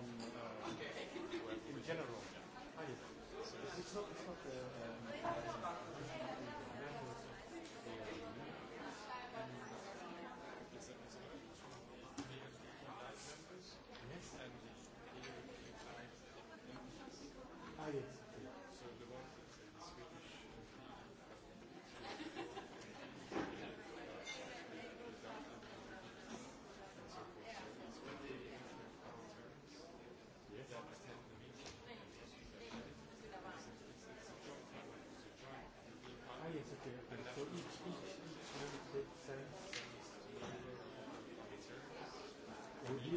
on uh, in general. It's not, it's not uh, um, Ah, yes. We deal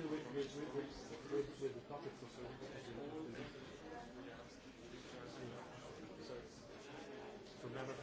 with, with, with, with, with, with the topics so, so none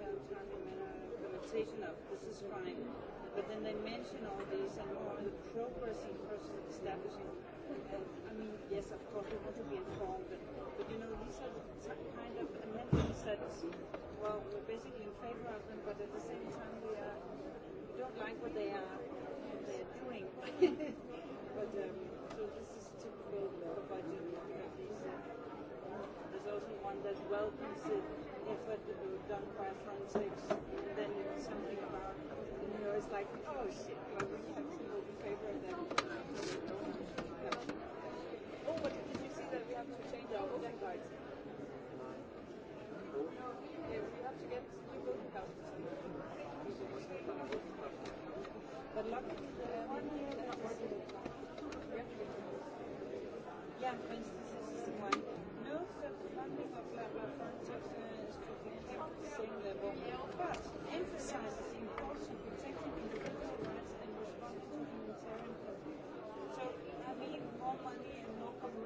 terms of this is fine. But then they mention all these and more the progress in process of establishing. And, I mean, yes, of course, we want to be informed, but, but you know, these are the kind of amendments that, well, we're basically in favor of them, but at the same time, we, are, we don't like what they are, what they are doing. but, um, so this is typical of the budget. There's also one that welcomes it effort to be done by forensics, and then was something about, you know, it's like, oh shit, well, we have to vote in favor of them. Oh, but did you see that we have to change our voting cards? No, we have to get new voting cards. But luckily, the um, Yeah, for instance.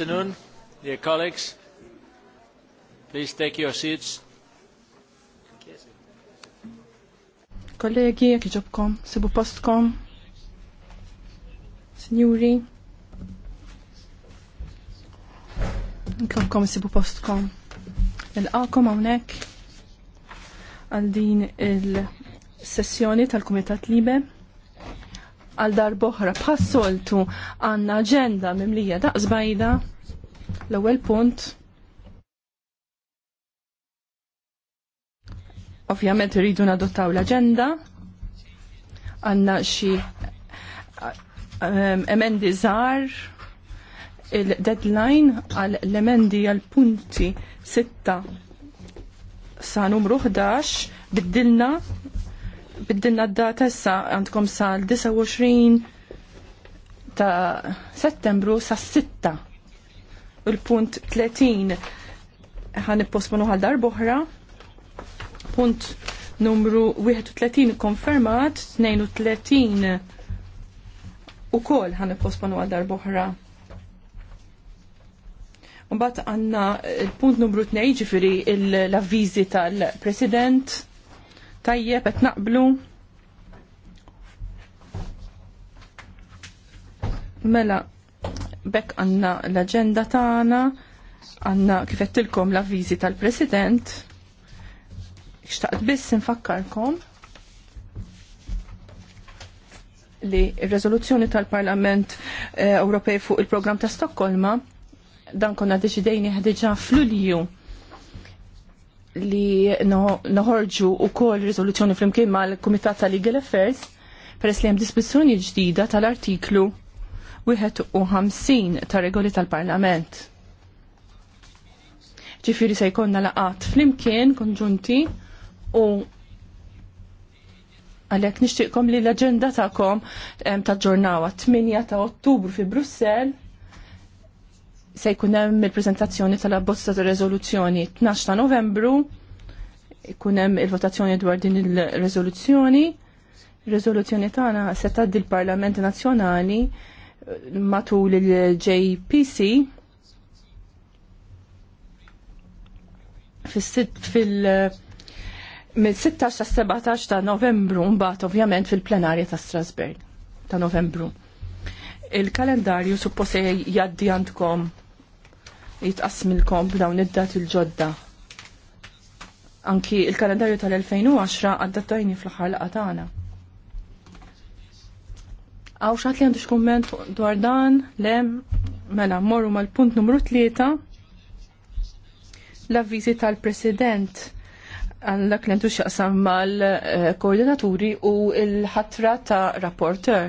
afternoon, dear colleagues. Please take your seats. Kollegi, jek ġobkom, sibu postkom. Signori. Nklobkom sibu postkom. Nilqakom hawnhekk għal din il-sessjoni tal-Kumitat Libe għal darboħra b'as-soltu għanna agenda mimlija daqsbajda. L-ewwel punt. Ovvjament rridu nadottaw l-agenda. Għanna xi eh, emendi żgħar il-deadline għal l-emendi għal punti 6 sa numru 11 biddilna biddinna d-data issa għandkom sal 29 ta' settembru sa' 6 u l-punt 30 ħan posponu għal darboħra punt numru 31 konfermat 32 u kol ħan posponu għal Un-bat għandna il-punt numru 2 ġifieri l-avviżi tal-President tajjeb qed naqblu mela bekk għanna l aġenda tagħna għanna tilkom l-avviżi tal-President xtaqt biss nfakkarkom li r-rezoluzzjoni tal-Parlament eh, Ewropej fuq il-programm ta' Stokkolma dan konna deċidejni ħdiġa fl-Ulju li noħorġu u kol rizoluzzjoni flimkien ma l-Komitat ta' Legal Affairs peress li hemm dispozzjoni ġdida tal-artiklu 51 ta' regoli tal-Parlament. Ġifiri se jkollna laqat flimkien konġunti u għalek nishtiqkom li l-agenda tagħkom ta' ġurnawa 8 ta' ottubru fi Brussel se jkun hemm il-preżentazzjoni tal-abbozza ta' rezoluzzjoni 12 ta' Novembru jkun hemm il-votazzjoni dwar din il-rezoluzzjoni. Rezoluzzjoni tagħna se tgħaddi l-Parlament Nazzjonali matul il-JPC fil mill-16 17 ta' Novembru mbagħad ovvjament fil-plenarja ta' Strasberg ta' Novembru. Il-kalendarju suppost jgħaddi għandkom jitqasmilkom b'dawn id-dat il-ġodda. Anki il-kalendarju tal-2010 għaddattajni fl-ħar tagħna. Għaw xaħt li għandux komment dwar dan, lem, mela, morru mal-punt numru 3, l-avvizi tal-president għallak l-entuxjaqsam mal-koordinaturi eh, u l-ħatra ta' rapporter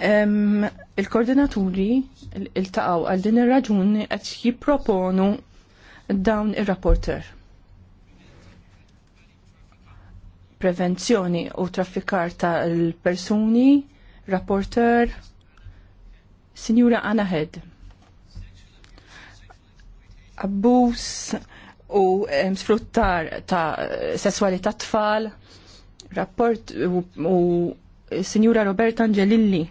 il-koordinaturi il-taqaw għal din ir-raġuni qed jipproponu dawn ir-rapporter. Prevenzjoni u traffikar tal-persuni, rapporter, Sinjura Anahed. Abbus u sfruttar ta' sessualità tfal, rapport u, u Sinjura Roberta Angelilli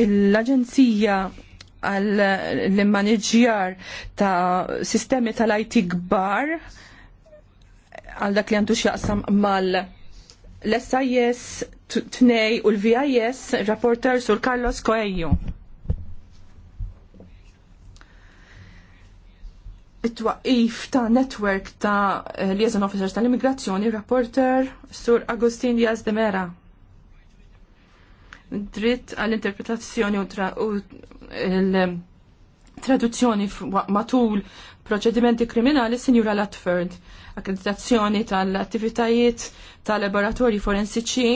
l-Aġenzija għall-immaniġjar manager ta' sistemi tal-IT gbar għal dak li għandu xjaqsam mal sis tnej u l-VIS rapporter sur Carlos Coelho. it-twaqif ta' network ta' eh, liaison officers tal-immigrazzjoni, rapporter Sur Agustin Diaz de Mera dritt għall-interpretazzjoni u, traduzzjoni matul proċedimenti kriminali sinjura Latford. Akkreditazzjoni tal-attivitajiet tal-laboratorji forensiċi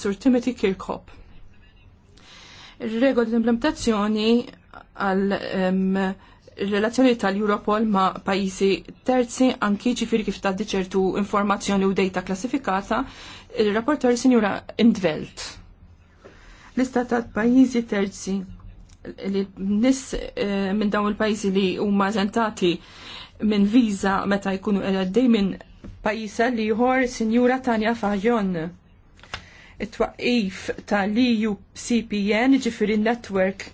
Sur Timothy Kirkhope. Regoli l-implementazzjoni għal relazzjoni tal-Europol ma' pajjiżi terzi anki ġifiri kif ta' diċertu informazzjoni u data klassifikata, il-rapporter sinjura Indvelt lista ta' pajjiżi terzi li nis eh, minn dawn il-pajjiżi li huma eżentati minn viża meta jkunu għaddej minn pajjiża li jħor Sinjura Tanja Fajon. It-twaqif tal-EU CPN ġifiri network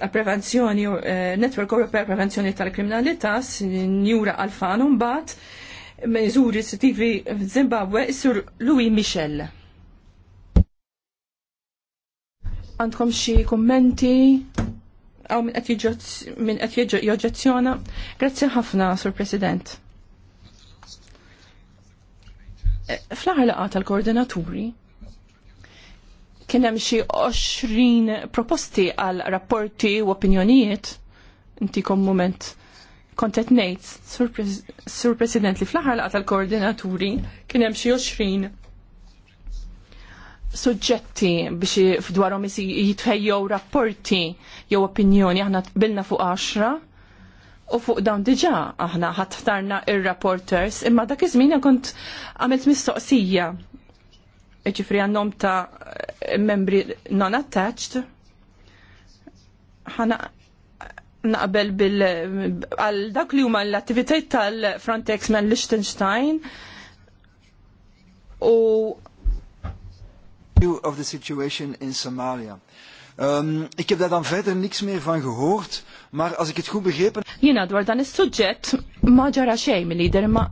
ta' prevenzjoni, eh, Network Europea Prevenzjoni tal-Kriminalità, Sinjura Alfano mbagħad, meżuri sitivi f'Zimbabwe, Sur Louis Michel. għandkom xi kummenti għaw minn qed joġġezzjona. Grazzi ħafna, Sur President. Eh, fl-aħħar laqgħa tal-koordinaturi kien hemm xi 20 proposti għal rapporti u opinjonijiet intikom moment qed ngħid sur, President li fl-aħħar laqgħa tal-koordinaturi kien hemm xi suġġetti biex fdwarhom jitħejjew rapporti jew opinjoni aħna bilna fuq 10 u fuq dawn diġà aħna ħattarna ir-rapporters imma dak iż-żmien kont għamilt mistoqsija ġifri għannom ta' membri non-attached ħana naqbel bil għal dak li huma l attivitajiet tal-Frontex man Liechtenstein u view of the situation in Somalia. Um, ik heb daar dan verder niks meer van gehoord, maar als ik het goed begrepen... Jena, dwar dan is suġġett ma ġara xejn mill-lider ma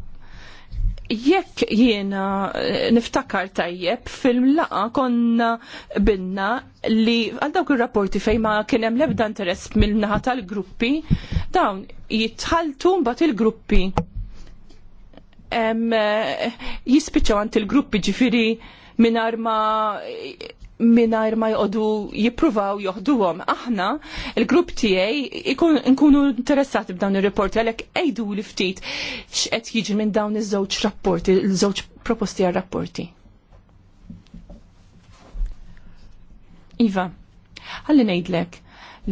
jekk jiena eh, niftakar tajjeb fil-laqa konna binna li għal dawk rapporti fejn ma kien hemm l-ebda interess mill-naħa tal-gruppi dawn jitħaltu mbagħad il-gruppi eh, jispiċċaw għand il-gruppi ġifieri minar ma minar ma jqodu jippruvaw joħduhom. Aħna, il-grupp tiegħi nkunu interessati b'dawn ir-reporti għalhekk ejdu li ftit x'qed jiġi minn dawn iż-żewġ rapporti, l-żewġ proposti għal rapporti Iva, ħalli ngħidlek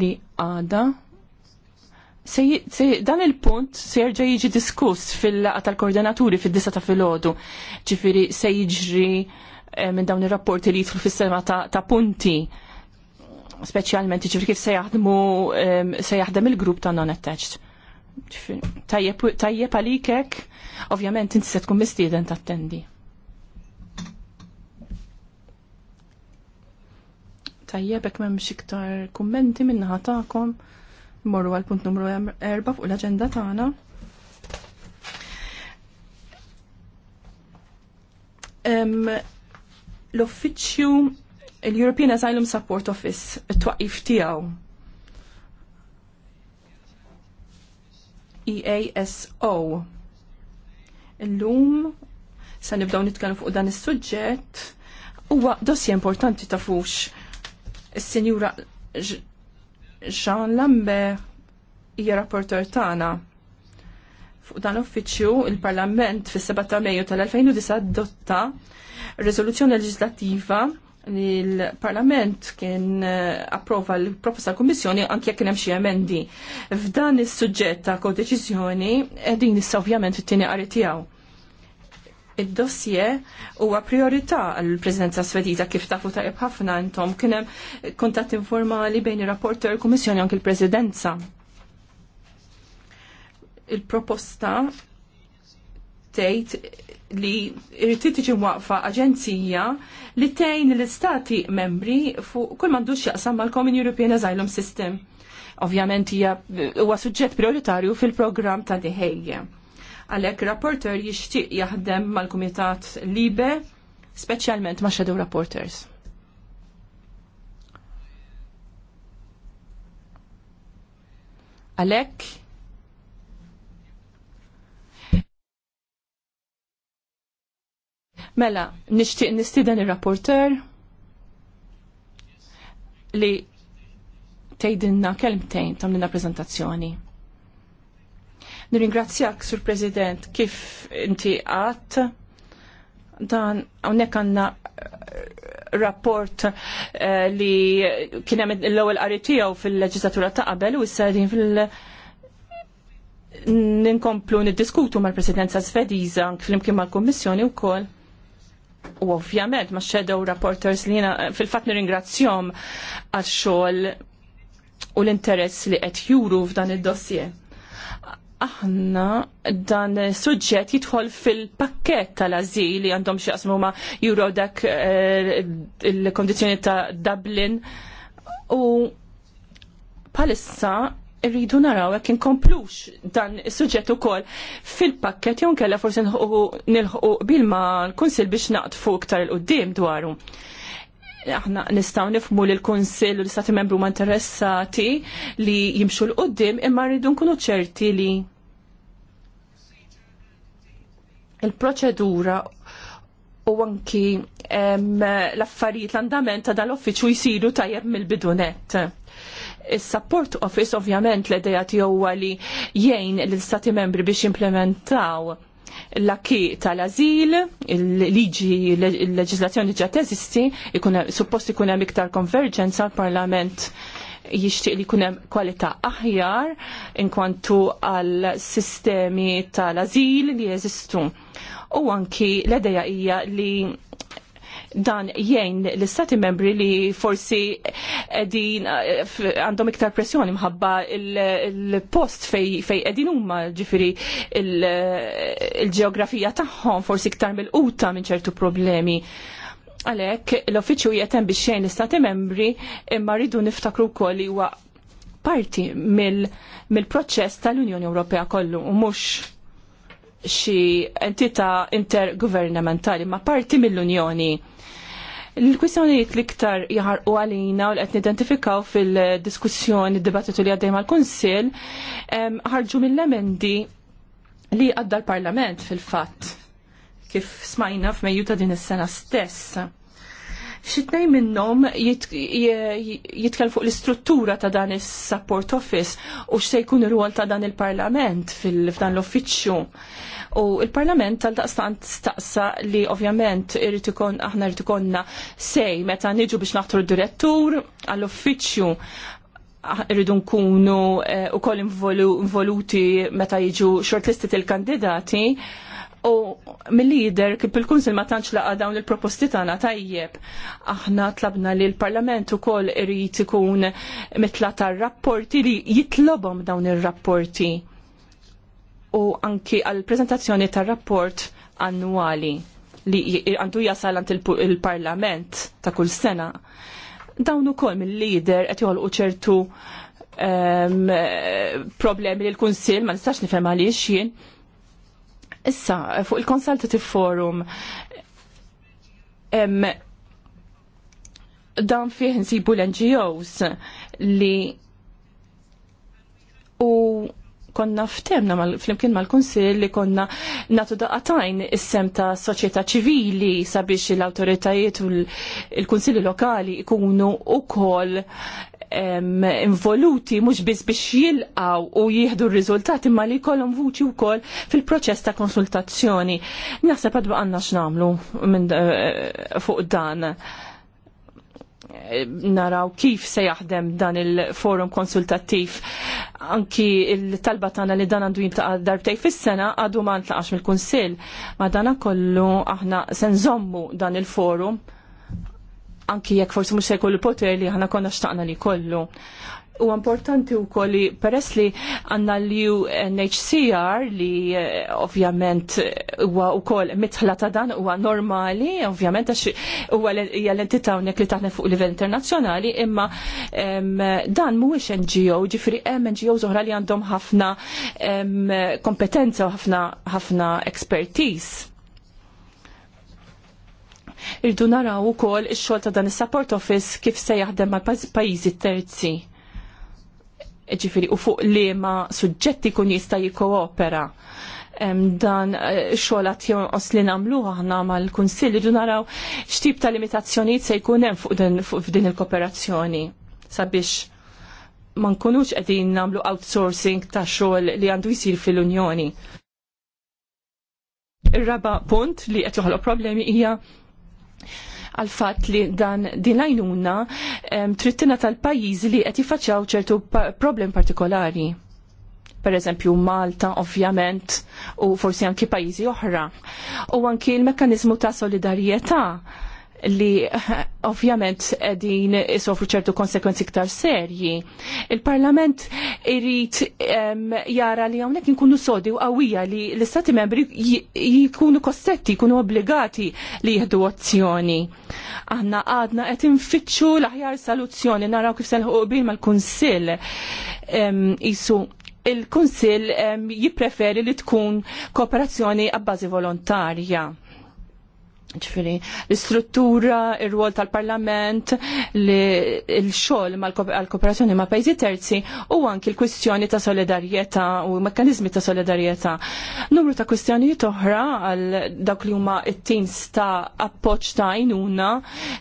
li għada dan il-punt se jerġa' jiġi diskuss fil-laqa tal-koordinaturi fid-disa ta' filgħodu. Ġifieri se jiġri Eh, minn dawn ir-rapporti li jidħlu fis-sema ta', ta punti speċjalment ġifri kif se jaħdmu se jaħdem il-grupp ta' non-attached. Tajjeb għalikek, ovvjament inti se tkun mistieden tattendi. Tajjeb hekk m'hemmx iktar kummenti min-naħa tagħkom. Morru għal punt numru 4 fuq l-aġenda tagħna. Um, l-Uffiċċju l-European Asylum Support Office it-twaqif tiegħu. EASO. Illum se nibdew nitkellmu fuq dan is-suġġett huwa dossi importanti tafux is-Sinjura Jean Lambert hija rapporter tagħna Fuq dan l-uffiċju il-Parlament fis-7 ta' Mejju tal-2009 adotta riżoluzzjoni leġislattiva li l-Parlament kien eh, approva l-proposta l-Kommissjoni anki jekk kien hemm xi emendi. F'dan is-suġġett ta' kodeċiżjoni qegħdin eh, issa ovvjament it tieni qari tiegħu. Id-dossier huwa priorità għall preżenza Svediża kif tafu tajb ħafna intom kien hemm kuntatt informali bejn ir-rapporter, kummissjoni anki l-Presidenza il-proposta tgħid li irrid tiġi waqfa aġenzija li tejn l-istati membri fuq kull m'għandux jaqsam mal-Common European Asylum System. Ovvjament hija huwa suġġett prioritarju fil-programm ta' diħejja. Għalhekk rapporter jixtieq jaħdem mal-Kumitat Libe, speċjalment ma' Shadow Rapporters. Għalhekk Mela, nixtieq nistieden ir-rapporter li tgħidilna kelmtejn tagħmilna preżentazzjoni. Nirringrazzjak, Sur President, kif inti għat dan hawnhekk għandna eh, rapport eh, li kien hemm l-ewwel qari tiegħu fil-leġislatura ta' qabel u issa sadin fil- ninkomplu niddiskutu mal-Presidenza Svediża flimkien mal-Kummissjoni wkoll u ovvjament ma' shadow rapporters li jina fil-fat nir-ingrazzjom għal xogħol u l-interess li qed juru f'dan id-dossier. Aħna dan suġġett jidħol fil-pakket tal-azil li għandhom xaqsmu ma' juro dak eh, il-kondizjoni ta' Dublin u palissa rridu naraw jekk inkomplux dan is-suġġett ukoll fil-pakket jew nkella forsi nilħu bilma l-Kunsill biex naqtfu iktar il-qudiem dwaru. Aħna nistgħu nifhmu li l-Kunsill u l istati Membru ma interessati li jimxu l-qudiem imma rridu nkunu ċerti li il-proċedura u anki l-affarijiet l-andament ta' dal-offiċu jisiru tajjeb mill-bidunet Is-support office ovvjament l-edeja tiegħu li jgħin l-istati membri biex implementaw l-akki tal-azil, il-liġi, il-leġislazzjoni ġa teżisti, suppost ikun hemm iktar konverġenza l-Parlament jixtieq li jkun hemm kwalità aħjar inkwantu għal sistemi tal-azil li jeżistu. U anki l-edeja hija li dan jgħin l-istati membri li forsi edin għandhom iktar pressjoni mħabba il-post fej, edin huma ġifiri il-ġeografija il tagħhom forsi iktar mill-quta minn ċertu problemi. Għalek, l-offiċu jgħetem biex xejn l-istati membri imma rridu niftakru kol li huwa parti mill-proċess tal-Unjoni Ewropea kollu u mhux xi entità intergovernamentali ma' parti mill-Unjoni. Il-kwistjonijiet l-iktar jaħarqu għalina u qed nidentifikaw fil-diskussjoni dibattitu li għaddej mal-Kunsill ħarġu mill-emendi li għadda l-Parlament fil-fatt kif smajna f'Mejju ta' din is-sena stess. Xitnej minnom jitkell fuq l-istruttura ta' dan is-support office u x'se jkun ir-rwol ta' dan il-Parlament fil-dan l-uffiċċju U il-Parlament tal-daqstant staqsa li ovvjament irrid aħna irrid ikonna sej meta niġu biex naħtru d-direttur għall-uffiċċju ah, irridu nkunu eh, u koll involuti meta jiġu shortlisted il-kandidati u mill-lider kif il-Kunsil ma tantx laqa dawn il-proposti tagħna tajjeb. Aħna tlabna li l-Parlament ukoll irid ikun mitla tar-rapporti li jitlobhom dawn ir-rapporti u anki għal prezentazzjoni tar rapport annwali li għandu jasal għant il-parlament ta' kull sena. Dawn ukoll mill-lider qed joħolqu ċertu um, problemi li l-Kunsill ma nistax nifhem għaliex jien. Issa, fuq il-Consultative Forum em, dan fih nsibu l-NGOs li u konna ftemna mal, flimkien mal-Kunsill li konna natu daqatajn is-sem ta' soċjetà ċivili sabiex l-awtoritajiet u l-Kunsilli lokali ikunu ukoll involuti mhux biss biex jilqaw u jieħdu r-riżultati ma li jkollhom vuċi wkoll fil-proċess ta' konsultazzjoni. Naħseb għadba għandna x'namlu eh, fuq dan naraw kif se jaħdem dan il-forum konsultattiv anki il-talba tagħna li dan għandu jintaqa' darbtej fis-sena għadu ma ntlaqax mill-kunsill. Ma dana kollu aħna se nżommu dan il-forum anki jekk forsi mhux se jkollu poter li aħna konna xtaqna li kollu. U importanti u li peress li għanna li UNHCR eh, li ovvjament huwa wkoll mitħla ta' dan huwa normali, ovvjament għax huwa l entita hawnhekk li taħna fuq livell internazzjonali, imma dan mhuwiex NGO, ġifri hemm NGO oħra li għandhom ħafna kompetenza u ħafna ħafna expertise irdu naraw ukoll ix-xogħol ta' dan is-support office kif se jaħdem mal-pajjiżi terzi ġifiri u fuq li ma suġġetti kun jista jikkoopera. Dan eh, xogħol jonqos li nagħmlu ma mal-Kunsill idu naraw x'tip ta' limitazzjonijiet se jkun hemm fuq din il-kooperazzjoni sabiex ma nkunux qegħdin nagħmlu outsourcing ta' xogħol li għandu jsir fil-Unjoni. Ir-raba punt li qed joħloq problemi hija għal fatt li dan din lajnuna trittina tal-pajjiżi li qed jiffaċċjaw ċertu problem partikolari. Per eżempju Malta, ovvjament, u forsi anki pajjiżi oħra. U anki l-mekkanizmu ta' solidarjetà li ovvjament din isofru ċertu konsekwenzi iktar serji. Il-Parlament irrit jara li hawnhekk inkunu sodi u qawwija li l-Istati membri jikunu kostetti, jkunu obbligati li jieħdu azzjoni. Aħna għadna qed infittxu l-aħjar soluzzjoni naraw kif selħu qbil mal-Kunsill isu il-Kunsill jippreferi li tkun kooperazzjoni għabbażi volontarja ċifiri, l-istruttura, il ruol tal-parlament, il-xol mal kooperazzjoni ma' pajzi terzi u anki l-kwistjoni ta' solidarieta u mekkanizmi ta' solidarieta. Numru ta' kwistjonijiet oħra għal dawk li huma it-teams ta' appoċ ta' jnuna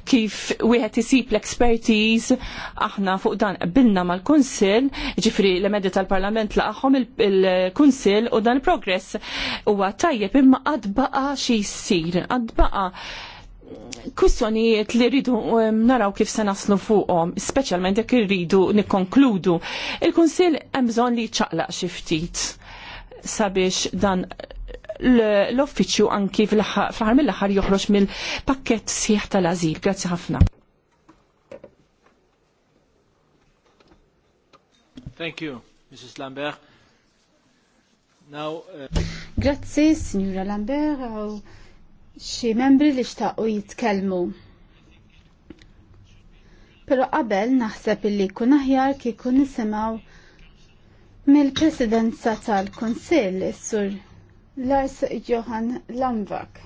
kif wieħed isib l-expertise aħna fuq dan bilna mal-Kunsill, ġifri l-emedi tal-parlament laqhom il-Kunsill u dan il-progress huwa tajjeb imma għadbaqa xi jsir, għadbaqa kwistjonijiet li rridu naraw kif se naslu fuqhom, speċjalment jekk irridu nikkonkludu. Il-Kunsill hemm bżonn li ċaqlaq xi ftit sabiex dan l-offiċju anki fl-ħar mill aħħar joħroġ mill pakkett sieħ tal-azil. Grazzi ħafna. Thank you, Mrs. Lambert. Now, uh... Grazzi, signora Lambert xi membri li xtaqgħu jitkellmu. Pero qabel naħseb illi kun aħjar kieku nisimgħu mill-Presidenza tal-Kunsill is-Sur Lars Johan Lambak.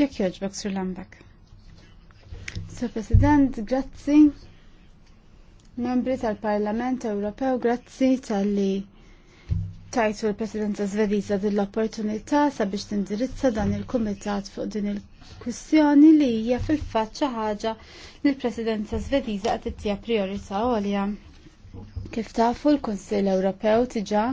Jekk jogħġbok Sur Lambak. Sur President, grazzi. Membri tal-Parlament Ewropew, grazzi tal-li tajtu l-Presidenza Zveriza din l-opportunità sabiex tindirizza dan il-Kumitat fuq din il-kwistjoni li hija fil-fatt xi ħaġa li l-Presidenza Zveriza qed ittija priorità għolja. Kif tafu l-Kunsill Ewropew diġà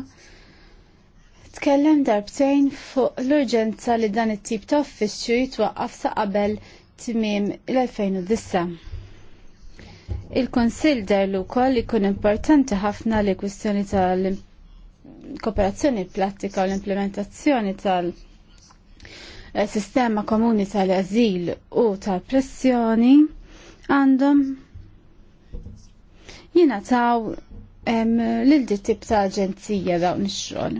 tkellem darbtejn fuq l-urġenza li dan it-tip ta' uffiċċju jitwaqqaf sa qabel tmiem l-2009. il kunsill derlu kol ikun importanti ħafna li kwistjoni tal-imp kooperazzjoni pratika u l-implementazzjoni tal- eh, sistema komuni tal-azil u tal-pressjoni għandhom jina taw l-ildi tip ta' aġenzija dawn ix-xogħol.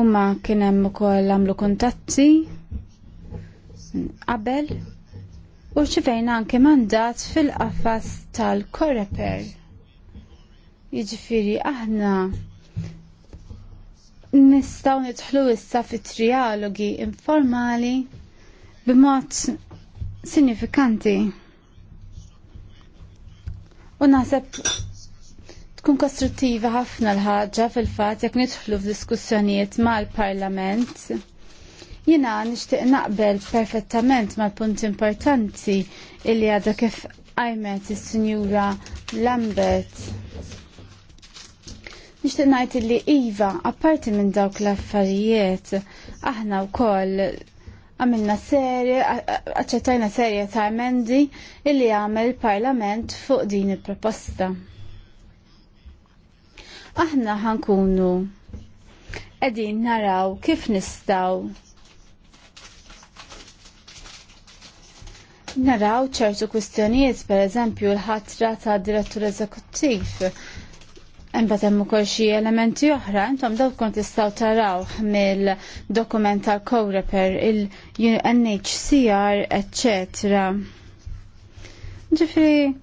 Umma kien hemm ukoll għamlu kuntatti qabel u xifejna anke mandat fil-qafas tal-Koreper. Jiġifieri aħna nistgħu nidħlu issa fit trialogi informali b'mod sinifikanti. U naħseb tkun kostruttiva ħafna l-ħaġa fil-fatt jekk nidħlu f'diskussjonijiet mal-Parlament. Jiena nixtieq naqbel perfettament mal-punt importanti illi għadha kif għajmet is-Sinjura Lambert. Nishtiq najt li iva, apparti minn dawk l-affarijiet, aħna wkoll għamilna serje, aċċettajna serje ta' emendi illi għamel parlament fuq din il-proposta. Aħna ħankunu qegħdin naraw kif nistgħu Naraw ċertu kwistjonijiet, per eżempju, l-ħatra ta' direttur eżekuttiv Imbagħad hemm ukoll xi elementi oħra, intom dawk kont istaw taraw mill-dokument tal reper il-UNHCR, etc. Ġifri,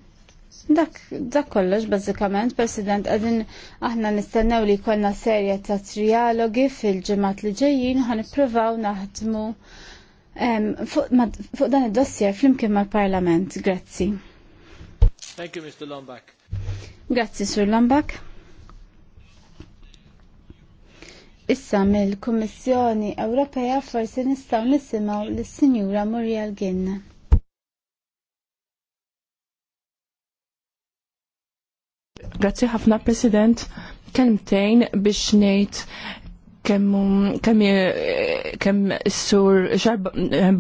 dak, dak kollox bażikament, President, qegħdin aħna nistennew li jkollna serje ta' trialogi fil-ġimgħat li ġejjin għan iprovaw naħdmu fuq dan id-dossier flimkien mal-Parlament. Grazzi. Thank you, Mr. Lombak. Grazzi, Sur Lombak. Issa mill-Kummissjoni Ewropea forsi nistgħu nisimgħu lis-Sinjura Muriel Ginn. Grazzi ħafna President, kelmtejn biex ngħid kemm kemm kemm sur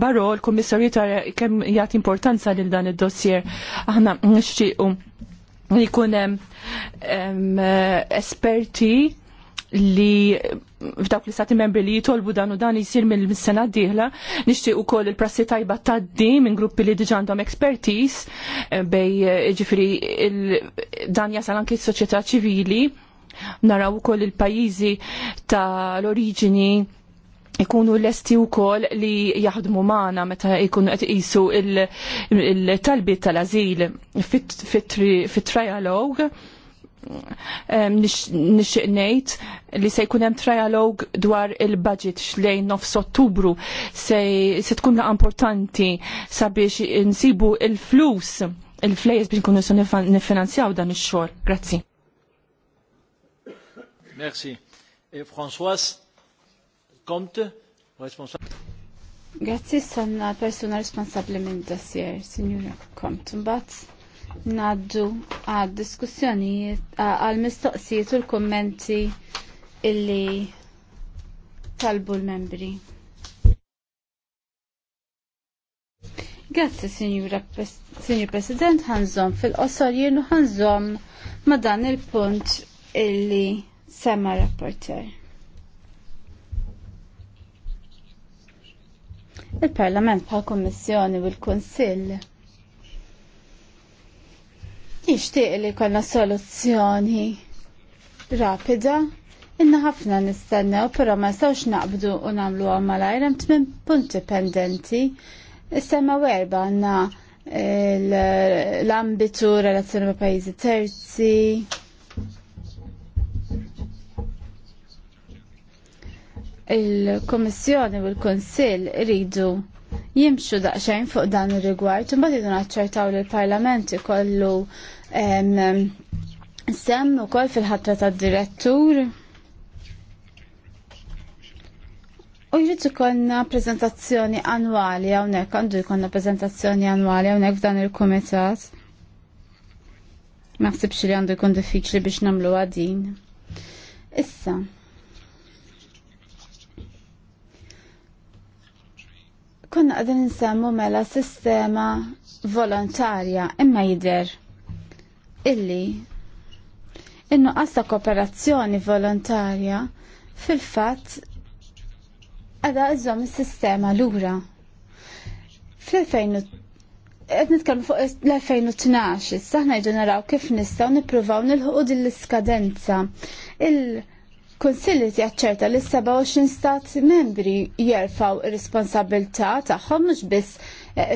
Barro l-Kummissarju kemm jagħti importanza lil dan id-dossier. Aħna nixtiequ li jkun hemm esperti li f'dawk li sati membri li jitolbu dan u dan jisir mill-sena d-dieħla, nixtieq ukoll il-prassi tajba taddi minn gruppi li diġa għandhom expertise eh, bej eh, ġifri dan jasal anki s-soċjetà ċivili, naraw ukoll il-pajjiżi ta' l-oriġini ikunu lesti u kol li jaħdmu maħna meta ikunu għet jisu il-talbi tal-azil fit-trialog. Fit nixtieq ngħid li se jkun hemm trialog dwar il-budget xlejn nofs Ottubru se tkun la importanti sabiex insibu il-flus il-flejes biex nkunu su nifinanzjaw dan ix-xogħol. Grazzi. Merci. E François Comte, responsabile. Grazzi sanna persona responsabile minn dossier, signora Comte. Mbagħad naddu għad diskussjonijiet għal mistoqsijiet u l-kommenti illi talbu l-membri. Grazzi, Signor President, ħanżom fil-qosor jienu ħanżom ma dan il-punt illi sema rapporter. Il-Parlament bħal Kommissjoni u l-Konsill Ixtieq li jkollna soluzzjoni rapida. Inna ħafna nistennew, però ma nistgħux naqbdu u nagħmlu malajr hemm tmien punti pendenti. Issema werba għandna eh, l-ambitu relazzjoni ma' pajjiżi terzi. Il-Kommissjoni u l kunsill iridu jimxu daqsxejn fuq dan ir-rigward, imbagħad idu naċċertaw lill l-Parlament ikollu sem u koll fil-ħatra ta' direttur. U jrid ikollna prezentazzjoni annwali hawnhekk għandu jkollna prezentazzjoni annwali hawnhekk f'dan il-kumitat. Ma ħsibx li għandu jkun diffiċli biex namlu għadin. Issa, konna għadin nsemmu mela sistema volontarja imma jider illi in-nuqqas ta' kooperazzjoni volontarja fil-fatt għada għizzom is-sistema lura. fil 2000 qed nitkellmu fuq l-2012, issa ngħidu naraw kif nistgħu nippruvaw nilħuqu din l-iskadenza. Il-Kunsill li jaċċerta li 27 stat membri jerfaw ir responsabilta tagħhom mhux biss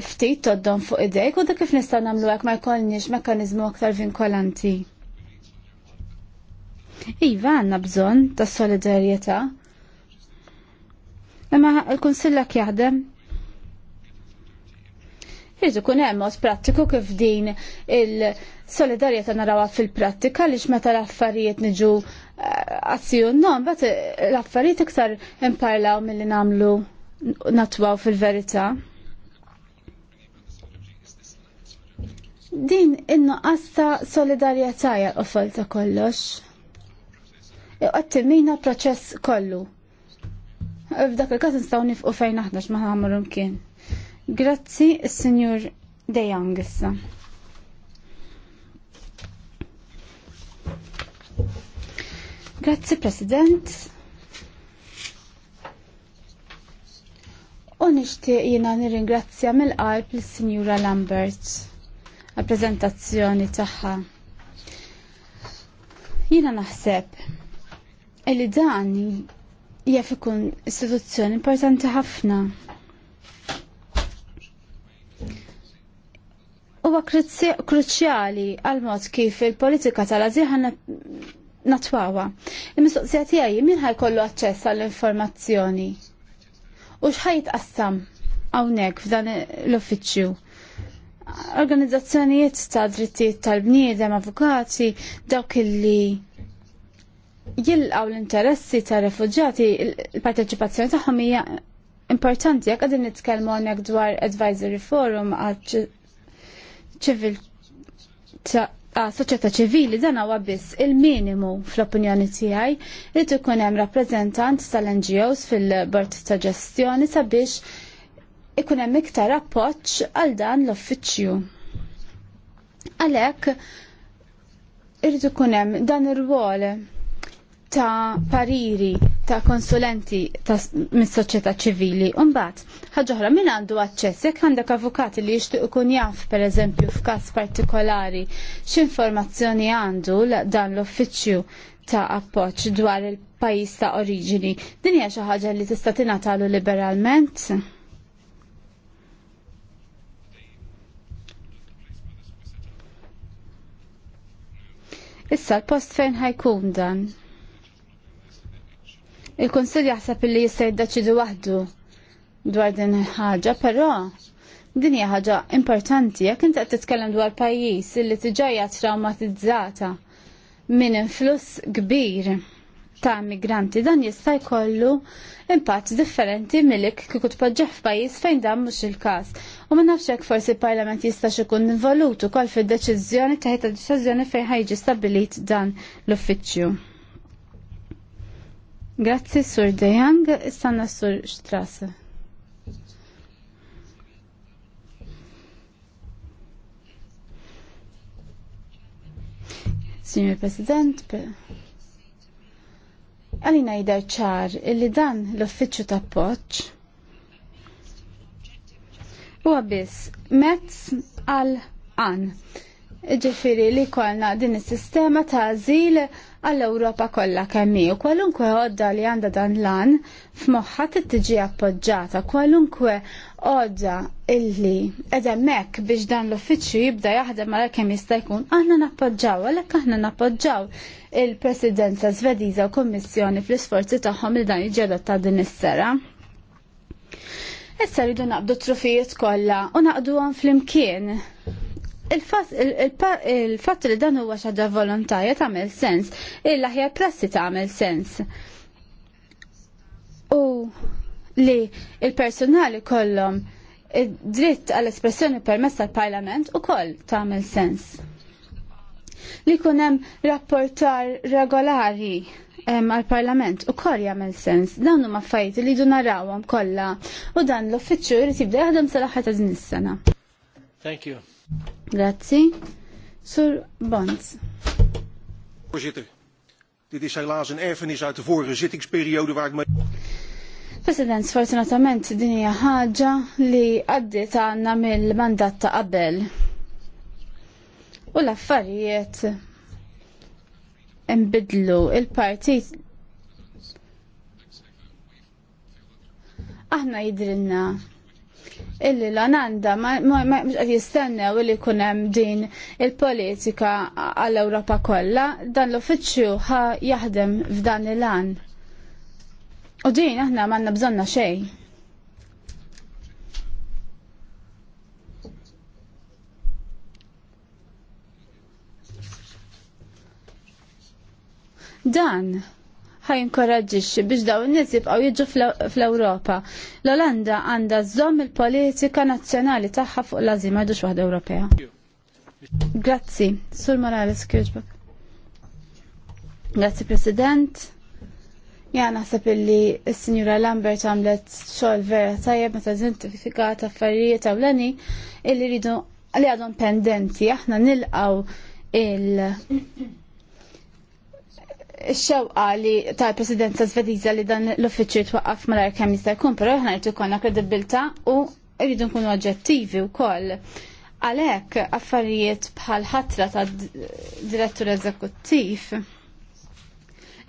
ftit toddon fuq idejk u dak kif nista' nagħmlu hekk ma jkollniex mekkaniżmu aktar vinkolanti. Iva għandna bżonn ta' solidarjetà. Imma l-kunsillak jaħdem Irridu kun hemm mod prattiku kif din il-solidarjetà narawha fil-prattika għaliex meta l-affarijiet niġu eh, azzjon nhom, bat l-affarijiet iktar imparlaw milli nagħmlu natwaw fil-verità. Din in-nuqqas ta' jgħal jaqfol ta' kollox. Iqattimina proċess kollu. F'dak il-każ nistgħu nifqu fejn naħdax ma nagħmlu kien. Grazzi is-Sinjur De issa. Grazzi President. U nixtieq jiena nirringrazzja mill-qalb lis-Sinjura Lambert għal-prezentazzjoni tagħha. Jiena naħseb li dan jaf ikun istituzzjoni importanti ħafna. Huwa kruċjali għal mod kif il-politika tal-Azija natwawa. Il-mistoqsija tiegħi min ħajkollu aċċess għall-informazzjoni? U x'ħajt qassam hawnhekk f'dan l-uffiċċju? organizzazzjonijiet ta' drittijiet tal-bniedem, avukati, dawk illi jilqaw l-interessi ta' refugġati, il-parteċipazzjoni tagħhom hija importanti jekk qegħdin nitkellmu hawnhekk dwar advisory forum għal ċivil ta' soċjetà ċivili dan huwa biss il-minimu fl-opinjoni tiegħi li tkun hemm rappreżentant tal-NGOs fil-bord ta' ġestjoni sabiex ikun hemm iktar appoġġ għal dan l offiċċju Għalhekk irid ikun hemm dan ir-rwol ta' pariri ta' konsulenti ta' mis-soċjetà ċivili. Umbat, ħaġa oħra min għandu aċċess jekk għandek avukati li jixtieq ikun jaf pereżempju f'każ partikolari x'informazzjoni għandu dan l offiċju ta' appoġġ dwar il-pajjiż ta' oriġini. Din hija xi ħaġa li tista' tingħatalu liberalment? Issa l-post fejn ħajkun dan? Il-Konsil jaħseb li jista' jiddeċidu waħdu dwar din ħaġa, però din hija ħaġa importanti jekk inti qed titkellem dwar pajjiż illi tiġajja traumatizzata minn influss kbir ta' migranti dan jista' jkollu impatt differenti millik kieku tpoġġeħ f'pajjiż fejn dan mhux il-każ. U ma nafx hekk forsi il-Parlament jista' ikun involut ukoll fid-deċiżjoni taħt deċiżjoni fejn ħajġi stabbilit dan l-uffiċċju. Grazzi Sur De Jang, istanna Sur Strasse. Signor President, Għalina jider ċar illi dan l-uffiċċju ta' poċ huwa biss mezz għal an. Ġifiri li kolna din is-sistema ta' azil għall-Ewropa kollha kemmi u kwalunkwe għodda li għandha dan l-an t-tġi appoġġata, kwalunkwe għodda illi edemmek biex dan l-uffiċċju jibda jaħdem għal kemm jista' jkun aħna nappoġġaw għalhekk aħna nappoġġaw il-Presidenza Svediża u Kummissjoni fl-isforzi tagħhom li dan jiġi ta' din is-sera. Issa rridu naqbdu trufijiet kollha u naqduhom flimkien. Il-fatt li dan huwa xaġa volontarja tagħmel sens, il-aħjar prassi tagħmel sens. U li il-personali kollom dritt għall-espressjoni permess tal-Parlament u koll tagħmel sens. Li kunem rapportar regolari għal-Parlament u koll jagħmel sens. Dawn huma fajt li du narawhom kollha u dan l-uffiċċju jrid jibda jaħdem sal-aħħar ta' din is-sena. Thank you. Grazzi. Sur Bonds. Voorzitter, dit is helaas een erfenis uit de vorige zittingsperiode waar ik me... President, sfortunatament din hija ħaġa li għaddiet għandna mill-mandat ta' qabel. U l-affarijiet imbidlu il-partit aħna jidrilna illi l ananda ma mux għad jistennew illi kunem din il-politika għall-Europa kolla dan l-uffiċċju ħa jaħdem f'dan il an U din aħna manna bżonna xej. Dan ħajinkoraġġixxi biex dawn nies jibqgħu jiġu fl-Ewropa. L-Olanda għandha żomm il-politika nazzjonali tagħha fuq l-għażima jdux waħda Ewropea. Grazzi, Sur Morales Kirchberg. Grazzi President. Ja, naħseb illi s-Sinjura Lambert għamlet xogħol vera tajjeb meta zintifikat affarijiet għawlani illi rridu li għadhom pendenti. Aħna nilqaw il- xewqa li tal-presidenza svediża li dan l-uffiċċju twaqqaf malar kemm jista' jkun, però aħna rridu konna kredibilta u rridu nkunu oġġettivi wkoll. Għalhekk affarijiet bħal ħatra tad direttur eżekuttiv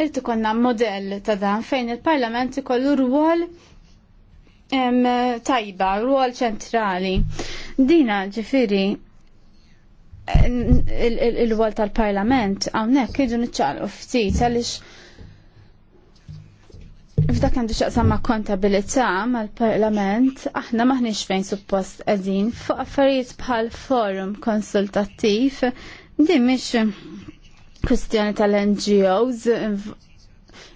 Irtu konna modell ta' dan fejn il-Parlament ikollu rwol tajba, rwol ċentrali. Dina ġifiri il-rwol tal-Parlament għawnek idu nċaqlu ftit għalix F'dak għandu xaqsam ma' kontabilità mal-parlament, aħna maħniex fejn suppost għedin fuq affarijiet bħal forum konsultattiv, di kwestjoni tal-NGOs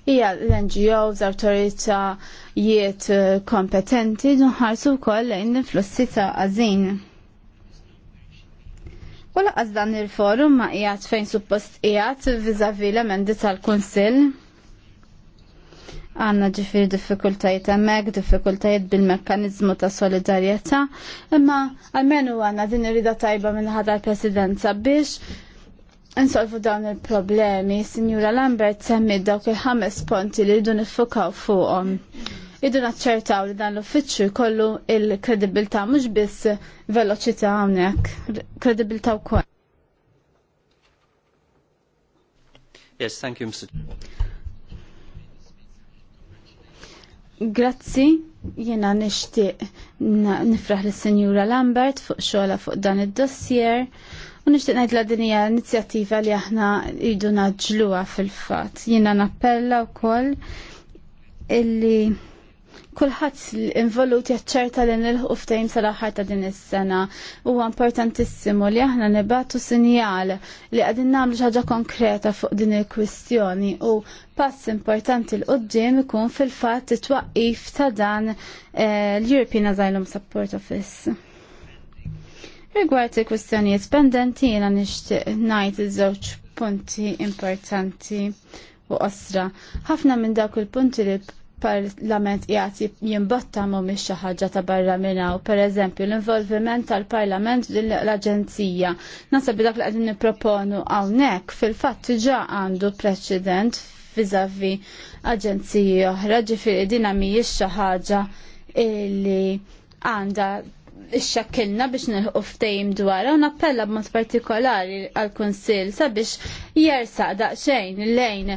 hija l-NGOs awtoritajiet eh, kompetenti nħarsu wkoll lejn flussi ta' għazin. U laqas dan il-forum ma jgħat fejn suppost jgħat vizavi l-emendi tal-Kunsill. Għanna ġifir diffikultajiet hemmhekk, diffikultajiet bil-mekkaniżmu ta' solidarjetà, imma għalmenu għandna din irrida tajba minn ħadar presidenza biex Nsolvu dawn il-problemi, Signora Lambert semmi dawk il-ħames ponti li rridu nifukaw fuqhom. Idu naċċertaw li dan l-uffiċċju kollu il-kredibilità mhux biss veloċità hawnhekk, kredibilità wkoll. Yes, thank you, Mr. Grazzi, jena nishtiq nifraħ l-Senjura Lambert fuq xogħla fuq dan id-dossier. U nixtieq ngħid la dinija inizjattiva li aħna jridu naġluwa fil-fatt. Jiena nappella wkoll illi kulħadd involut jaċċerta l nilħu ftehim sal-aħħar ta' din is-sena. Huwa importantissimu li aħna nibatu sinjal li għadin nagħmlu xi ħaġa konkreta fuq din il-kwistjoni u pass importanti l qudiem ikun fil-fatt it twaqif ta' dan eh, l-European Asylum Support Office. Rigward il-kwistjonijiet pendenti jiena nixtieq ngħid iż-żewġ punti importanti u qosra. Ħafna minn dawk il-punti li parlament jgħati jimbotta mhumiex xi ħaġa ta' barra minnaw, pereżempju l-involviment tal-parlament l-aġenzija. Nasab dak li qegħdin nipproponu hawnhekk fil-fatt diġà għandu preċedent viżavi aġenziji oħra, ġifieri din mhijiex xi ħaġa illi għandha xxakkilna biex nilħu ftejm dwarha u nappella b'mod partikolari għal kunsill sabiex jersaq daqsxejn lejn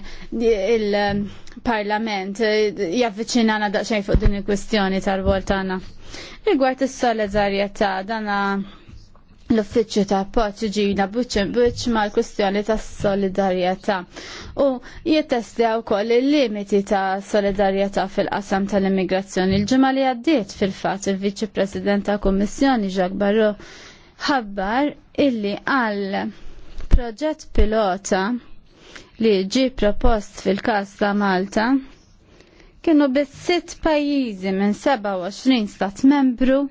il-Parlament javviċinana daqsxejn fuq din il-kwestjoni tal-vol Rigward is-solidarjetà dana l-uffiċċju ta' appoġġ ġina buċċ buċċ mal kwistjoni ta' solidarjetà u jittestja kol il-limiti ta' solidarjetà fil-qasam tal-immigrazzjoni. Il-ġimgħa li għaddiet fil-fatt il-Viċi President ta' Kummissjoni ġak Barru ħabbar illi għal proġett pilota li ġi propost fil-każ ta' Malta kienu bis sitt pajjiżi minn 27 stat membru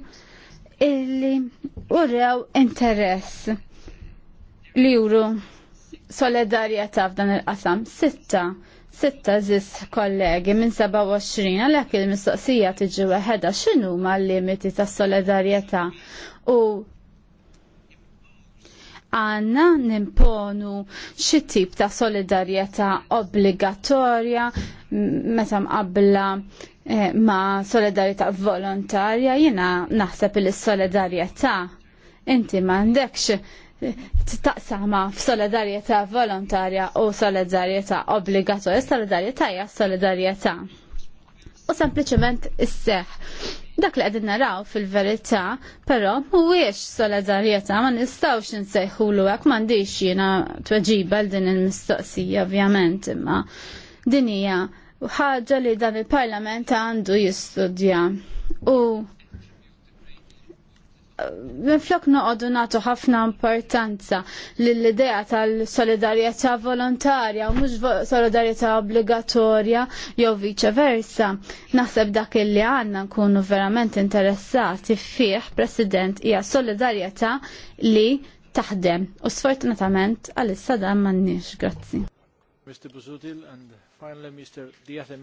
illi urrew interess li juru solidarjetà f'dan il-qasam. Sitta, sitta zis kollegi minn 27 għalhekk il-mistoqsija tiġi weħeda ma l limiti tas-solidarjetà u għanna nimponu xi tip ta' solidarjetà obbligatorja meta mqabbla Eh, ma solidarita volontarja jiena naħseb il solidarjetà inti m'għandekx eh, taqsama f'solidarjetà volontarja u solidarjetà obbligatorja, solidarjetà hija solidarjetà. U sempliċement isseħ. Dak li qegħdin naraw fil-verità, però mhuwiex solidarjetà ma nistgħux insejħulu hekk m'għandix jiena tweġiba l din il-mistoqsija ovvjament imma din hija ħaġa li dan il-parlament għandu jistudja. U minflok noqogħdu nagħtu ħafna importanza lill-idea tal-solidarjetà volontarja u mhux solidarjetà obbligatorja jew versa. Naħseb dak li għandna nkunu verament interessati fih, President, hija solidarieta li taħdem u sfortunatament għalissa dan m'għandniex. Grazzi. Mr. Buzutil and Finally, Mr. Diaz de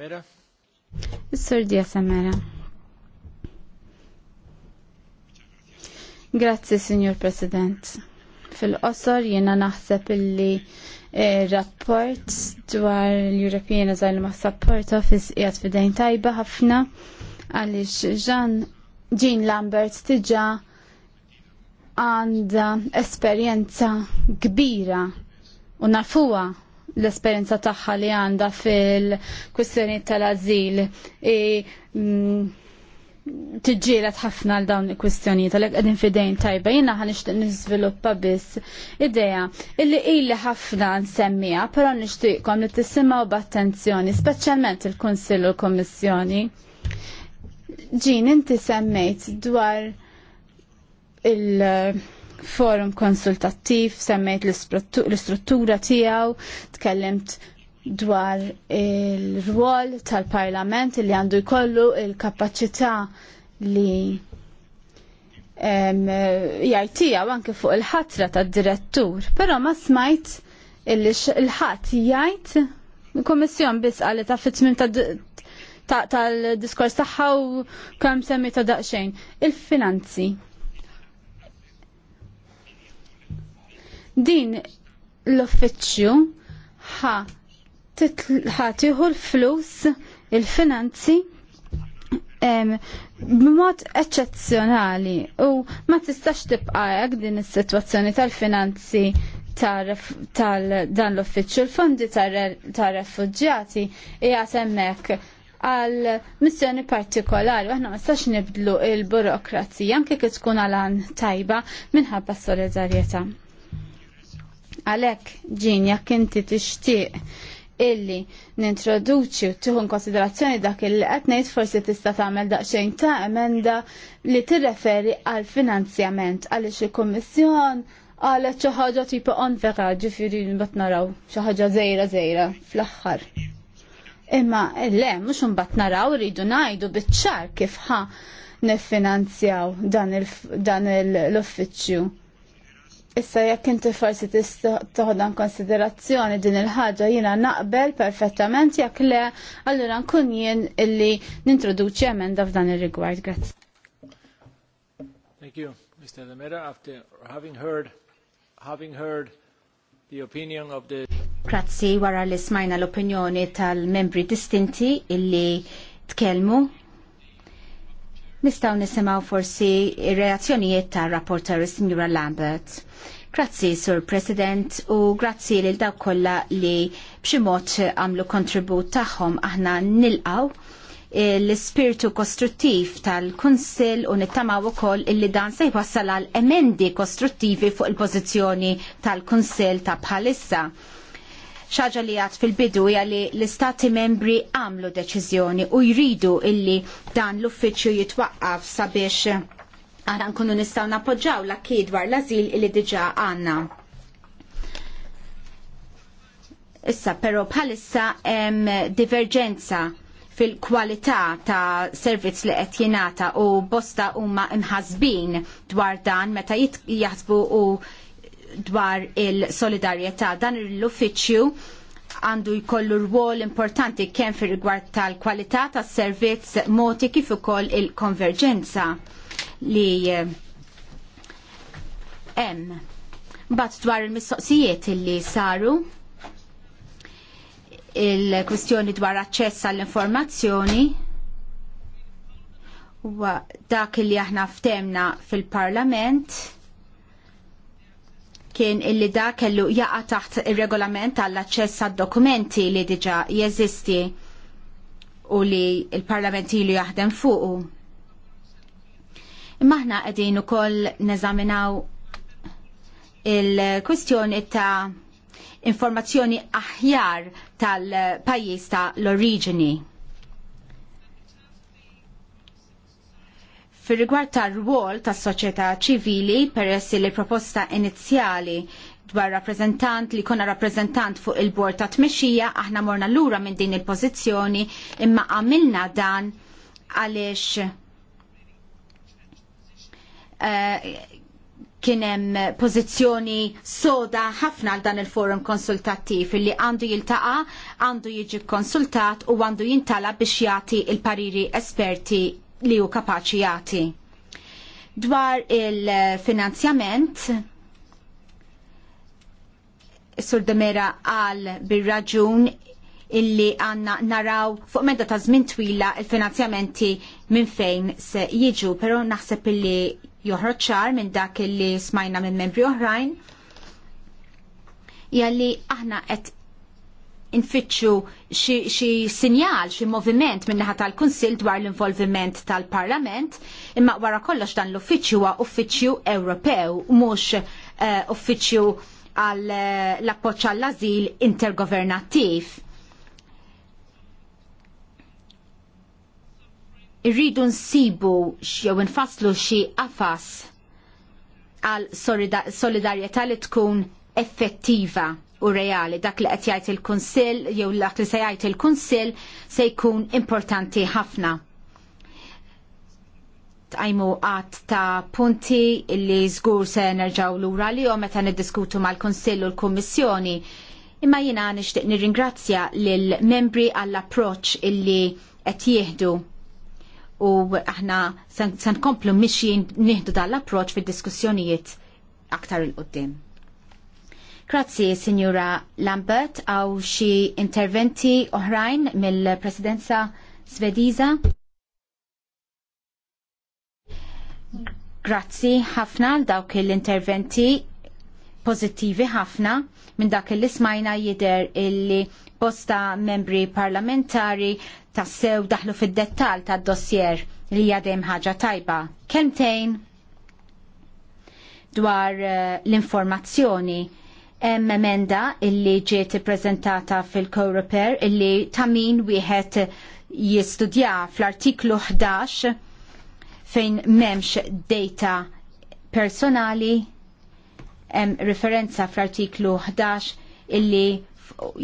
Mr. Diaz de Grazie, Grazzi, Signor President. Fil-qosor jiena naħseb illi eh, rapport dwar l-European Asylum Support Office qiegħed fidejn tajba ħafna għaliex ġan Jean Lambert tiġa għandha esperjenza kbira u nafuha l-esperienza tagħha li għandha fil-kwistjoni tal-azil mm, tiġġielet ħafna għal dawn il-kwistjonijiet għalhekk qegħdin fidejn tajba jiena ħa nixtieq niżviluppa biss idea illi ili ħafna nsemmiha però nixtieqkom li tisimgħu b'attenzjoni speċjalment il-Kunsill u l-Kummissjoni. Ġin inti semmejt dwar il- forum konsultattiv, semmejt l-istruttura tiegħu, tkellimt dwar il-rwol tal-parlament li għandu jkollu il-kapacità li jajtija anke fuq il-ħatra tad-direttur, però ma smajt il-ħat jgħid il komissjon biss għalli ta' fit ta' tal-diskors tagħha u kemm semmi ta' daqsxejn. Il-finanzi. Din l-uffiċċju ħa ħatiħu l-flus, il-finanzi b'mod eċċezzjonali u ma tistax tibqa hekk din is-sitwazzjoni tal-finanzi tal-dan l-uffiċċju l-fondi tar-refuġġjati hija hemmhekk għal missjoni partikolari, aħna ma stax nibdlu il-burokrazija, anke kif tkun għal tajba minħabba s-solidarjetà. Għalhekk ġin jak inti tixtieq illi nintroduċi u tieħu konsiderazzjoni dak il qed ngħid forsi tista' tagħmel daqsxejn ta' emenda li tirreferi għal finanzjament għaliex il-Kummissjon qalet xi ħaġa tipa on vera ġifieri bat naraw xi ħaġa żejra żejra fl-aħħar. Imma le mhux imbagħad naraw rridu ngħidu biċ-ċar kif ħa niffinanzjaw dan l-uffiċċju. Issa jekk inti forsi toħdan konsiderazzjoni din il-ħaġa jiena naqbel perfettament jekk le, allura nkun jien illi nintroduċi emenda f'dan ir-rigward. Grazzi. Thank you, Mr. Lemera. After having heard, having heard the opinion of the... Grazzi wara li smajna l-opinjoni tal-membri distinti illi tkellmu Nistaw nisimaw forsi reazzjonijiet ta' rapporter Signora Lambert. Grazzi, Sur President, u grazzi lil daw kolla li bximot għamlu kontribut taħħom aħna nilqaw l-spiritu kostruttiv tal-Kunsil u nittamaw ukoll illi dan se jwassal għal emendi kostruttivi fuq il-pożizzjoni tal-Kunsil ta' bħalissa. Ta Xaġa li għad fil-bidu hija li l-istati membri għamlu deċiżjoni u jridu illi dan l-uffiċċju jitwaqqaf sabiex eh, għana nkunu nistaw napoġġaw l-akki dwar l-azil illi diġa għanna. Issa, pero bħalissa hemm diverġenza fil-kwalità ta' servizz li qed jingħata u bosta huma imħasbin dwar dan meta jaħsbu u dwar il-solidarjetà dan l-uffiċċju għandu jkollu rwol importanti kemm fir rigward tal-kwalità tas-servizz moti kif ukoll il-konverġenza li eh, hemm. Mbagħad dwar il-mistoqsijiet li saru il-kwistjoni dwar aċċess għall-informazzjoni dak li aħna ftemna fil-Parlament kien illi da kellu jaqa taħt il-regolament għall-aċċess għad dokumenti li diġa jeżisti u li il-parlament ilu jaħdem fuqu. Imma aħna qegħdin ukoll neżaminaw il-kwistjoni ta' informazzjoni aħjar tal-pajjiż ta' l-oriġini. Fir rigward tar rwol tas soċjetà ċivili peress li proposta inizjali dwar rappreżentant li jkunna rappreżentant fuq il-bord ta' tmexxija aħna morna lura minn din il-pożizzjoni imma għamilna dan għaliex uh, kien hemm pożizzjoni soda ħafna għal dan il-forum konsultattiv li għandu jiltaqa, għandu jiġi konsultat u għandu jintala biex jagħti l pariri esperti li hu kapaċi jati. Dwar il-finanzjament, Sur Demera għal bir-raġun illi għanna naraw fuq medda ta' żmien twila il-finanzjamenti minn fejn se jiġu, pero naħseb illi joħroġ ċar minn dak illi smajna minn membri oħrajn jalli aħna qed infittxu xi sinjal, xi moviment min-naħa tal-Kunsill dwar l-involviment tal-Parlament, imma wara kollox dan l-uffiċċju huwa uffiċċju Ewropew, mhux eh, uffiċċju għal eh, l-appoċ għall azil intergovernattiv. Irridu nsibu jew infaslu xi qafas għal solidarjetà li tkun effettiva u reali dak li qed jgħid il-Kunsill jew dak li se jgħid il-Kunsill se jkun importanti ħafna tqajmu għat ta' punti li żgur se nerġaw lura li jom meta niddiskutu mal kunsill u l-Kummissjoni. Imma jina nixtieq nirringrazzja lill membri għall approċċ illi qed jieħdu u aħna se nkomplu mixjin nieħdu dan l approċċ fid-diskussjonijiet aktar il-qoddim. Grazzi, Signora Lambert, għaw xi interventi oħrajn mill-Presidenza svediza. Grazzi ħafna għal dawk l-interventi pozittivi ħafna minn dak li smajna jider illi bosta membri parlamentari tassew daħlu fid-dettal tad dossier li jadem ħaġa tajba. Kemtejn dwar eh, l-informazzjoni hemm emenda illi ġiet ippreżentata fil-Coreper illi tamin wieħed jistudja fl-artiklu 11 fejn m'hemmx data personali hemm referenza fl-artiklu 11 illi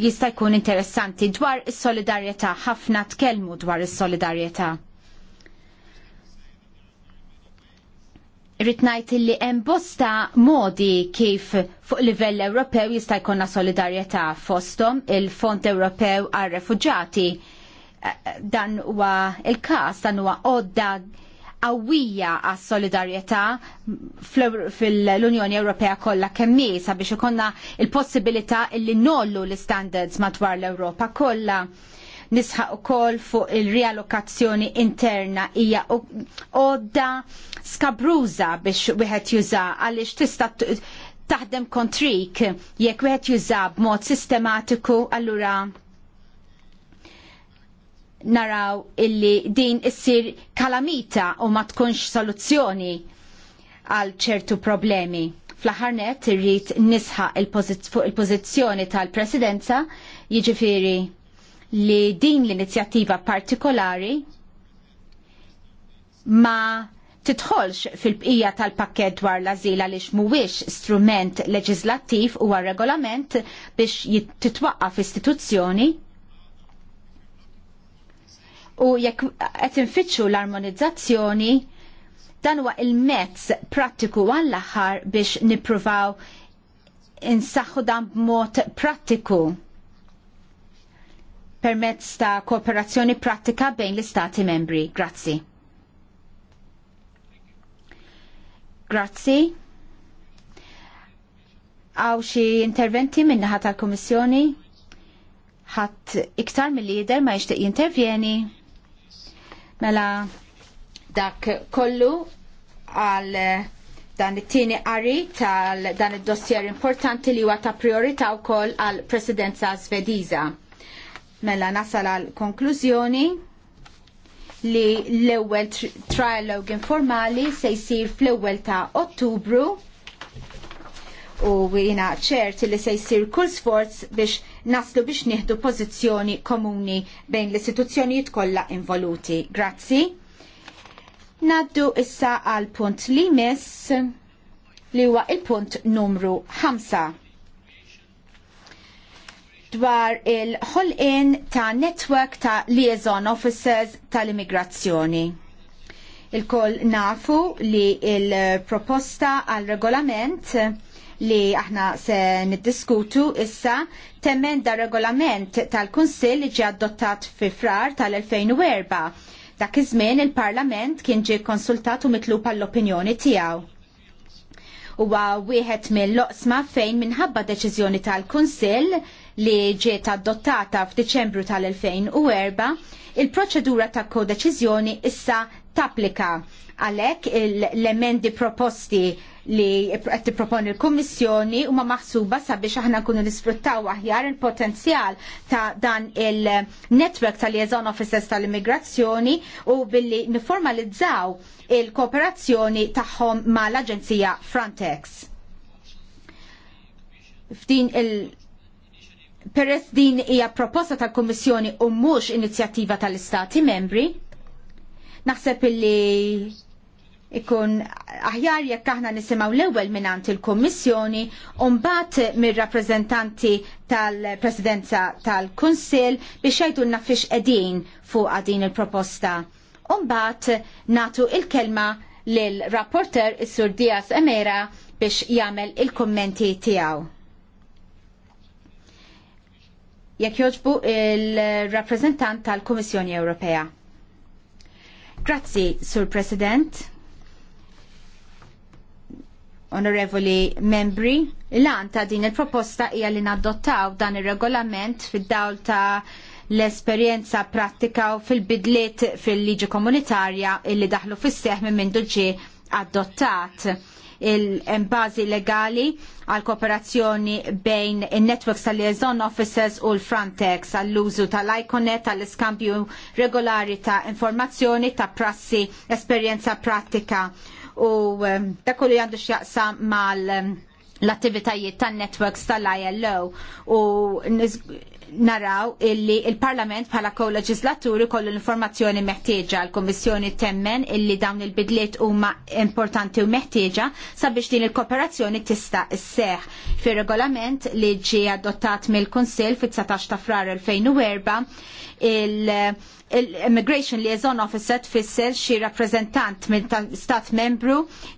jista' jkun interessanti dwar is-solidarjetà ħafna tkellmu dwar is-solidarjetà. ritnajt li hemm bosta modi kif fuq livell Ewropew jista' jkollna solidarjetà fosthom il-Fond Ewropew għar refuġati eh, eh, dan huwa il-każ dan huwa għodda qawwija għas solidarjetà fil-Unjoni Ewropea kollha kemm sabiex ikonna il-possibilità li nollu l-standards madwar l-Ewropa kollha nisħaq kol fuq il-rialokazzjoni interna hija għodda skabruża biex wieħed juża għaliex tista' taħdem kontrik jekk wieħed juża b'mod sistematiku allura naraw illi din issir kalamita u ma tkunx soluzzjoni għal ċertu problemi. Fl-ħarnet irrit nisħa il fuq il-pozizjoni tal-presidenza jiġifiri li din l-inizjattiva partikolari ma titħolx fil-bqija tal-pakket dwar l azil li mhuwiex strument leġislattiv huwa regolament biex titwaqqaf istituzzjoni u jekk qed infittxu l-armonizzazzjoni dan huwa il-mezz prattiku għall-aħħar biex nippruvaw insaħħu dan b'mod prattiku permezz ta' kooperazzjoni pratika bejn l-Istati membri. Grazzi. Grazzi. Għaw xi interventi minnaħa tal-Komissjoni? ħat iktar mill-lider ma jixtieq jintervjeni. Mela dak kollu għal dan it-tieni qari tal dan id-dossier importanti li huwa ta' priorità wkoll għall presidenza Svediża. Mela nasal għal konklużjoni li l-ewwel trialog informali se jsir fl-ewwel ta' Ottubru u jina ċert li se jsir kull sforz biex naslu biex nieħdu pożizzjoni komuni bejn l-istituzzjonijiet kollha involuti. Grazzi. Naddu issa għal punt li miss li huwa il-punt numru 5 dwar il-ħolqin ta' network ta' liaison officers tal-immigrazzjoni. Il-koll nafu li il-proposta għal regolament li aħna se niddiskutu issa temmen da regolament tal-Kunsill li ġi adottat fi frar tal-2004. Dak iż-żmien il-Parlament kien ġie konsultat u mitlub għall-opinjoni tiegħu huwa wieħed mill-loqsma fejn minħabba deċiżjoni tal-Kunsill li ġiet adottata f'Diċembru tal-2004, il-proċedura ta' kodeċiżjoni issa tapplika għalhekk l-emendi proposti li qed tipproponi l-Kummissjoni huma maħsuba sabiex aħna nkunu nisfruttaw aħjar il-potenzjal ta' dan il-netwerk tal-liaison offices tal-immigrazzjoni u billi niformalizzaw il-kooperazzjoni tagħhom mal-Aġenzija Frontex. F'din il- peress din hija proposta tal-Kummissjoni u mhux inizjattiva tal-Istati membri, naħseb illi ikun aħjar jekk aħna nisimgħu l-ewwel minant il-Kummissjoni u mbagħad mir-rappreżentanti tal-Presidenza tal-Kunsill biex jgħidulna fiex qegħdin fuq din il-proposta. U mbagħad nagħtu l kelma lill rapporter is-Sur Diaz Emera biex jagħmel il-kummenti tiegħu. jekk joġbu il-rappresentant tal-Kummissjoni Ewropea. Grazzi, Sur President. Onorevoli membri, l-għan ta' din il-proposta hija li nadottaw dan il-regolament fid-dawl ta' l-esperienza pratika u fil-bidliet fil-liġi komunitarja illi daħlu fis seħmi minn mindu ġie adottat il-bazi legali għal kooperazzjoni bejn il-networks tal-liaison officers u l-Frontex għall-użu tal-iconet għall-iskambju regolari ta' informazzjoni ta' prassi, esperjenza pratika u dakollu għandu xjaqsa mal l-attivitajiet tan networks tal-ILO u naraw illi il-Parlament bħala kow leġislatur kollu l-informazzjoni meħtieġa l-Kommissjoni temmen illi dawn il-bidliet huma importanti u meħtieġa sabiex din il-kooperazzjoni tista' s-seħ. Fir-regolament li ġie adottat mill-Kunsill fit-19 ta' frar 2004 il- l-Immigration Liaison Officer tfisser xi rappreżentant minn stat membru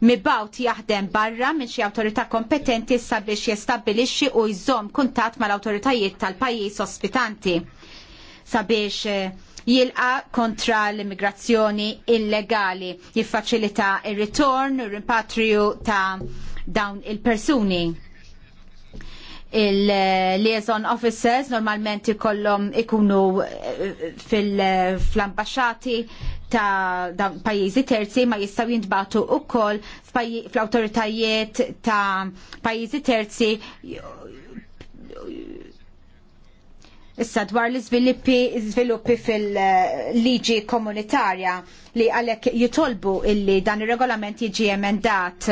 mibgħut jaħdem barra minn xi awtorità kompetenti sabiex jestabbilixxi u jżomm kuntatt mal-awtoritajiet tal-pajjiż ospitanti sabiex eh, jilqa kontra l-immigrazzjoni illegali, jiffaċilita ir-ritorn, r rimpatriju ta' dawn il-persuni il-liaison officers normalment kollom ikunu eh, fil-ambasċati ta' pajjiżi terzi ma jistaw jintbatu wkoll fl awtoritajiet ta' pajjiżi terzi Issa dwar l iżviluppi fil-liġi komunitarja li għalhekk jitolbu illi dan ir regolament jiġi emendat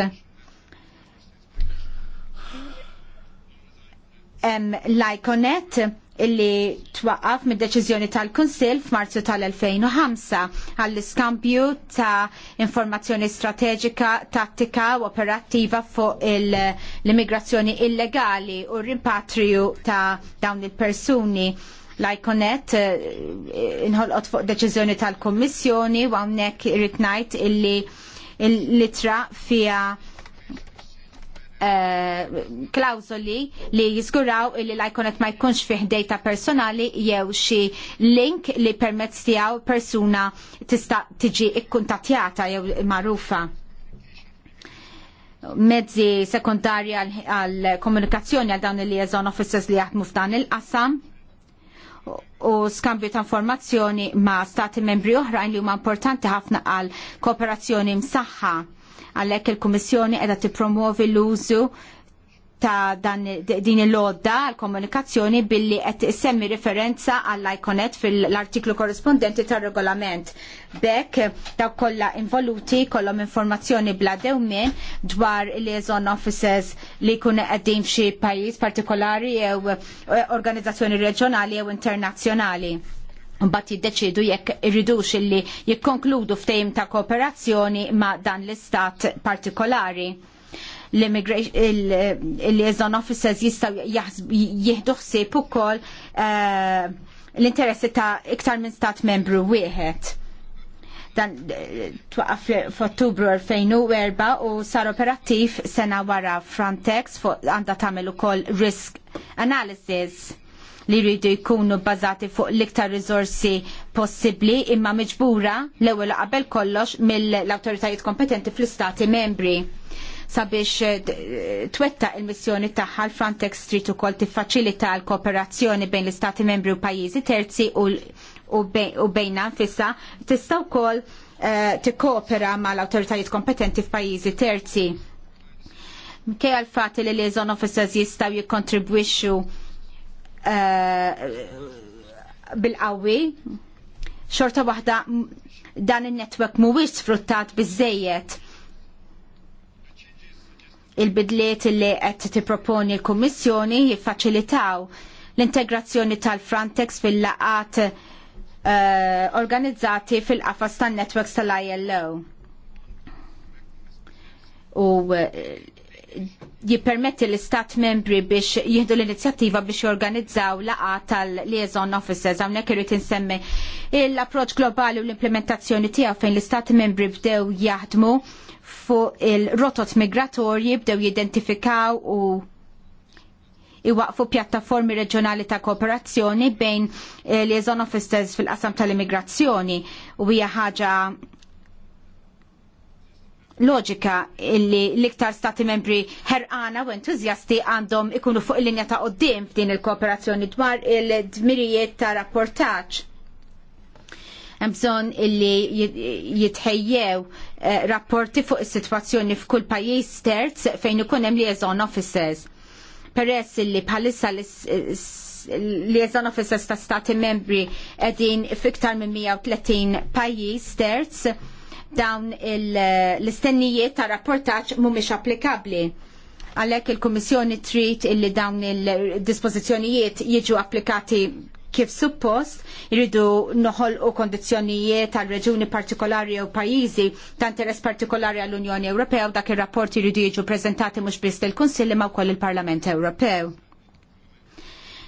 l-Iconet illi twaqqaf mid deċiżjoni tal-Kunsil f'Marzu tal-2005 għall-iskambju ta' informazzjoni strateġika, tattika u operattiva fuq l-immigrazzjoni illegali u rimpatriju ta' dawn il-persuni l-Iconet eh, inħolqot fuq deċiżjoni tal-Kommissjoni u għamnek irritnajt illi l-litra fija Eh, klawzoli li jiskuraw li lajkonet ma jkunx fih data personali jew xi link li permezz tiegħu persuna tista' tiġi ikkuntattjata jew magħrufa mezzi sekundarji għal komunikazzjoni għal dawn il liaison officers li jaħdmu f'dan il-qasam u skambju ta' informazzjoni ma' stati membri oħrajn li huma importanti ħafna għal kooperazzjoni msaħħa Għalhekk il-Kummissjoni qiegħda tippromuovi l-użu ta' dan, din il-lodda l komunikazzjoni billi qed semmi referenza għall-iconet fil-artiklu korrispondenti tar regolament. Bekk daw kollha involuti kollhom informazzjoni bla dewmien dwar liaison offices li jkunu qegħdin f'xi pajjiż partikolari jew eh, organizzazzjoni reġjonali jew internazzjonali mbagħad jiddeċiedu jekk irridux illi jikkonkludu ftehim ta' kooperazzjoni ma' dan l-istat partikolari l-liaison officers jistaw jieħdu ħsieb ukoll eh, l-interessi ta' iktar minn stat membru wieħed. Dan eh, twaqaf f'Ottubru 2004 u sar operattiv sena wara Frontex għandha tagħmel ukoll risk analysis li jridu jkunu bbażati fuq l-iktar riżorsi possibbli imma miġbura l-ewwel qabel kollox mill-awtoritajiet kompetenti fl-istati membri sabiex eh, eh, twetta il-missjoni tagħha l-Frontex Street ukoll tiffaċilita l-kooperazzjoni bejn l-istati membri u pajjiżi terzi u bejna nfissa tista' wkoll eh, tikkopera mal-awtoritajiet kompetenti f'pajjiżi terzi. Minkejja l-fat li liaison officers jistgħu jikkontribwixxu Uh, bil-qawwi xorta waħda dan il netwerk mhuwiex sfruttat biżejjed il-bidliet li qed tipproponi l-Kummissjoni jiffaċilitaw l-integrazzjoni tal-Frontex fil-laqat uh, organizzati fil-qafas tan-networks tal-ILO. U uh, jippermetti l-istat membri biex jihdu l-inizjattiva biex jorganizzaw laqa tal-liaison officers għamnek irrit insemmi l-approċ globali u l-implementazzjoni tiegħu fejn l-istat membri bdew jaħdmu fuq il-rotot migratorji bdew jidentifikaw u iwaqfu pjattaformi reġjonali ta' kooperazzjoni bejn eh, liaison officers fil-qasam tal-immigrazzjoni u hija ħaġa loġika illi l-iktar stati membri ħerqana u entuzjasti għandhom ikunu fuq il-linja ta' qoddim f'din il-kooperazzjoni dwar il-dmirijiet ta' rapportaċ Mżon illi jitħejjew eh, rapporti fuq is-sitwazzjoni f'kull pajjiż terz fejn ikun hemm liaison officers. Peress illi bħalissa liaison offices ta' stati membri qegħdin fiktar minn 130 pajjiż terz, dawn eh, l-istennijiet ta' rapportaċ mhumiex applikabbli għalhekk il-Kummissjoni trid illi dawn il-dispożizzjonijiet jiġu applikati kif suppost, jridu noħol u kondizjonijiet għal reġuni partikolari u pajizi ta' interess partikolari għall unjoni Ewropew dak ir-rapport jridu jiġu prezentati mhux biss il-Kunsill imma wkoll il-Parlament Ewropew.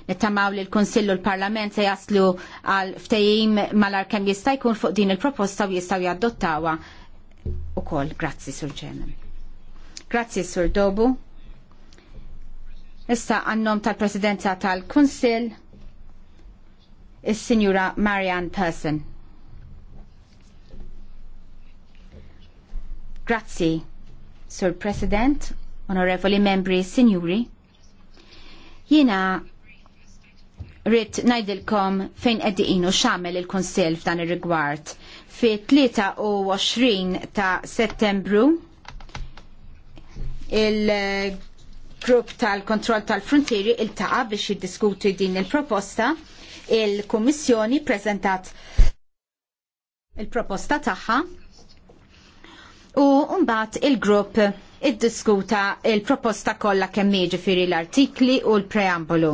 Nittamaw li l-Konsillu l-Parlament se jaslu għal ftejim malar kem jista' jkun fuq din il-proposta u jistaw jaddottawa u kol. Grazzi, Sur Ġenem. Grazzi, Sur Dobu. Issa għannom tal-Presidenza tal konsill il signora Marianne Person. Grazzi, Sur President, Onorevoli Membri, Sinjuri. Jina rrit najdilkom fejn eddiqinu xamel il-Konsil f'dan ir-rigward. Fi 23 ta' settembru il-grupp tal-kontroll tal-frontieri il-taqa biex jiddiskuti din il-proposta il komissjoni prezentat il-proposta tagħha u mbagħad il-grupp iddiskuta il-proposta kollha kemm jiġifieri l-artikli u l-preambolu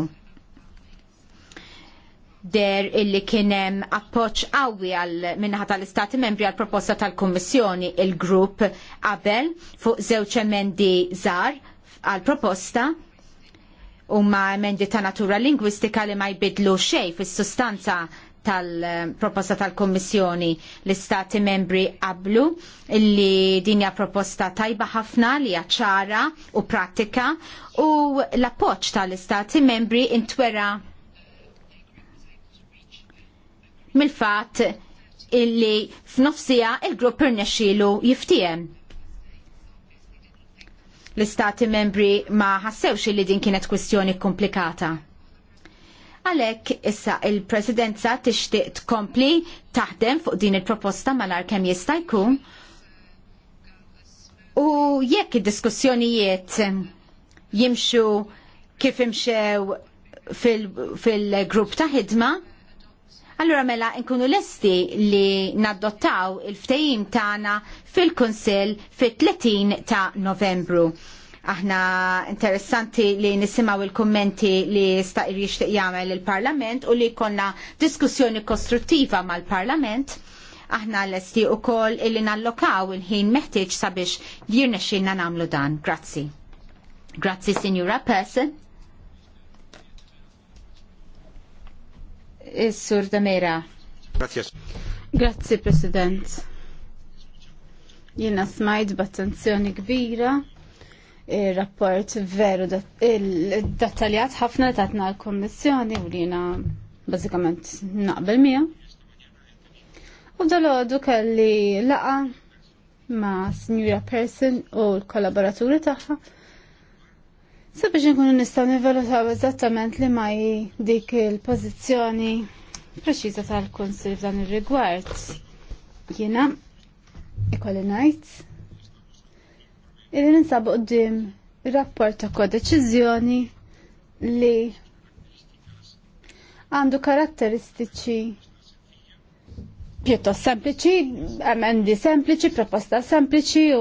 der illi kienem appoċ qawwi għal minnaħa tal-Istati membri għal proposta tal-Kommissjoni il-grupp qabel fuq żewġ emendi żgħar għal proposta u ma emendi ta' natura lingwistika li ma jbidlu xej fis-sustanza tal-proposta tal-Kommissjoni l-Istati membri qablu li dinja proposta tajba ħafna li ċara u pratika u l-appoċ tal-Istati membri intwera mill-fatt illi f'nofsija il-grupp irnexxielu jiftiem. L-istati membri ma ħassewx li din kienet kwistjoni komplikata. Għalek issa il-presidenza tixtieq tkompli taħdem fuq din il-proposta malar kemm jista' jkun U jekk id-diskussjonijiet jimxu kif imxew fil-grupp fil ta' ħidma, Allura mela nkunu lesti li naddottaw il-ftejim tagħna fil-Kunsill fit-30 ta' Novembru. Aħna interessanti li nisimaw il-kommenti li sta' jixtieq jagħmel il-Parlament u li konna diskussjoni kostruttiva mal-Parlament aħna lesti esti u illi nallokaw il-ħin meħtieġ sabiex jirnexxinna namlu dan. Grazzi. Grazzi, Signora Person. Is-Sur Damera. Grazie. Grazie, President. Jena smajt b'attenzjoni kbira il-rapport veru dettaljat ħafna li tatna l-Kommissjoni u li bazzikament naqbel mija. U dal-għodu kelli laqa ma' Signora Person u l-kollaboraturi tagħha Sabiex nkunu nistgħu nivvalutaw eżattament li ma dik il-pożizzjoni preċiża tal-Kunsil f'dan ir-rigward. Jiena ikolli ngħid illi ninsabu qudiem rapport ta' kodeċiżjoni li għandu karatteristiċi pjuttost sempliċi, emendi sempliċi, proposta sempliċi u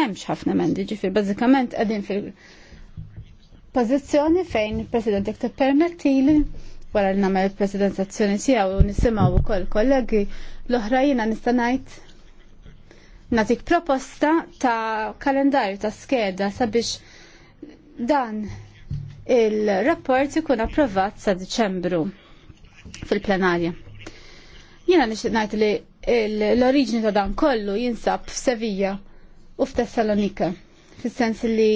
memx ħafna emendi ġifir, bazzikament għedin fil- pożizzjoni fejn il-President jek permettili wara li nagħmel il-presentazzjoni tiegħu u nisimgħu wkoll kollegi l-oħra jiena nista' ngħid natik proposta ta' kalendarju ta' skeda sabiex dan il-rapport ikun approvat sa' Diċembru fil-plenarja. Jiena nixtieq ngħid li l-oriġini ta' dan kollu jinsab f'Sevilla u f'Tessalonika, fis-sens li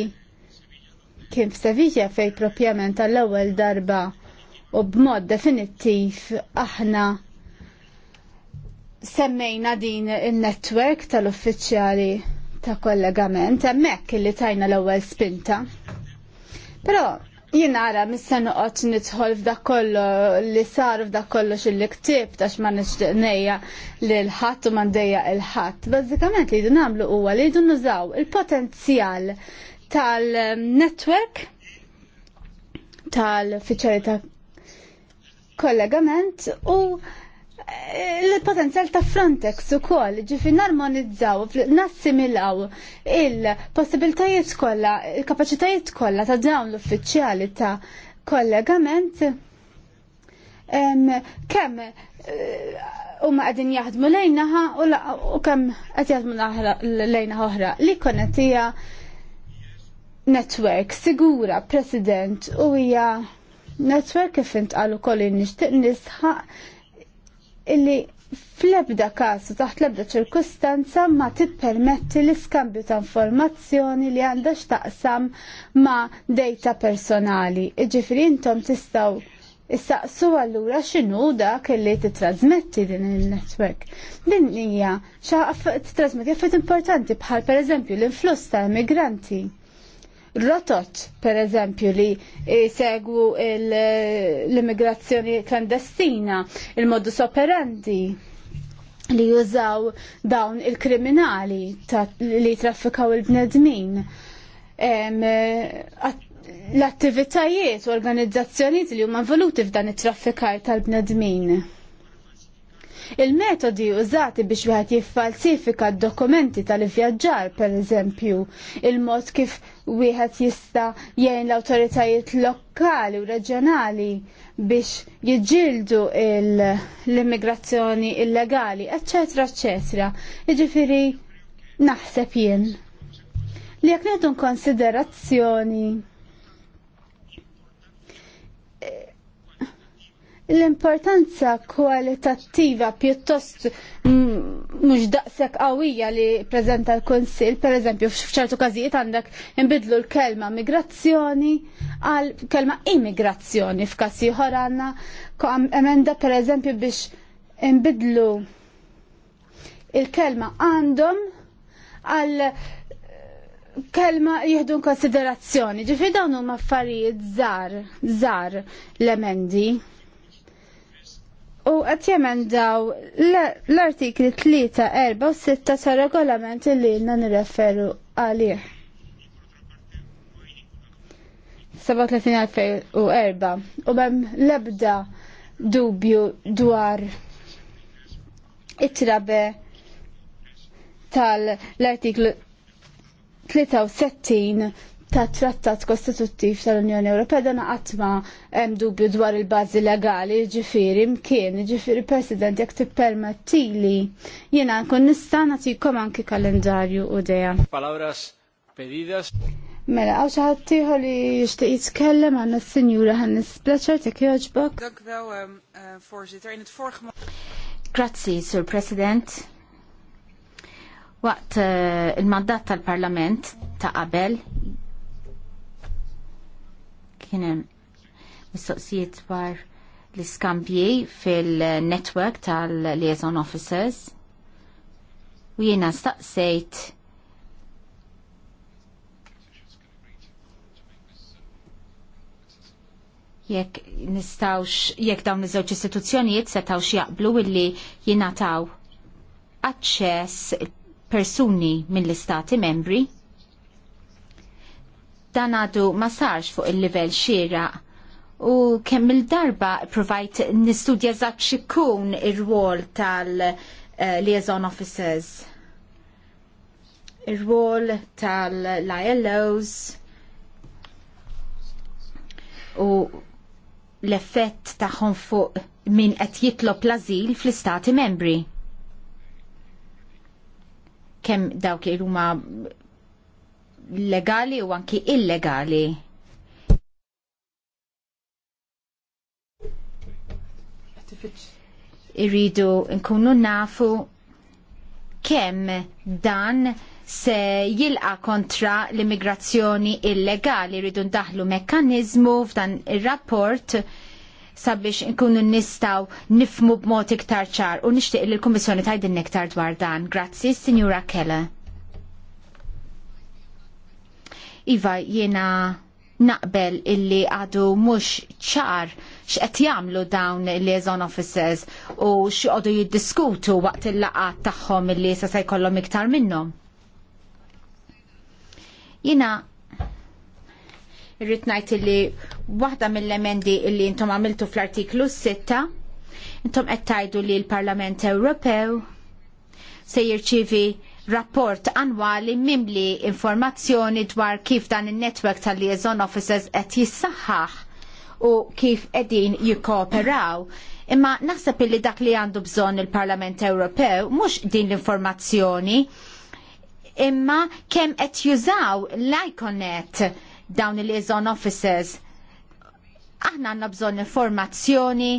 kien f'Sevilla fej propjament tal-ewwel darba u b'mod definittiv aħna semmejna din il-network tal-uffiċjali ta' kollegament, hemmhekk li tajna l-ewwel spinta. Però jien ara missa noqgħod nidħol f'dak kollu li sar f'dak kollox illi ktieb tax ma nixtieqnejja lil ħadd u ma il ħadd. Bażikament li jdu nagħmlu huwa li jdu nużaw il-potenzjal tal-network tal-fiċċari ta' kollegament u eh, l potenzjal ta' Frontex u koll, ġifi narmonizzaw, nassimilaw il-possibilitajiet kolla, il-kapacitajiet kolla ta' dawn l-uffiċjali ta' kollegament kemm eh, u ma' għedin jaħdmu lejnaħa u kemm għed jaħdmu lejnaħa oħra li konnetija network sigura, President, u hija network kif intqalu ukoll nixtieq nisħaq illi fl-ebda kasu taħt l-ebda ċirkustanza ma tippermetti l-iskambju ta' informazzjoni li għandha x'taqsam ma' data personali. Iġifieri intom tistgħu issaqsu allura x'inhu dak li titrasmetti din il-netwerk. Din hija xi titrasmetti affett importanti bħal pereżempju l-influss ta' immigranti rotot, per eżempju, li eh, segwu l-immigrazzjoni klandestina, il-modus operandi li jużaw dawn il-kriminali li traffikaw il-bnedmin eh, l-attivitajiet u organizzazzjoniet li huma voluti f'dan it-traffikar tal-bnedmin. Il-metodi użati biex wieħed jiffalsifika d-dokumenti tal-ivvjaġġar, per eżempju, il-mod kif wieħed jista' jgħin l-awtoritajiet lokali u reġjonali biex jiġġieldu l-immigrazzjoni illegali, eċċetra, eċċetra. Jiġifieri naħseb jien li jekk ngħidu konsiderazzjoni l-importanza kwalitattiva pjuttost mm, mhux daqshekk qawwija li prezenta l-Kunsill, pereżempju f'ċertu każijiet għandek inbidlu l-kelma migrazzjoni għal kelma immigrazzjoni f'każ ieħor għandna emenda pereżempju biex inbidlu il-kelma għandhom għal kelma jihdu konsiderazzjoni. Ġifi dawn huma affarijiet żgħar l-emendi u qed jemendaw l-artikli 3, 4 u 6 ta' regolament li jenna nirreferu għalih. 37.2004 u mem lebda dubju dwar it-trabe tal-artiklu 63 ta' trattat kostituttiv tal-Unjoni Ewropea dan qatt ma hemm dubju dwar il-bażi legali, ġifieri mkien, ġifieri President jekk tippermettili jiena nkun nista' nagħtikom anki kalendarju u dejja. Palabras pedidas. Mela, għaw xaħat tiħu li jishtiq jitkellem għanna s-senjura għanna s-pleċer tek joġbok. Ehm, eh, Grazzi, Sur President. Waqt eh, il-mandat tal-Parlament ta' qabel kienem mistoqsijiet dwar l-iskambji fil-network tal-liaison officers u jiena staqsejt jekk nistawx jekk dawn iż-żewġ istituzzjonijiet setawx jaqblu illi jingħataw aċċess persuni mill-istati membri dan għadu ma sarx fuq il-livell xira u kemm il-darba provajt nistudja eżatt xikun ir-rwol tal-liaison officers ir-rwol tal-ILOs u l-effett tagħhom fuq min qed jitlob l-azil fl-istati membri. Kemm dawk li huma legali u anki illegali. Irridu nkunu nafu kemm dan se jilqa kontra l-immigrazzjoni illegali rridu ndaħlu mekkaniżmu f'dan ir-rapport sabiex nkunu nistaw nifmu b'mod iktar ċar u nixtieq lill kummissjoni tgħidilna iktar dwar dan. Grazzi, Sinjura Kelle. Iva jiena naqbel illi għadu mhux ċar x'qed jagħmlu dawn liaison officers u x'qogħdu jiddiskutu waqt il-laqat tagħhom illi sa se jkollhom iktar minnhom. Jiena irrid ngħid illi waħda mill-emendi illi intom għamiltu fl-artiklu 6 intom qed tgħidu li l-Parlament Ewropew se jirċivi rapport annwali mimli informazzjoni dwar kif dan il netwerk tal-liaison officers qed jissaħħaħ u kif qegħdin jikkooperaw. Imma naħseb illi dak li għandu bżonn il-Parlament Ewropew mhux din l-informazzjoni imma kemm qed jużaw l-iconet dawn il-liaison officers. Aħna għandna bżonn informazzjoni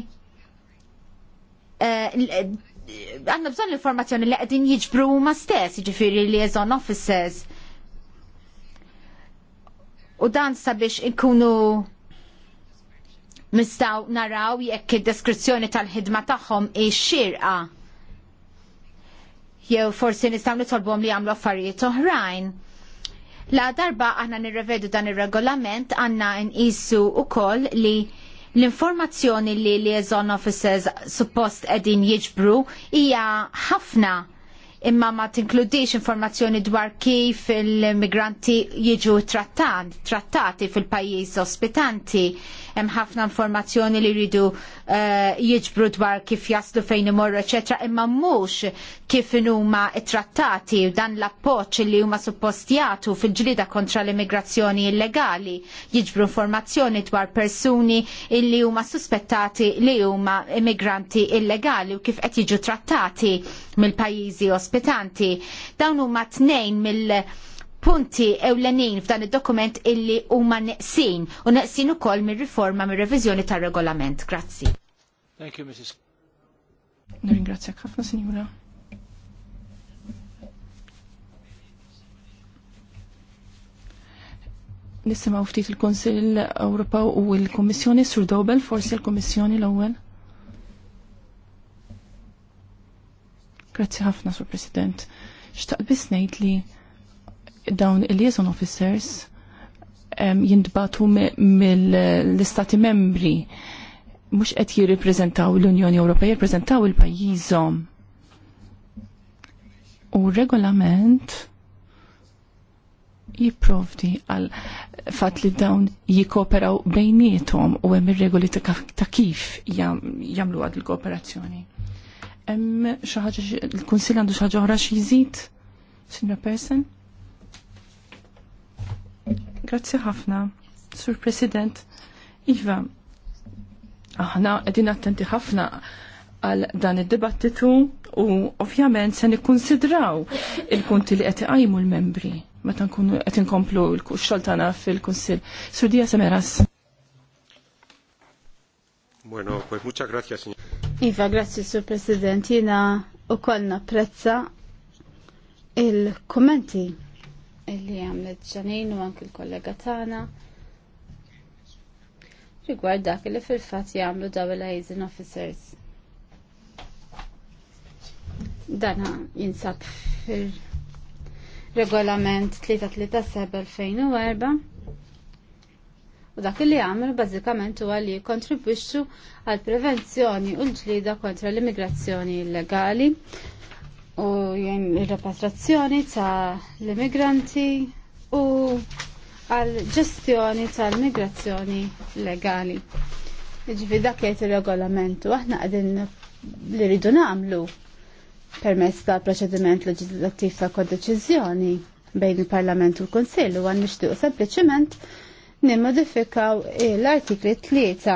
eh, għanna bżon l-informazzjoni li għedin jiġbru ma stess, ġifiri li jizon officers. U dan sabiex inkunu mistaw naraw jekk id-deskrizzjoni tal-ħidma tagħhom i xirqa. Jew forsi nistaw nitolbhom li jagħmlu affarijiet oħrajn. La darba aħna nirrevedu dan ir-regolament għandna nqisu ukoll li L-informazzjoni li liaison officers suppost qegħdin jiġbru hija ħafna imma ma tinkludix informazzjoni dwar kif il-migranti jiġu trattati fil-pajjiż ospitanti hemm ħafna informazzjoni li jridu uh, eh, jiġbru dwar kif jaslu fejn imorru, eċetera, imma mhux kif huma trattati u dan l-appoġġ li huma suppostjatu fil-ġlida kontra l-immigrazzjoni illegali jiġbru informazzjoni dwar persuni li huma suspettati li huma immigranti illegali u kif qed jiġu trattati mill-pajjiżi ospitanti. Dawn huma tnejn mill- punti ewlenin f'dan id-dokument illi huma neqsin u neqsin ukoll mir-riforma mir-reviżjoni tar-regolament. Grazzi. Thank you, Mrs. Ringrazzjak ħafna, Sinjura. Nisimaw ftit il-Konsil Ewropew u l kummissjoni sur Dobel, forsi l kummissjoni l-ewwel. Grazzi ħafna, Sur President. Xtaqt biss ngħid li dawn il-liaison officers jindbatu mill-istati membri mux qed jirriprezentaw l-Unjoni Ewropea, jirriprezentaw il-pajjiżhom. U regolament jipprovdi għal fat li dawn jikoperaw bejnietom u hemm ir-regoli ta' kif jagħmlu għad il-kooperazzjoni. Hemm xi ħaġa l-Kunsill għandu xi ħaġa oħra xi jżid? Sinra Person? Grazzi ħafna, Sur President. Iva, aħna qegħdin attenti ħafna għal dan id-dibattitu u ovvjament se nikkunsidraw il-punti li qed iqajmu l-membri meta nkunu qed inkomplu l-xogħol tagħna fil-Kunsill. Sur Dija Semeras. Bueno, pues muchas gracias, señor. Iva, grazzi, Sur President. Jina u napprezza il-kommenti illi għamlet ġanin u anki l-kollega tagħna rigward dak li fil-fatt jagħmlu double liaison officers. Dana jinsab fil-regolament 337-2004 u dak li għamlu bażikament huwa li jikkontribwixxu għal prevenzjoni u l-ġlida kontra l-immigrazzjoni illegali u jen il-repatrazzjoni ta' l-immigranti u għal ġestjoni tal-migrazzjoni legali. Iġvi dak jgħid ir-regolamentu aħna għadin li rridu nagħmlu permezz tal-proċediment leġislattiv ta' kod kod-deċizjoni bejn il-Parlament u l konsillu u għan nixtiequ sempliċement nimmodifikaw l-artikli 3,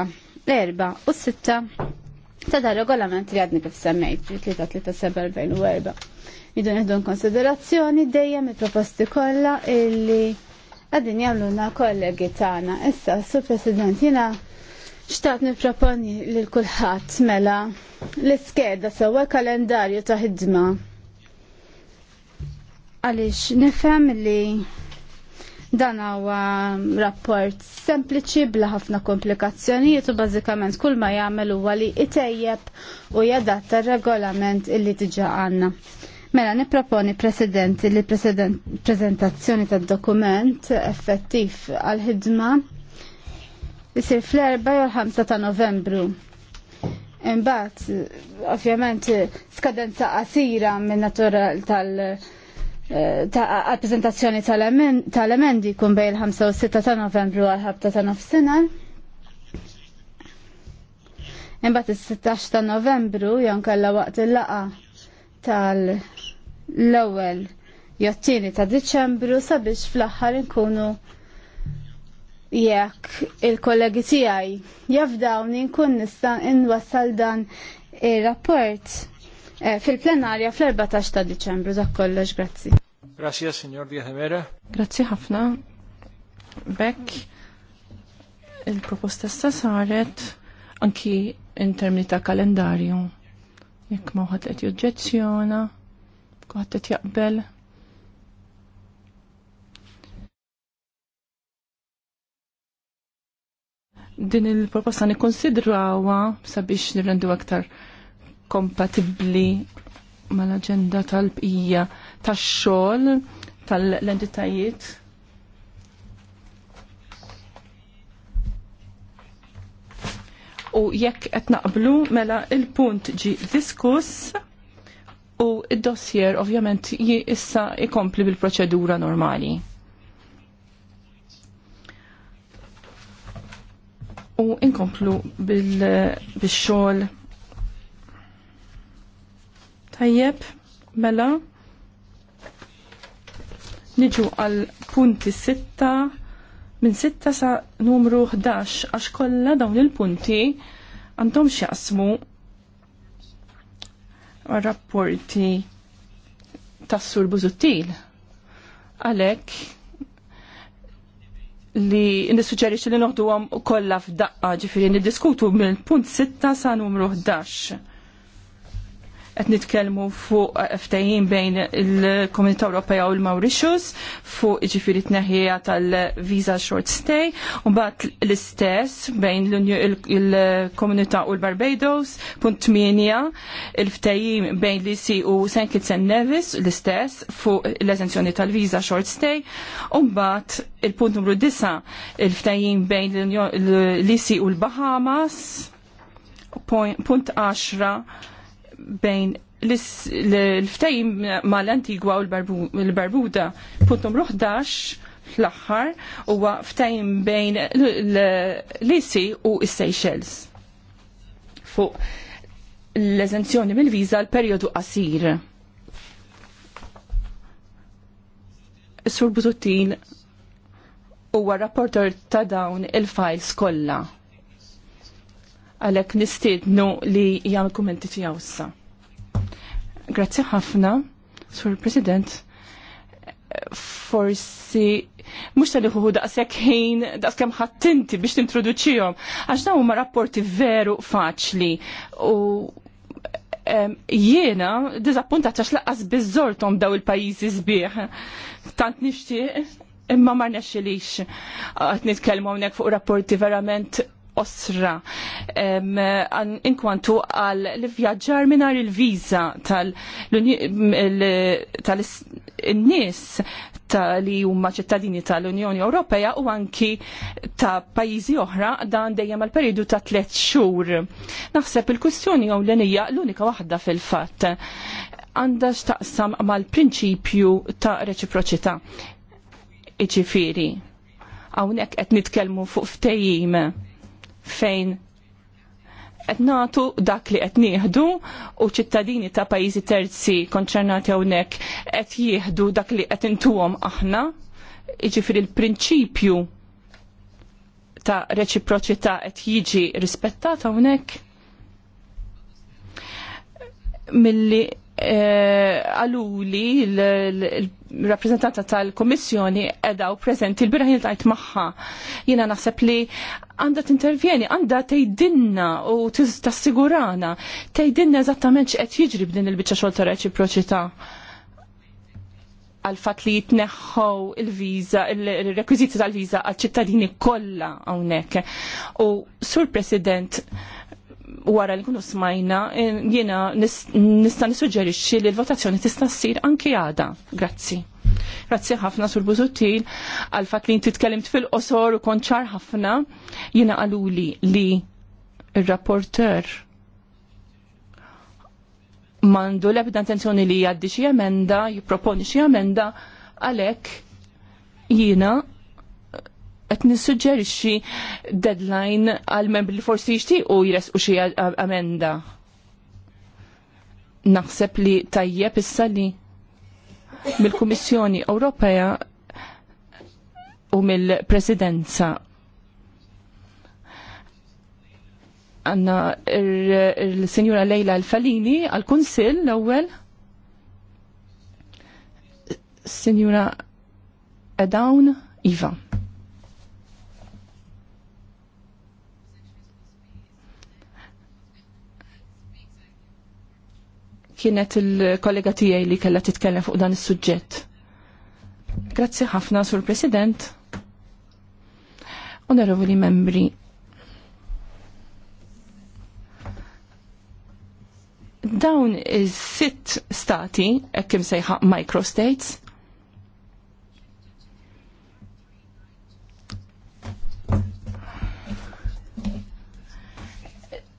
4 u 6 ta' da' regolament li għadni kif semmejt, 7 2004 Idu nħeddu konsiderazzjoni dejjem il-proposti kolla illi għadin jamluna kollegi tana. Issa, su president, jina xtaqt niproponi li l-kulħat mela l skeda sewa kalendarju ta' ħidma. Għalix, nifem li Dan huwa rapport sempliċi bla ħafna komplikazzjonijiet u bażikament kull ma jagħmel huwa li itejjeb u jadatta r-regolament illi diġà għandna. Mela nipproponi President li prezentazzjoni tad-dokument effettiv għal-ħidma isir fl-4 u l-5 ta' Novembru. Imbagħad, ovvjament, skadenza qasira minn natura tal- għal-prezentazzjoni eh, tal-emendi kun bej il-5 u 6 ta' novembru għal 7 ta' nofsina. Imbat il-16 ta' novembru jon kalla waqt il-laqa tal-ewel jottini ta' Diċembru sabiex fl-axħar nkunu jekk il-kollegi tiegħi jafdawni nkun nista' n-wassal dan ir-rapport Eh, fil-plenarja fl-14 ta' Diċembru, dak kollox, grazzi. Grazie, signor Diaz de Grazzi ħafna. Bekk, il-proposta sta saret anki in termini ta' kalendarju. Jekk ma' uħat qed joġġezzjona, kuħat jaqbel. Din il-proposta nikkonsidrawha sabiex nirrendu aktar kompatibbli mal-aġenda tal-bqija tax-xogħol tal-entitajiet. U jekk qed naqblu mela il-punt ġi diskuss u id-dossier ovvjament issa ikompli bil-proċedura normali. U inkomplu bil-xogħol bil, bil Tajjeb, mela, niġu għal punti 6 minn 6 sa numru 11 għax kollha dawn il-punti għandhom xjaqsmu rapporti tas-sur Buzuttil. Għalek li nissuġġerix li noħdu kollha f'daqqa ġifieri niddiskutu mill-punt 6 sa numru 11 qed nitkellmu fuq ftehim bejn il-Komunità Ewropea u l-Mauritius fuq ġifieri tneħħija tal-visa short stay u mbagħad l-istess bejn il-Komunità u l-Barbados punt 8 il-ftehim bejn li si u St. Kitts and Nevis l-istess fuq l-eżenzjoni tal-visa short stay u mbagħad il-punt numru 9 il-ftehim bejn l-ISI u l-Bahamas punt 10 bejn l-ftejn ma l-Antigwa u l-Barbuda. Punt numru 11 fl-axħar huwa ftejn bejn l-Lisi u s-Seychelles fuq l-eżenzjoni mill-viza l-periodu qasir. Sur Bututtin huwa rapporter ta' dawn il-files kollha għalek nistiednu li jgħamil kummenti tijaw issa. Grazzi ħafna, Sur President. Forsi, mux tal daqs jek ħin, daqs kem ħattinti biex t-introduċijom, għax daw ma rapporti veru faċli u jiena dizappunta ċax laqqas bizzortom daw il-pajizi sbieħ. Tant nishtiq, imma ma nexxilix. Għat nitkellmu hawnhekk fuq rapporti verament osra inkwantu għal l-vjaġġar minar il-viza tal-nis li huma ċittadini tal-Unjoni Ewropea u anki ta' pajjiżi oħra dan dejjem għal periodu ta' tliet xhur. Naħseb il-kwistjoni ewlenija l-unika waħda fil-fatt għandha x'taqsam mal-prinċipju ta' reċiproċità. Iġifieri, hawnhekk qed nitkellmu fuq ftehim fejn qed nagħtu dak li qed nieħdu u ċittadini ta' pajjiżi terzi konċernati hawnhekk qed jieħdu dak li qed intuhom aħna, jiġifieri l-prinċipju ta' reċiproċità qed jiġi rispettat hawnhekk milli Eh, għaluli l-rappresentanta tal-Komissjoni edaw prezenti l-biraħ tajt maħħa. Jina naħseb li għanda t-intervjeni, għanda tejdinna u tassigurana, tejdinna eżattament x'qed jiġri b'din il-bicċa xogħol ta' reċiproċità għal-fat li jitneħħu il-viza, il-rekwiziti tal-viza għal-ċittadini kolla għawnek. U, Sur President, wara li kunu smajna, eh, jiena nista' nissuġġerixxi li l-votazzjoni tista' ssir anki għada. Grazzi. Grazzi ħafna sur Buzutil għal fatt li inti tkellimt fil-qosor u kont ċar ħafna jiena qaluli li il rapporter mandu l-ebda intenzjoni li jgħaddi xi emenda, jipproponi xi emenda għalhekk jiena qed nissuġġerixxi deadline għal membri li forsi jixtiequ jresqu xi amenda. Naħseb li tajjeb issa li mill-Kummissjoni Ewropea u mill-Presidenza għanna il-Senjura Lejla Alfalini għal kunsill l-ewwel. Senjura Edawn Iva. kienet il-kollega tiegħi li kellha titkellem fuq dan is-suġġett. Grazzi ħafna sur President. Onorevoli membri. Dawn is-sitt stati, hekk sejħa microstates,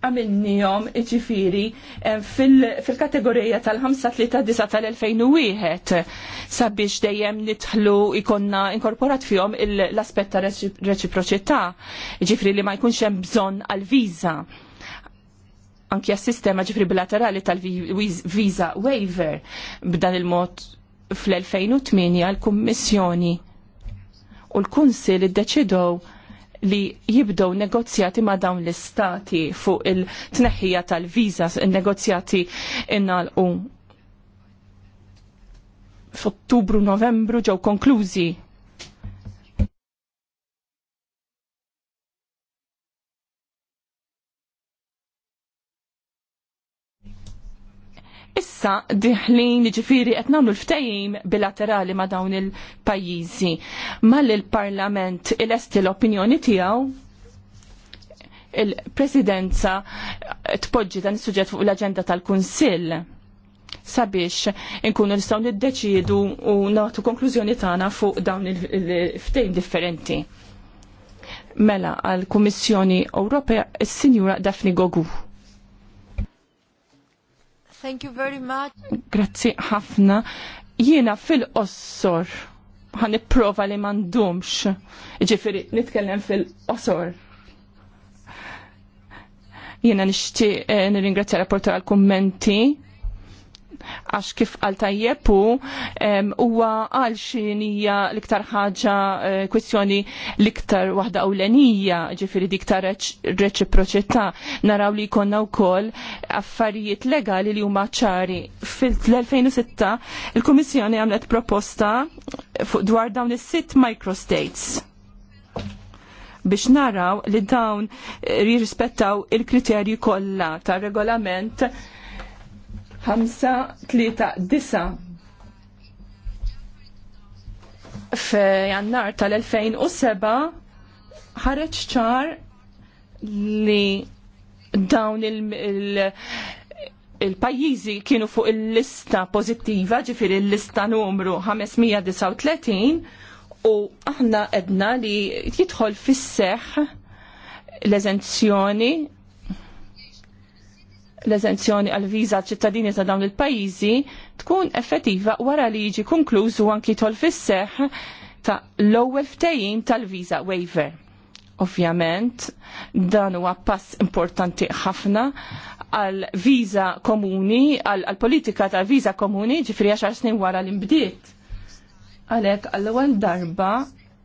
għamilnijom iġifiri eh, fil-kategorija tal 5 tal-2001 sabiex dejjem nitħlu ikonna inkorporat fjom l-aspet ta' reċiproċità iġifiri li ma jkunx hemm bżonn għal-viza anki s-sistema ġifri bilaterali tal-visa waiver b'dan il-mod fl-2008 l-Kummissjoni u l-Kunsil id-deċidow li jibdow negozjati ma' dawn l-istati fuq il-tneħħija tal-vizas, il-negozjati innal u f'Ottubru, Novembru ġew konklużi Issa diħlin ġifiri qed nagħmlu l-ftehim bilaterali ma' dawn il-pajjiżi. Mal il-Parlament il esti l-opinjoni tiegħu il-presidenza tpoġġi dan is-suġġett fuq l-aġenda tal-Kunsill sabiex inkunu nistgħu niddeċiedu u nagħtu konklużjoni tagħna fuq dawn il-ftehim differenti. Mela għall kummissjoni Ewropea is-Sinjura Daphne Gogu. Thank you very much. Grazzi ħafna. Jiena fil-qossor ħan nipprova li mandumx. Ġifiri, nitkellem fil-qosor. Jiena nixtieq eh, nirringrazzja rapportu għal kummenti għax kif għal tajjeb huwa għal xinija l-iktar ħaġa eh, kwistjoni l-iktar waħda ewlenija ġifiri diktar reċiproċità naraw li jkollna wkoll affarijiet legali li huma ċari. Fil-2006 il-Kummissjoni għamlet proposta fuq dwar dawn is-sitt microstates biex naraw li dawn eh, jirrispettaw il-kriterji kollha tar regolament disa' f'jannar tal-2007 ħareġ ċar li dawn il-pajjiżi kienu fuq il-lista pozittiva, ġifir il-lista numru 539 u aħna edna li jidħol fis-seħ l-eżenzjoni l-eżenzjoni għal viża ċittadini ta' dawn il-pajjiżi tkun effettiva wara li jiġi konklużu anki tol fisseħ ta' l-ewwel ftehim tal viza waiver. Ovvjament, dan huwa pass importanti ħafna għal viza komuni, għal politika ta' viza komuni ġifri għaxar snin wara l-imbdiet. Għalhekk għall-ewwel darba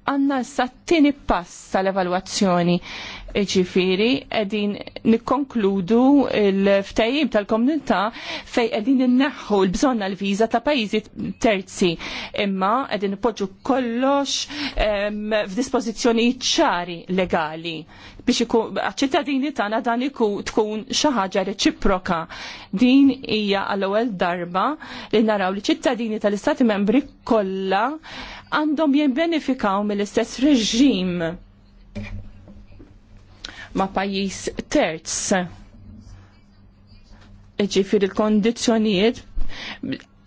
għanna s-sattini pass tal-evaluazzjoni ġifiri edin nikkonkludu l-ftajib tal-komunità fej edin n-naħħu l-bżonna l-viza ta' pajizi terzi imma edin poġu kollox f-dispozizjoni ċari legali biex ċittadini tagħna dan iku tkun xi ħaġa reċiproka. Din hija għall-ewwel darba li naraw li ċittadini tal-Istati Membri kollha għandhom jibbenefikaw mill-istess reġim ma' pajis terz. Ġifir il-kondizjonijiet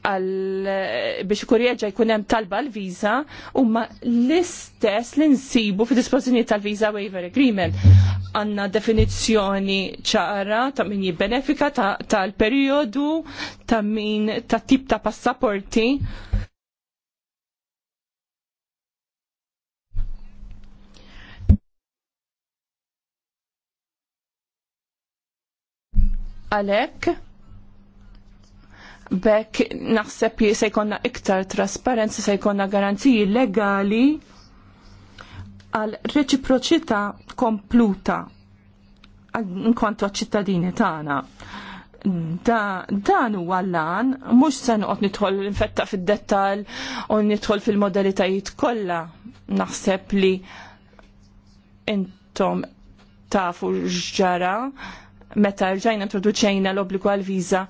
biex kurieġa jkun hemm talba l-viża huma l-istess li nsibu fi dispożizzjonijiet tal-Visa Waiver Agreement. Għandna definizzjoni ċara ta' min jibbenefika tal periodu ta' min ta' tip ta' passaporti Għalek, bekk naħseb li se jkollna iktar trasparenza, se jkollna garanziji legali għal reċiproċità kompluta nkontu ċittadini tagħna. Da, dan u għallan, mux sen għot nitħol infetta fil-dettal u nitħol fil-modalitajiet kolla. Naħseb li intom tafu ġġara, meta rġajna introduċejna l-obbligu għal-viża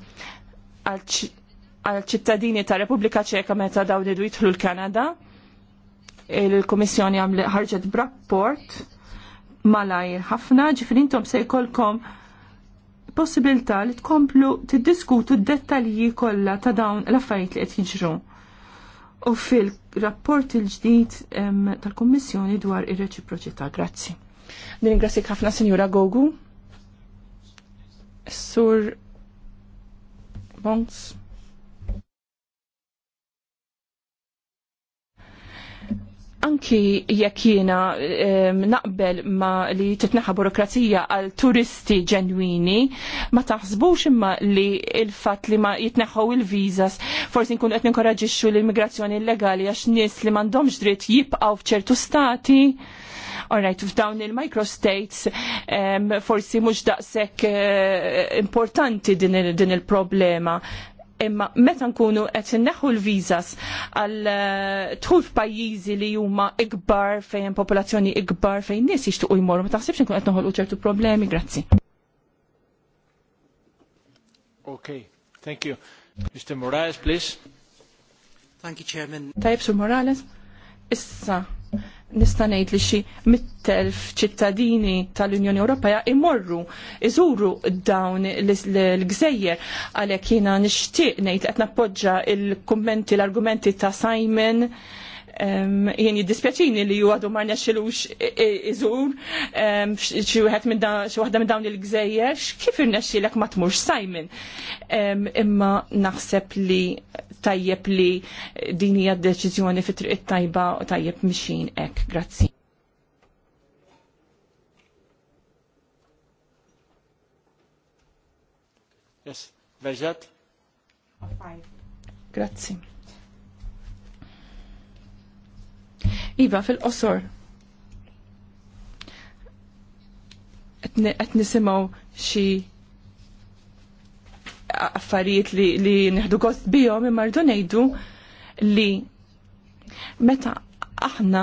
għal ċittadini ta' Repubblika Ċeka meta dawn idu l-Kanada. Il-Kummissjoni għamli ħarġet b'rapport malajr ħafna ġifri intom se jkollkom possibilta li tkomplu tiddiskutu d-dettalji kollha ta' dawn l-affarijiet li qed jiġru. U fil-rapport il-ġdid tal-Kummissjoni dwar ir-reċiproċità. Grazzi. Ningrassik ħafna Sinjura Gogu. Sur Bons. Anki jekk jiena naqbel ma li titnaħa burokrazija għal turisti ġenwini, ma taħsbux imma li il-fat li ma jitneħħu il-vizas, forsi nkun qed ninkoraġixxu l-immigrazzjoni illegali għax nies li m'għandhomx dritt jibqgħu f'ċertu stati Alright, f'dawn il-microstates um, forsi mhux daqshekk uh, importanti din il-problema. Imma meta nkunu qed inneħħu l-viżas għal tħul eh, f'pajjiżi li huma ikbar fejn popolazzjoni ikbar fejn nies jixtiequ jmorru, ma taħsibx nkun qed noħolqu ċertu problemi, grazzi. Okay, thank you. Mr. Morales, please. Thank you, Chairman. Tajib, Sur Morales. Issa, nista' ngħid li xi mittelf ċittadini tal-Unjoni Ewropea imorru iżuru dawn l-gżejjer għalhekk jiena nixtieq ngħid qed nappoġġa l-kummenti l-argumenti ta' Simon jien jiddispjaċini li ju għadu marna xilux iżur xi waħda minn dawn il-gżejjer, kif irnexxilek ma tmurx Simon. Imma naħseb li tajjeb li din hija deċiżjoni fi triq tajba u tajjeb mixin hekk. Grazzi. Yes, Verġat? Grazzi. Iva fil-qosor. Qed nisimgħu xi affarijiet li, li gost bihom imma rdu ngħidu li meta aħna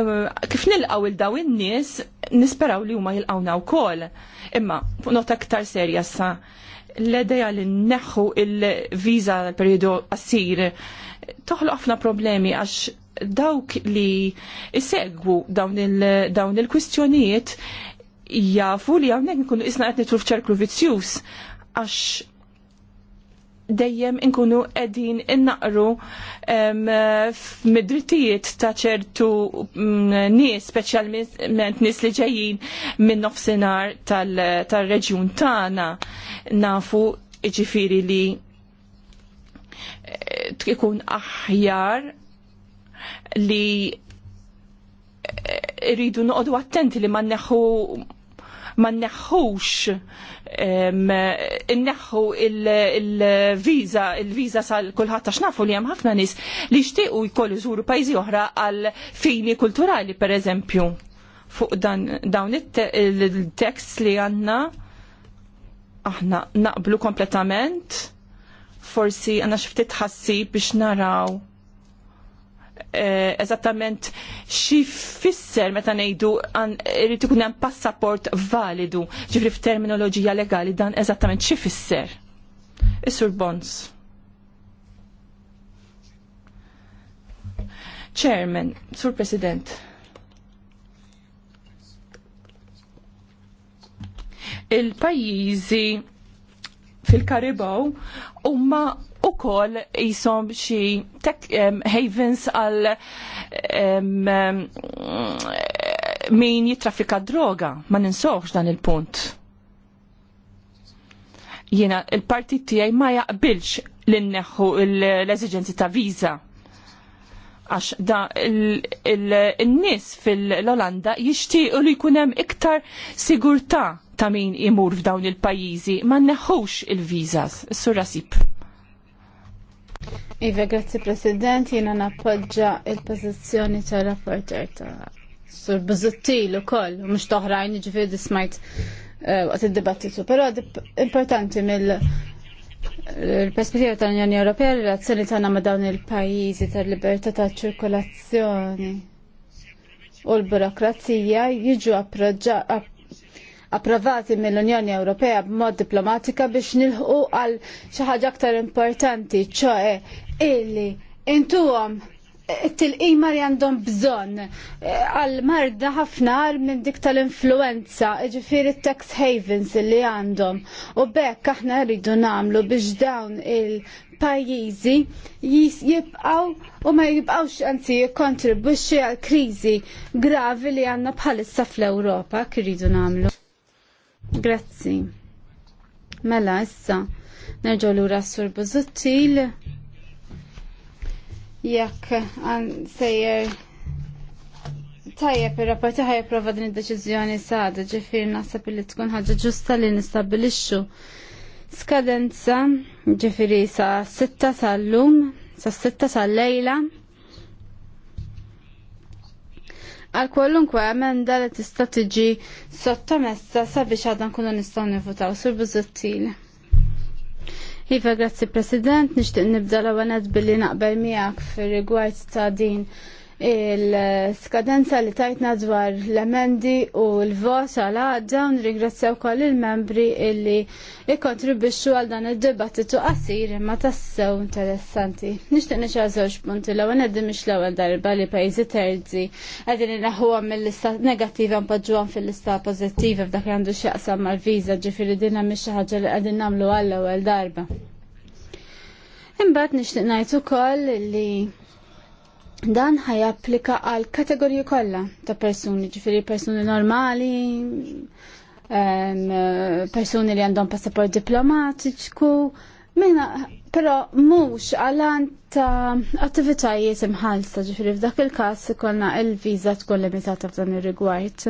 eh, kif nilqaw il-daw in-nies nisperaw li huma jilqawna wkoll. Imma fuq nota aktar serja sa l-edeja li nneħħu il-viża periodu qasir toħloq ħafna problemi għax dawk li isegwu dawn il-kwistjonijiet il jafu li hawnhekk nkunu isna qed truf ċerklu vizzjus għax dejjem nkunu qegħdin innaqru mid-drittijiet ta' ċertu mm, nies, speċjalment nies li ġejjin minn nofsinhar tal-reġjun tana tagħna nafu jiġifieri li tkun eh, aħjar li rridu noqogħdu attenti li ma neħu ma neħħux inneħħu il-viza il-viza sal kulħadd għax nafu li hemm ħafna nies li jixtiequ jkollu jżuru pajjiżi oħra għal fini kulturali pereżempju fuq dan dawn il-tekst li għandna aħna naqblu kompletament forsi għandna xi ftit ħassib biex naraw Eh, eżattament xi fisser meta ngħidu irid ikun hemm passaport validu. Ġifri f'terminoloġija legali dan eżattament xi fisser. Is-Sur Bonds. Chairman, Sur President. Il-pajjiżi fil-Karibaw huma u kol jisom xi tech um, havens għal um, min jitrafika droga. Ma ninsoħx dan il-punt. Jena il-partit tijaj ma jaqbilx l inneħu l-eżigenzi ta' viza għax da il-nis fil-Olanda jishtiqu li jkunem iktar sigurta ta' min imur f'dawn il-pajizi ma neħux il-vizas, s-surasib. Iva, grazzi President, jina nappoġġa il-pozizjoni ta' rapporter ta' sur Buzuttil u koll, mux toħrajn ġifiri smajt eh, waqt il-dibattitu, pero importanti mill perspettiva tal-Unjoni Ewropea relazzjoni tagħna ma' dawn il-pajjiżi tal-libertà ta' ċirkolazzjoni u l-burokrazija jiġu approvati mill-Unjoni Ewropea b'mod diplomatika biex nilħu għal xi ħaġa aktar importanti, ċoe illi intuhom til tilqim li għandhom bżonn eh, għal marda ħafna minn dik tal-influenza, ġifiri tax havens li għandhom. U bekk aħna rridu nagħmlu biex dawn il-pajjiżi jibqgħu u ma jibqgħux anzi jikkontribwixxi għal kriżi gravi li għandna bħalissa fl-Ewropa kirridu nagħmlu. Grazzi. Mela, issa, nerġaw lura s-sur Buzuttil. Jekk għan sejjer tajjeb ir-rapporti ħaj prova din id-deċiżjoni sada ġifir naħseb li tkun ħaġa ġusta li nistabilixxu skadenza ġifiri sa sitta tal-lum, sa sitta tal-lejla. għal kwallunkwe emenda li tista' tiġi sottomessa sabiex għadna nkunu nistgħu nifutaw sur bużuttil. Iva, grazzi President, nixtieq nibda l-ewwel billi naqbel miegħek fir-rigward ta' din il-skadenza li tajtna dwar l-emendi u l-vot għal għadda nrigrazzjaw koll il-membri illi ikkontribixxu għal dan id-dibattitu qasir imma tassew interessanti. Nixtieq nixgħal żewġ punti l-ewwel qegħdin mhix l-ewwel darba li pajjiżi terzi qegħdin inaħuhom mill-lista negattiva mpoġġuhom fil-lista pożittiva f'dak li għandu x'jaqsam mal-viża ġifieri din hemm xi ħaġa li qegħdin nagħmlu għall-ewwel darba. Imbagħad nixtieq ngħid ukoll li Dan ħajapplika għal kategoriji kollha ta' persuni, ġifieri persuni normali, persuni li għandhom passaport diplomatiċku, minna Pero mux għalan ta' attivitajiet imħalsa ġifiri f'dak il-kas konna il-viza tkun limitata f'dan ir-rigward.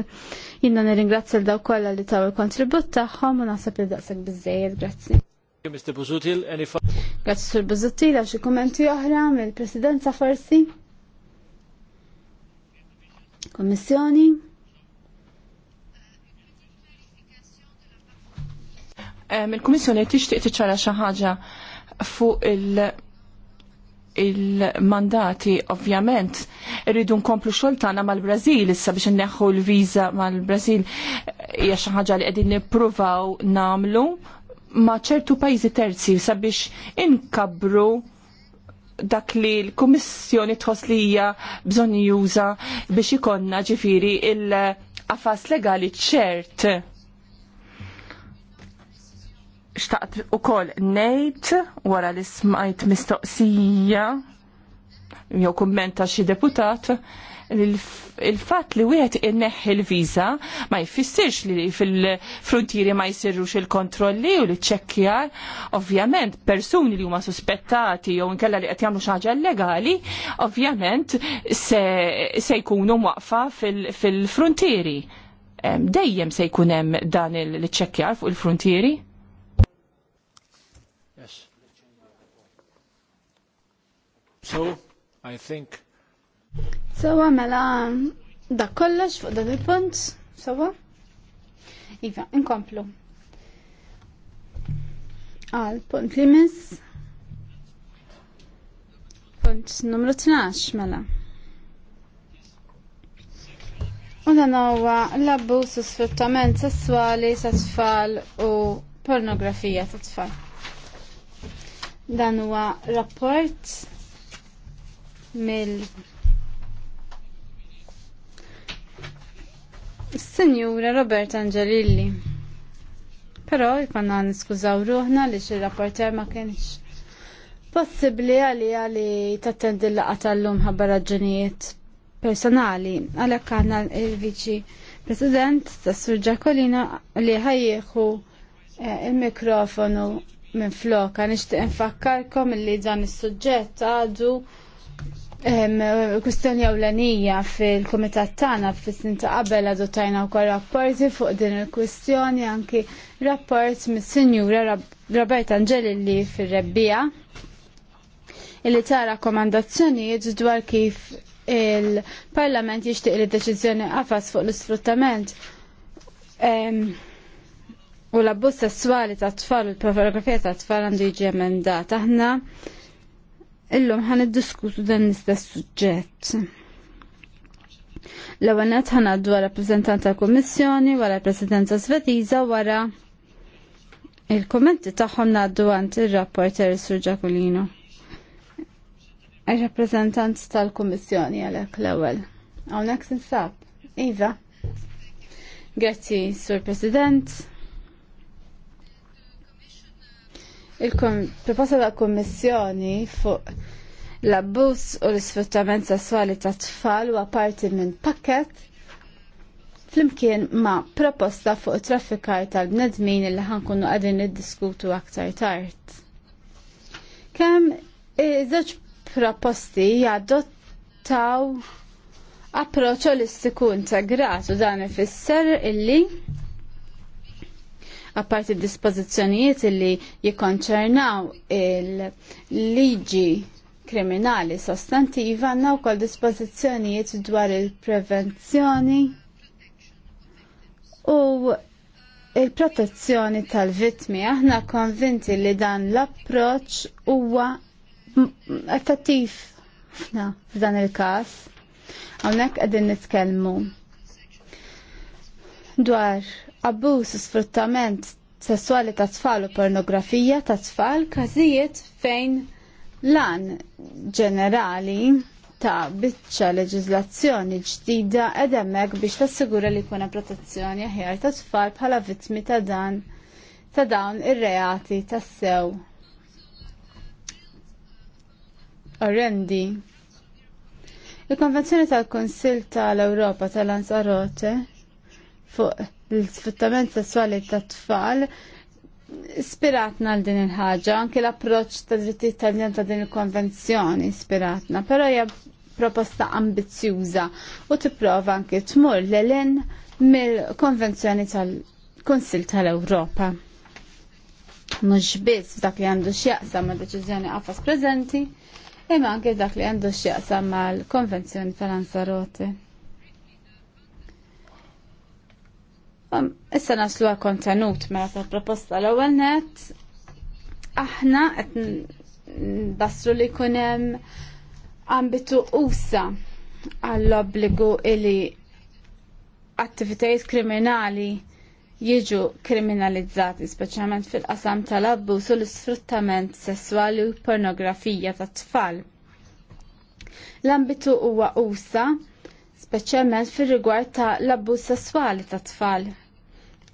Jina nirringrazzja l-daw kollha li taw il-kontribut tagħhom u naħseb li daqshekk biżejjed, grazzi. Mr. Buzutil, Grazzi Sur Buzutil, għax kummenti oħra mill-Presidenza forsi. Kommissjoni? Il-Kommissjoni tixtieq tiċċara xi ħaġa fuq il- il-mandati ovvjament Rridu nkomplu xogħol tagħna mal-Brażil issa biex inneħħu l-viża mal-Brażil hija xi ħaġa li qegħdin nippruvaw nagħmlu ma' ċertu pajjiżi terzi sabiex inkabru dak li l-Kummissjoni tħoss li hija bżonn juża biex ikonna ġifiri il-qafas legali ċert. Xtaqt u ngħid nejt wara li smajt mistoqsija jew kummenta xi deputat il-fat li wieħed inneħħi l-viża ma jfissirx li fil-frontieri ma jsirrux il-kontrolli u li ċekkjar ovvjament persuni li huma suspettati jew inkella li qed jagħmlu xi ħaġa illegali ovvjament se, se jkunu waqfa fil-frontieri. Fil Dejjem se jkun hemm dan il-ċekkjar fuq il-frontieri. Yes. So, I think Sawa mela dak kollox fuq dan il-punt, sawa? Iva, inkomplu. Għal punt li mis. Punt numru 12 mela. U dan huwa l-abbuż u sfruttament sesswali sa tfal u pornografija ta' tfal. Dan huwa rapport mill Signora Robert Angelilli. Però jkonna niskużaw ruħna li xi rapporter ma kienx possibli għali għali tattendi laqa tal-lum ħabba raġunijiet personali. Għalek għanna il-viċi president Sassur Ġakolina li ħajjieħu eh, il-mikrofonu minn flok. Għanix t-infakkarkom li dan il-sujġet għadu Kustjoni ewlenija fil-komitat tagħna fis-sin ta' qabel adottajna wkoll rapporti fuq din il-kwistjoni anki rapport mis-Sinjura Robert Angelilli fir-rebbija illi ta' rakkomandazzjonijiet dwar kif il-Parlament jixtieq li deċiżjoni qafas fuq l-isfruttament u l-abbuż sessuali ta' tfal u l-pornografija ta' tfal għandu jiġi emendata. Aħna illum ħan iddiskutu dan l-istess suġġett. L-ewwel ħan għaddu għara prezentanta tal-Kummissjoni wara l-Presidenza wara il-kommenti tagħhom ngħaddu għand ir-rapporter Sur Ġakulino. ir tal-Kummissjoni għalhekk l-ewwel. Hawnhekk sinsab. Iva. Grazie, Sur President. Il-proposta ta' kommissjoni fuq l-abbuż u l-sfruttament sessuali ta' tfal huwa parti minn pakket flimkien ma' proposta fuq traffikar tal-bnedmin li ħankunu qegħdin diskutu aktar tard. Kemm iż-żewġ proposti jadottaw approċċ olistiku integrat u dan ifisser illi apparti dispożizzjonijiet li jikkonċernaw il-liġi kriminali sostantiva għandna wkoll dispozizjonijiet dwar il-prevenzjoni u il-protezzjoni tal-vittmi. Aħna konvinti li dan l-approċ huwa effettiv ħafna f'dan il-każ. Hawnhekk qegħdin nitkellmu dwar abbuż u sfruttament sessuali ta' tfal u pornografija ta' tfal każijiet fejn lan ġenerali ta' biċċa leġiżlazzjoni ġdida ed hemmhekk biex tassigura li kuna protezzjoni aħjar ta' tfal bħala vittmi ta' dan ta' dawn ir-reati tas-sew. Orrendi. Il-Konvenzjoni tal-Konsil tal-Ewropa tal-Lanzarote fuq l-sfruttament sessuali ta' tfal ispiratna għal din il-ħaġa, anke l-approċ ta' dritti italjan ta' din il-konvenzjoni ispiratna, pero hija proposta ambizzjuża u tipprova anke tmur l-elen mill-konvenzjoni tal-Konsil tal-Ewropa. Mhux biss f'dak li għandu x'jaqsam ma' deċiżjoni qafas preżenti, imma anke dak li għandu x'jaqsam mal-Konvenzjoni tal-Ansarote. Issa naslu għal kontenut mela ta' proposta l-ewwel net aħna qed basru li jkun hemm ambitu usa għall-obbligu li attivitajiet kriminali jiġu kriminalizzati speċjalment fil-qasam tal-abbuż u l-isfruttament sesswali u pornografija tat tfal. L-ambitu huwa usa speċjalment fir-rigward ta' l-abbuż sesswali ta' tfal.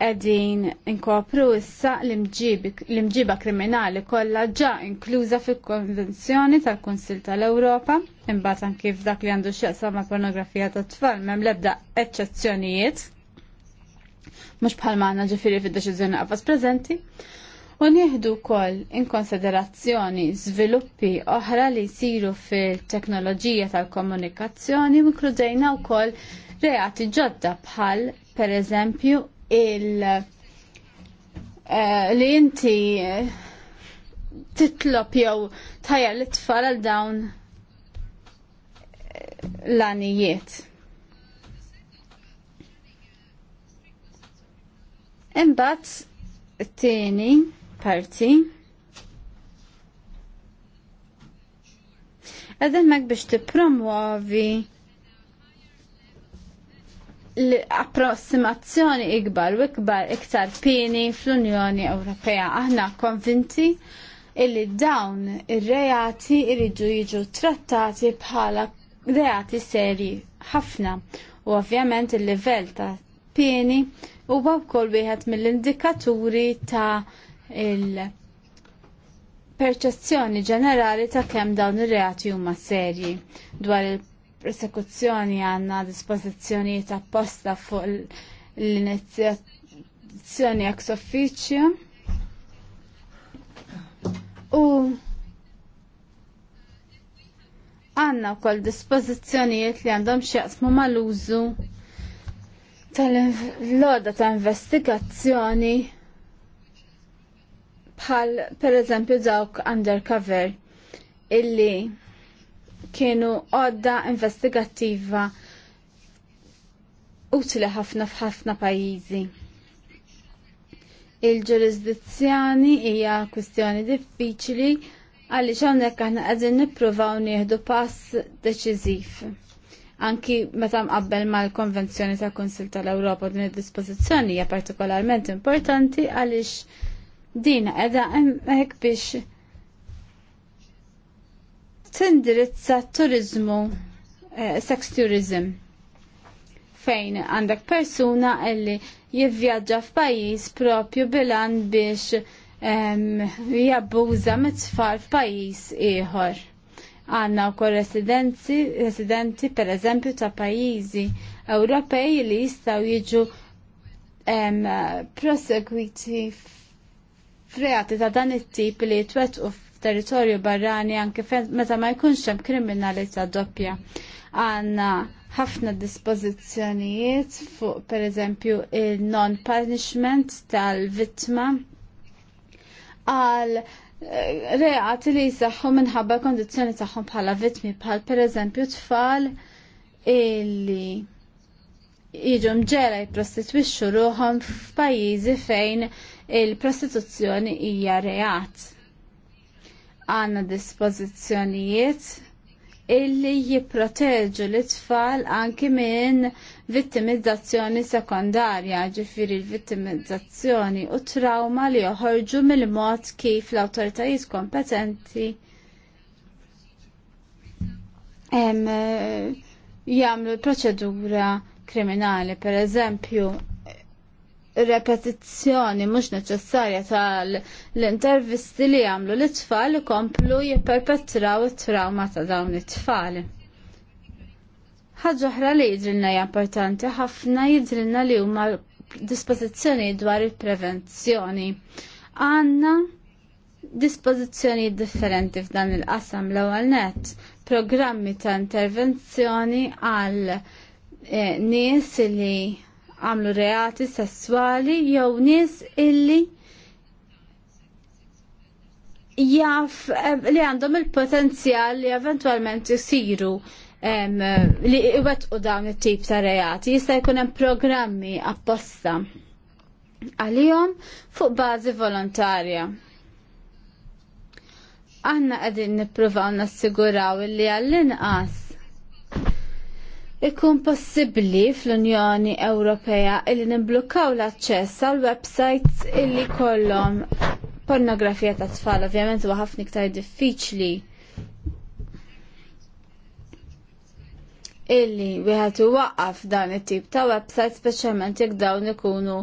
Qegħdin inkopru issa l-imġiba kriminali kollha ġa inkluża fil-Konvenzjoni tal-Kunsil tal-Ewropa, imbagħad anki f'dak li għandu x'jaqsam ma' pornografija tat tfal m'hemm l-ebda eċċezzjonijiet mux bħal maħna ġifiri fil-deċizjoni għafas prezenti, u nieħdu wkoll inkonsiderazzjoni żviluppi oħra li jsiru fil-teknoloġija tal-komunikazzjoni inkludejna wkoll reati ġodda bħal pereżempju il- eh, li inti titlob jew tajja l-tfal għal dawn l-anijiet. Imbat, t-tini, parti. Għademmek biex tipromuovi l-approssimazzjoni ikbar u ikbar iktar pieni fl-Unjoni Ewropea. Aħna konvinti illi dawn ir-reati irridu jiġu trattati bħala reati seri ħafna u ovvjament il-livell ta' pieni huwa wkoll wieħed mill-indikaturi ta' il-perċezzjoni ġenerali ta' kemm dawn ir-reati huma serji dwar il-persekuzzjoni għandna dispożizzjonijiet apposta fuq l-inizjazzjoni ex officio u għanna kol dispozizjonijiet li għandhom xieqsmu mal-użu tal-loda ta' investigazzjoni bħal per eżempju dawk undercover illi kienu għodda investigattiva utli ħafna f'ħafna pajjiżi. Il-ġurisdizzjani hija kwistjoni diffiċli għaliex hawnhekk aħna qegħdin nippruvaw nieħdu pass deċiżiv. Anki meta mqabbel mal-Konvenzjoni tal-Kunsil tal-Ewropa din id-dispożizzjoni hija partikolarment importanti għaliex din edha hekk biex tindirizza turizmu eh, sex tourism fejn għandek persuna illi jivvjaġġa f'pajjiż propju bilan biex jabbuża mit-tfal f'pajjiż ieħor. Għanna wkoll residenzi, residenti per eżempju ta' pajjiżi Ewropej li jistgħu jiġu prosegwiti Freati ta' dan it-tip li jitwettqu f'territorju barrani anke meta ma jkunx hemm kriminalità doppja. Għanna ħafna dispożizzjonijiet fuq pereżempju il-non punishment tal-vittma għal eh, reati li jisaxħu minħabba kondizzjoni tagħhom bħala vittmi bħal pereżempju tfal illi jiġu mġela jiprostitwixxu ruħom f'pajjiżi fejn il-prostituzzjoni hija reat. Għanna dispożizzjonijiet illi jipproteġu l-tfal anki minn vittimizzazzjoni sekondarja, ġifiri l-vittimizzazzjoni u trauma li joħorġu mill-mod kif l-autoritajiet kompetenti eh, jagħmlu l-proċedura kriminali, per eżempju, repetizzjoni mhux neċessarja tal-intervisti li jagħmlu l-itfal ikomplu jipperpetraw it-trauma ta' dawn it-tfal. Ħaġa oħra li jidrilna hija importanti ħafna jidrilna li huma dispożizzjoni dwar il-prevenzjoni. Għanna dispożizzjoni differenti f'dan il-qasam l-ewwel net, programmi ta' intervenzjoni għal eh, nies li għamlu reati sessuali jew nies illi jaf eh, li għandhom il-potenzjal li eventualment jisiru li u dawn it-tip ta' reati jista' jkun hemm programmi apposta għalihom fuq bażi volontarja. Aħna qegħdin nippruvaw nassiguraw li għall-inqas ikun possibbli fl-Unjoni Ewropea illi nimblukkaw l-aċċess għal websites illi kollhom pornografija ta' tfal, ovvjament huwa ħafna iktar diffiċli illi wieħed iwaqqaf dan it-tip ta' websites, speċjalment jekk dawn ikunu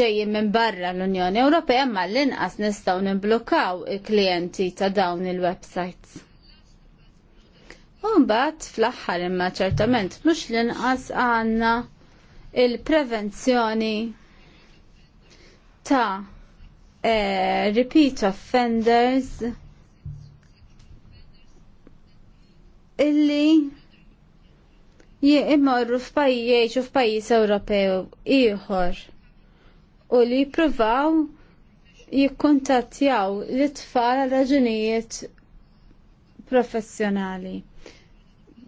ġejjin minn barra l-Unjoni Ewropea ma l-inqas nistgħu nimblukkaw il-klijenti ta' dawn il-websites. Umbat fl-axħar imma ċertament mux l-inqas għanna il-prevenzjoni ta' eh, repeat offenders illi jimorru f'pajjeġ u f'pajjiż Ewropew ieħor u li jippruvaw jikkuntattjaw l-tfal għal raġunijiet professjonali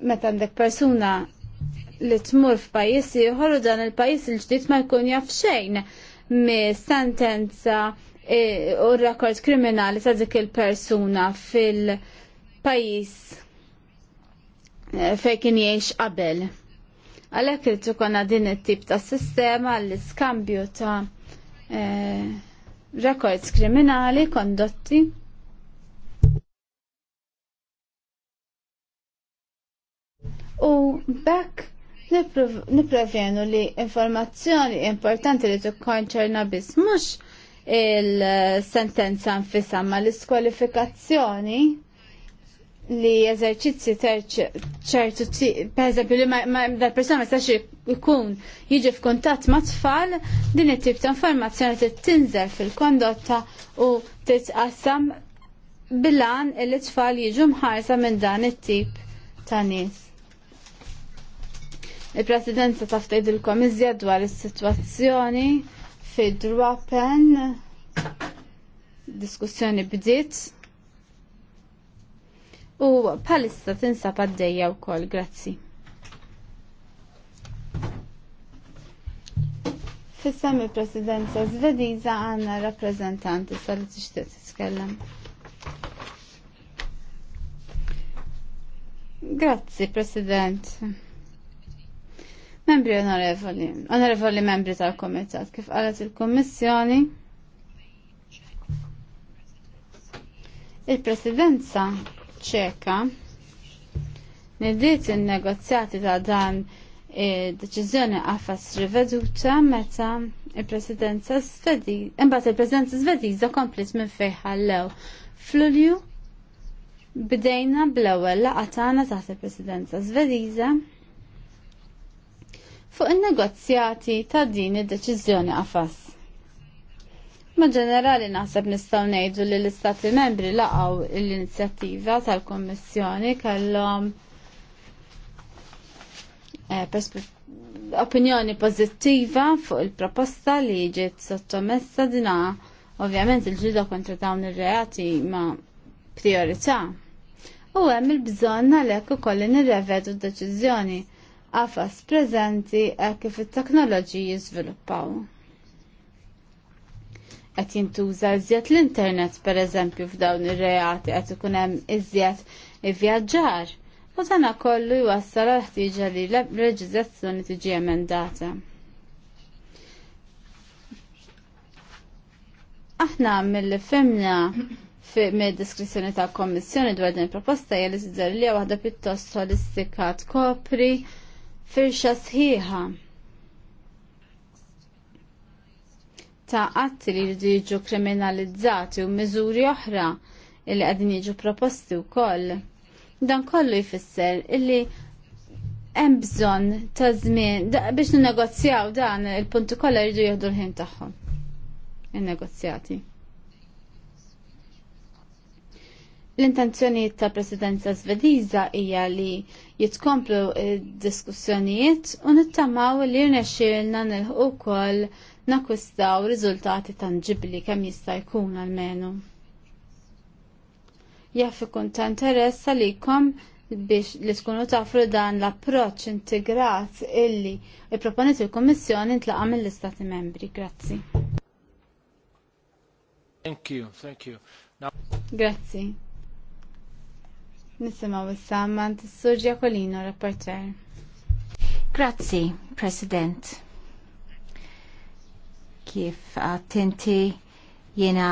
meta għandek persuna li tmur f'pajjiż ieħor u dan il-pajjiż il-ġdid ma jkun jaf xejn mi sentenza e, u rekord kriminali ta' dik il-persuna fil pajjiż e, fej kien jgħix qabel. Għalhekk irid ikolna din it-tip ta' sistema l iskambju ta' e, records kriminali kondotti u bekk niprovjenu li informazzjoni importanti li tukkonċerna biss mhux il-sentenza nfisa ma l-iskwalifikazzjoni li eżerċizzi ċertu per eżempju li dal-persona ma jistax ikun jiġi f'kuntatt ma' tfal din it-tip ta' informazzjoni tinżel fil-kondotta u titqassam bilan il-tfal jiġu mħarsa minn dan it-tip ta' nies. Il-Presidenza ta' ftejt il komizja dwar is-sitwazzjoni fi Dwapen diskussjoni bdiet. U tinsa tinsab għaddejja wkoll, grazzi. Fissem il-presidenza zvediza għanna rappresentanti sal t titkellem. Grazzi, President. Membri onorevoli, onorevoli membri tal-Komitat, kif qalet il-Kommissjoni, il-Presidenza ċeka nidiet il-negozjati ta' dan deċiżjoni għafas riveduta meta il-Presidenza Svediż, imbat il-Presidenza Svediża komplis minn fejn ħallew f'Lulju bdejna bl-ewwel laqgħa tagħna taħt il-Presidenza Svediża fuq in-negozjati ta' din id-deċiżjoni għafas. Ma ġenerali naħseb nistgħu ngħidu li l-Istati membri laqgħu l-inizjattiva tal-Kummissjoni kellhom eh, opinjoni pożittiva fuq il-proposta li ġiet sottomessa dina ovvjament il-ġida kontra dawn ir-reati ma priorità. U hemm il-bżonn għalhekk il nirrevedu d-deċiżjoni għafas preżenti għal e kif it-teknoloġi jiżviluppaw. Qed jintuża iżjed l-internet pereżempju f'dawn ir-reati qed ikun hemm iżjed ivvjaġġar u dan kollu jwassal għal ħtieġa li l-leġiżlazzjoni tiġi emendata. Aħna mill femna mid diskrizzjoni tal kommissjoni dwar din il proposta jgħal li waħda pjuttost holistika tkopri kopri firxa sħiħa ta' atti li jridu jiġu kriminalizzati u miżuri oħra li qegħdin jiġu proposti wkoll. Dan kollu jfisser illi hemm bżonn ta' żmien biex ninnegozjaw dan il-punti kollha jridu jieħdu l-ħin tagħhom. In-negozjati. L-intenzjoni tal-Presidenza Svediża hija li jitkomplu diskussjonijiet u nittamaw li rnexxielna nilħu wkoll nakwistaw riżultati tangibbli kemm jista' jkun għalmenu. Jaf ikun ta' interess għalikom biex li tkunu tafru dan l-approċ integrat illi i proponiet il-Kommissjoni intlaqa mill-Istati membri. Grazzi. Thank you, thank you. Now... Grazzi. Nisimaw il-samman t-surġja kolino rapporter. Grazzi, President. Kif attenti jena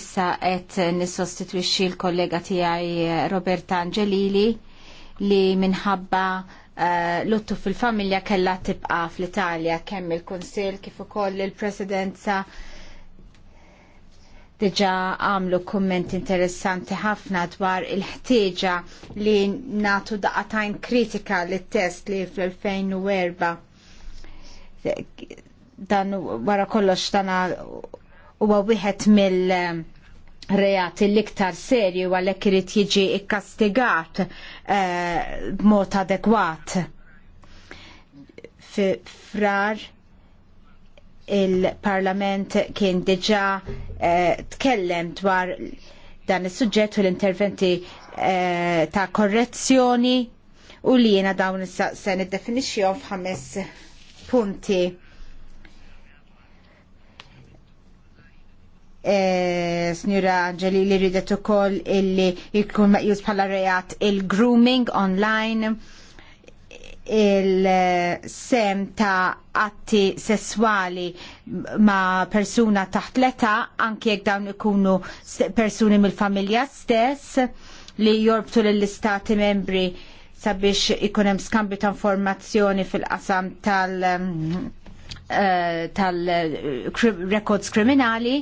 issa et nissostitwixxi l-kollega tijaj Roberta Angelili li minħabba Uh, luttu fil-familja kella tibqa fl-Italja kemm il kunsill kif ukoll il-Presidenza diġa għamlu komment interessanti ħafna dwar il-ħtieġa li natu daqatajn kritika li test li fl-2004 dan wara kollox dana huwa wieħed mill reati l-iktar serju għalhekk irid jiġi ikkastigat eh, b'mod adegwat. Frar il-Parlament kien diġa eh, tkellem dwar dan is-suġġett u l-interventi eh, ta' korrezzjoni u li jena dawn se niddefinixxihom f'ħames punti. E, eh, Snjura Angeli li ridet ukoll illi jkun maqjus bħala reat il-grooming online il-sem ta' atti sessuali ma' persuna taħt l-età anke jekk dawn ikunu persuni mill-familja stess li jorbtu lill-istati membri sabiex ikun hemm skambju ta' informazzjoni fil-qasam tal- mm, eh, tal-records eh, kriminali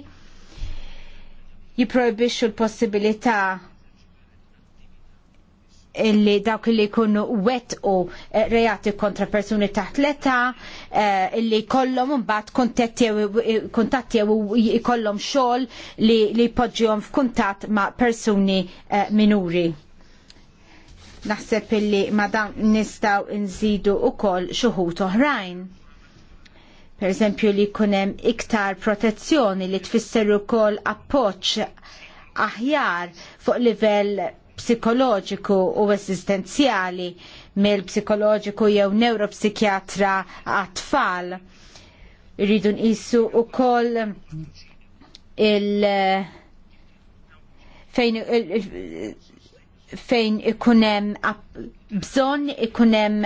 jiprojbixxu l-possibilità illi dawk li jkunu wet u eh, reati kontra persuni taħt l-età eh, illi kollom mbagħad eh, kuntatti jew jkollhom xogħol li jpoġġihom f'kuntatt ma' persuni minuri. Naħseb illi ma' dawn nistgħu nżidu wkoll xi ħud oħrajn per eżempju li kunem iktar protezzjoni li tfisser ukoll appoġġ aħjar fuq livell psikoloġiku u esistenzjali mill-psikoloġiku jew neuropsikjatra għat-tfal. Irridu nqissu wkoll il- fejn fejn ikunem bżon ikunem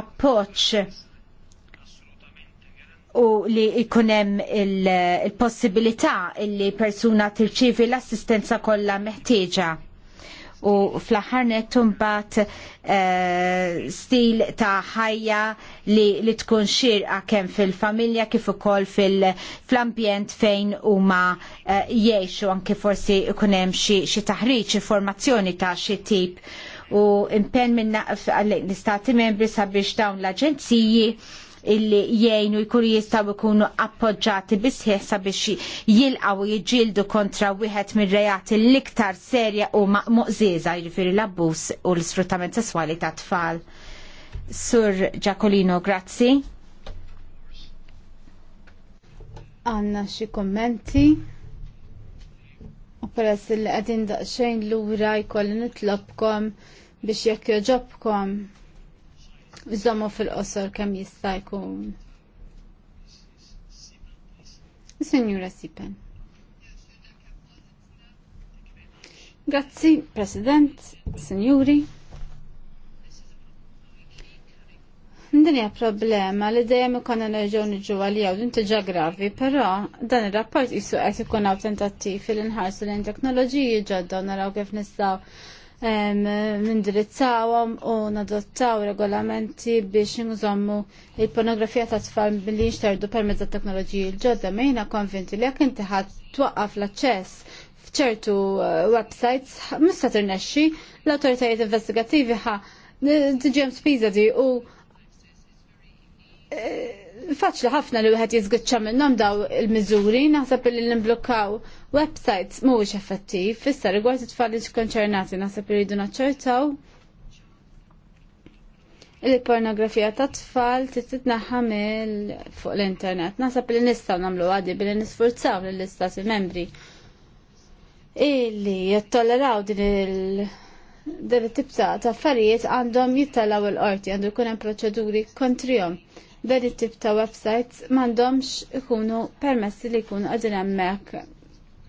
appoċ u li ikunem il-possibilità il li persuna tirċivi l-assistenza kollha meħtieġa u fl-aħħar nettumbat uh, eh, stil ta' ħajja li, li tkun xir kemm fil-familja kif ukoll fil-ambjent fejn huma eh, jgħixu anke forsi ikun hemm xi taħriġ informazzjoni ta' xi tip u impenn minn l-istati membri sabiex dawn l-aġenziji illi jgħinu jkun jistaw ikunu appoġġati bisħieħ sabiex jilqaw jiġildu kontra wieħed mir-rejati l-iktar serja u muqżiża jiġifieri l-abbuż u l-sfruttament sesswali ta' tfal. Sur Giacolino, grazzi. Għanna xi kommenti. U peress li qegħdin daqsxejn lura jkolli nitlobkom biex jekk joġobkom Żommu fil-qosor kemm jista' jkun. Signora Sipen. Grazzi, President, Signori. hija problema li dejjem ikun nerġgħu niġu għalija u din tiġa gravi, però dan ir-rapport jisu qed ikun hawn fil-inħarsu lejn teknoloġiji ġodda naraw kif nistgħu nindirizzawhom u nadottaw regolamenti biex nżommu il-pornografija ta' tfal billi nxterdu permezz tat-teknoloġiji l-ġodda mejna konvinti li jekk inti ħadd twaqqaf l-aċċess f'ċertu eh, websites mista tirnexxi l-awtoritajiet investigattivi ħa eh, tiġi spiża di u eh, faċli ħafna li wieħed jiżgiċċa minnhom daw il-miżuri naħseb li nimblukkaw websites mhuwiex effettiv issa rigward it-tfal konċernati naħseb li jridu naċċertaw il-pornografija ta' tfal titnaħħa mill fuq l-internet. Naħseb li nistgħu nagħmlu għadi billi nisfurzaw lill-istati membri illi jittolleraw din il- dan it ta' affarijiet għandhom jittalaw il-qorti għandu jkun hemm proċeduri kontrihom dan it-tip ta' websites m'għandhomx ikunu permessi li jkunu qegħdin hemmhekk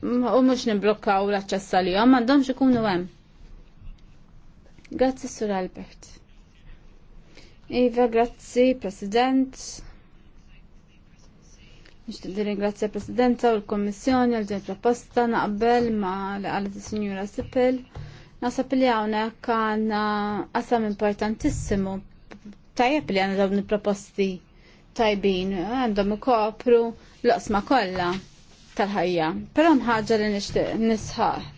u mhux nimblokkaw l-aċċess għalihom m'għandhomx ikunu hemm. Grazzi Sur Albert. Iva, grazzi President. Nixtieq li ringrazzja Presidenza u l-Kommissjoni għal din proposta naqbel ma li qal is-Sinjura Sippel. Nasab li hawnhekk għandna qasam importantissimu tajjeb li għandhom dawn il-proposti tajbin għandhom ikopru l osma kollha tal-ħajja. Però mħagġa li nixtieq nisħaq.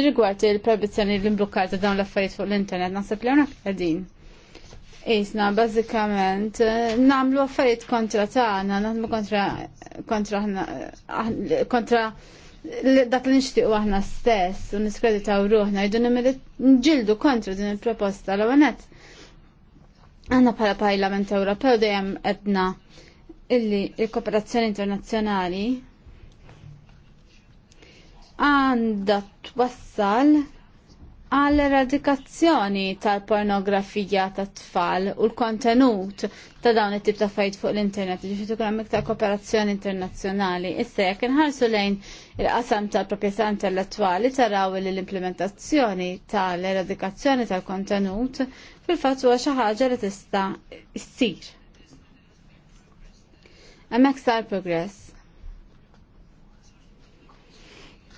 Rigward il-proibizzjoni li mblukkata dawn l-affarijiet fuq l-internet naħseb li hawnhekk għedin. Isna, bazzikament, namlu affarijiet kontra tagħna, namlu kontra kontra kontra dak li nixtiequ aħna stess u niskreditaw ruħna jdu nġildu kontra din il-proposta l għanet Għanna pala Parlament Ewropew dejjem edna illi il-kooperazzjoni internazzjonali għanda twassal għal eradikazzjoni tal-pornografija ta' tfal u l-kontenut ta' dawn it-tip ta' fajt fuq l-internet li xitu kunem iktar kooperazzjoni internazzjonali. Issa jek nħarsu lejn il-qasam tal-proprjetà intellettuali taraw l-implementazzjoni tal-eradikazzjoni tal-kontenut bil fatt huwa xi ħaġa li tista' ssir. Hemmhekk sar progress.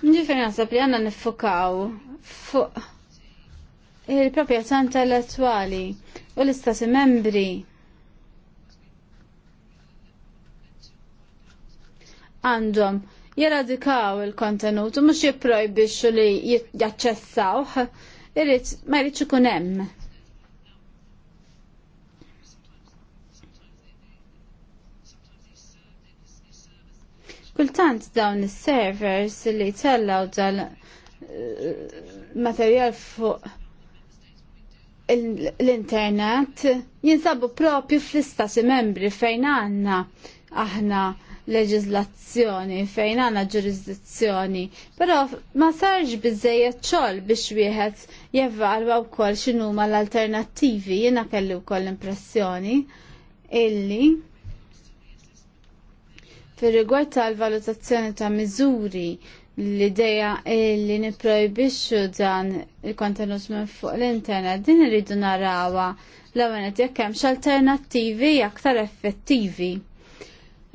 Ġifier naħseb li għandna niffukaw fuq il-proprjetà intellettwali u l-istati membri għandhom jeradikaw il-kontenut u mhux jipprojbixxu li jaċċessawh, irid ma jridx ikun hemm. Kultant dawn is-servers li tellaw dal eh, materjal fuq l-internet jinsabu propju fl-istati membri fejn għanna aħna leġizlazzjoni fejn għanna ġurisdizzjoni, pero ma sarx bizzejet ċol biex wieħed jevalwa wkoll x'inhu ma l-alternattivi jiena kelli wkoll l-impressjoni illi Fir-rigward tal-valutazzjoni ta' miżuri l-ideja li niprojbixxu dan il-kontenut minn fuq l-internet din irridu narawha l-għawenet jekk hemmx alternattivi aktar effettivi.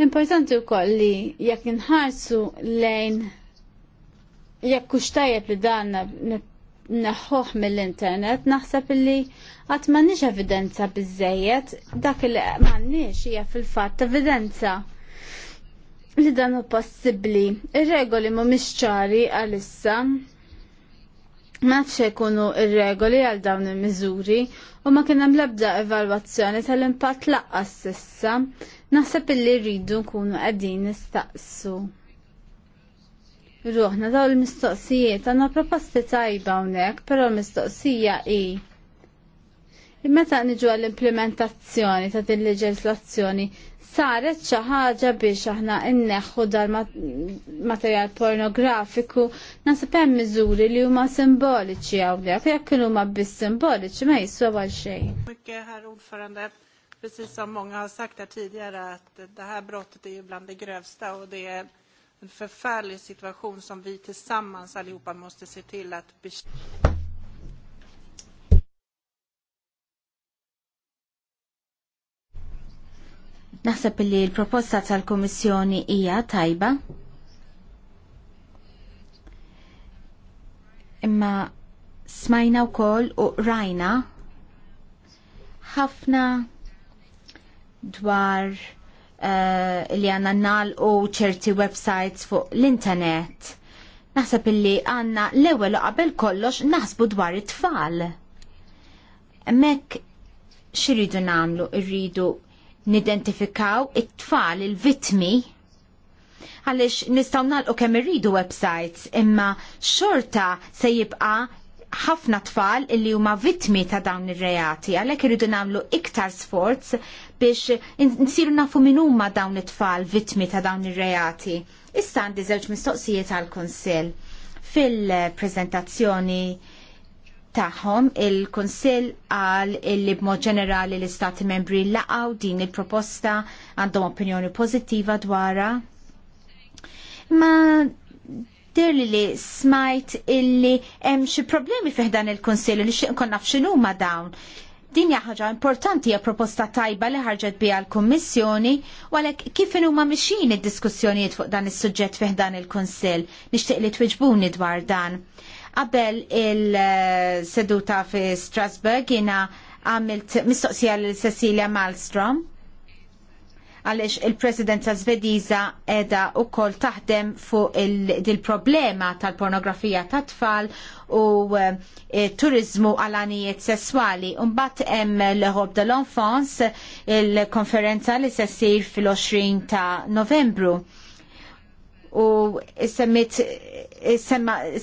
Importanti wkoll li jekk inħarsu lejn jekk hux tajjeb li dan neħħuħ mill-internet, naħseb li qatt m'għandniex evidenza biżejjed, dak li m'għandniex hija fil-fatt evidenza li dan u possibli. Ir-regoli ma ċari għalissa ma kunu ir-regoli għal dawn il-miżuri u ma kien hemm l-ebda evalwazzjoni tal-impatt laqqas sissa naħseb illi rridu nkunu qegħdin nistaqsu. Ruħna daw l-mistoqsijiet għanna proposti tajba unek, pero l-mistoqsija i. Meta niġu għall-implementazzjoni ta' din leġislazzjoni saret xi ħaġa biex aħna nneħħu dal-materjal pornografiku nasib hemm miżuri li huma simboliċi hawnhekk jekk kienu huma biss simboliċi ma jiswa għal xejn. Precis som många har sagt här tidigare att det här brottet är ju bland det grövsta och det är en förfärlig situation som vi tillsammans allihopa måste se till att bekämpa. Naħseb li l-proposta tal-Komissjoni hija tajba. Imma smajna wkoll u rajna ħafna dwar uh, li għanna nal u ċerti websites fuq l-internet. Naħseb illi għanna l-ewel u qabel kollox naħsbu dwar it-tfal. Mek xiridu namlu, irridu nidentifikaw it-tfal il-vitmi għalix nistaw nalqu kemm irridu websites imma xorta se jibqa' ħafna tfal illi huma vittmi ta' dawn ir-reati għalhekk irridu nagħmlu iktar sforz biex nsiru nafu min huma dawn it-tfal vittmi ta' dawn ir-reati. Issa għandi żewġ mistoqsijiet għall kunsill fil-preżentazzjoni tagħhom il-Kunsill għal illi b'mod ġenerali l-Istati membri laqgħu din il-proposta għandhom opinjoni pożittiva dwarha. Ma dirli li smajt illi hemm xi problemi fih dan il-Kunsill li xi nkun naf x'inhuma dawn. Din hija ħaġa importanti hija proposta tajba li ħarġet biha l-Kummissjoni u għalhekk kif huma mixin id-diskussjonijiet fuq dan is-suġġett fih dan il-Kunsill. Nixtieq li twiġbuni dwar dan. Qabel il-seduta fi Strasbourg jina għamilt mistoqsija l Cecilia Malmstrom għalix il-presidenza svediza edha u kol taħdem fuq il-problema il problema tal pornografija ta' tfal u eh, turizmu għal-anijiet sessuali. Unbat em l-ħob dal-enfance il-konferenza li sessir fil-20 ta' novembru u semmit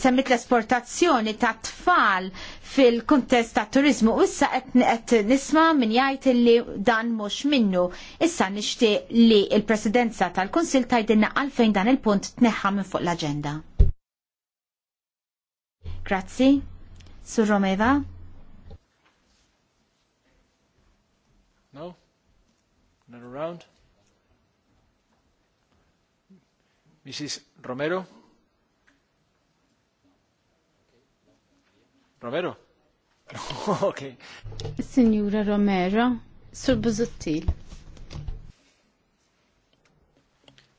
l-esportazzjoni ta' tfal fil-kuntest ta' turizmu u issa qed nisma' min jgħid li dan mhux minnu. Issa nixtieq li l-Presidenza tal-Kunsil tgħidilna għalfejn dan il-punt tneħħa minn fuq l-aġenda. Grazzi. Sur Romeva? No? Not around? Mrs. Romero? Romero? ok. Signora Romero, sul Buzzuttil.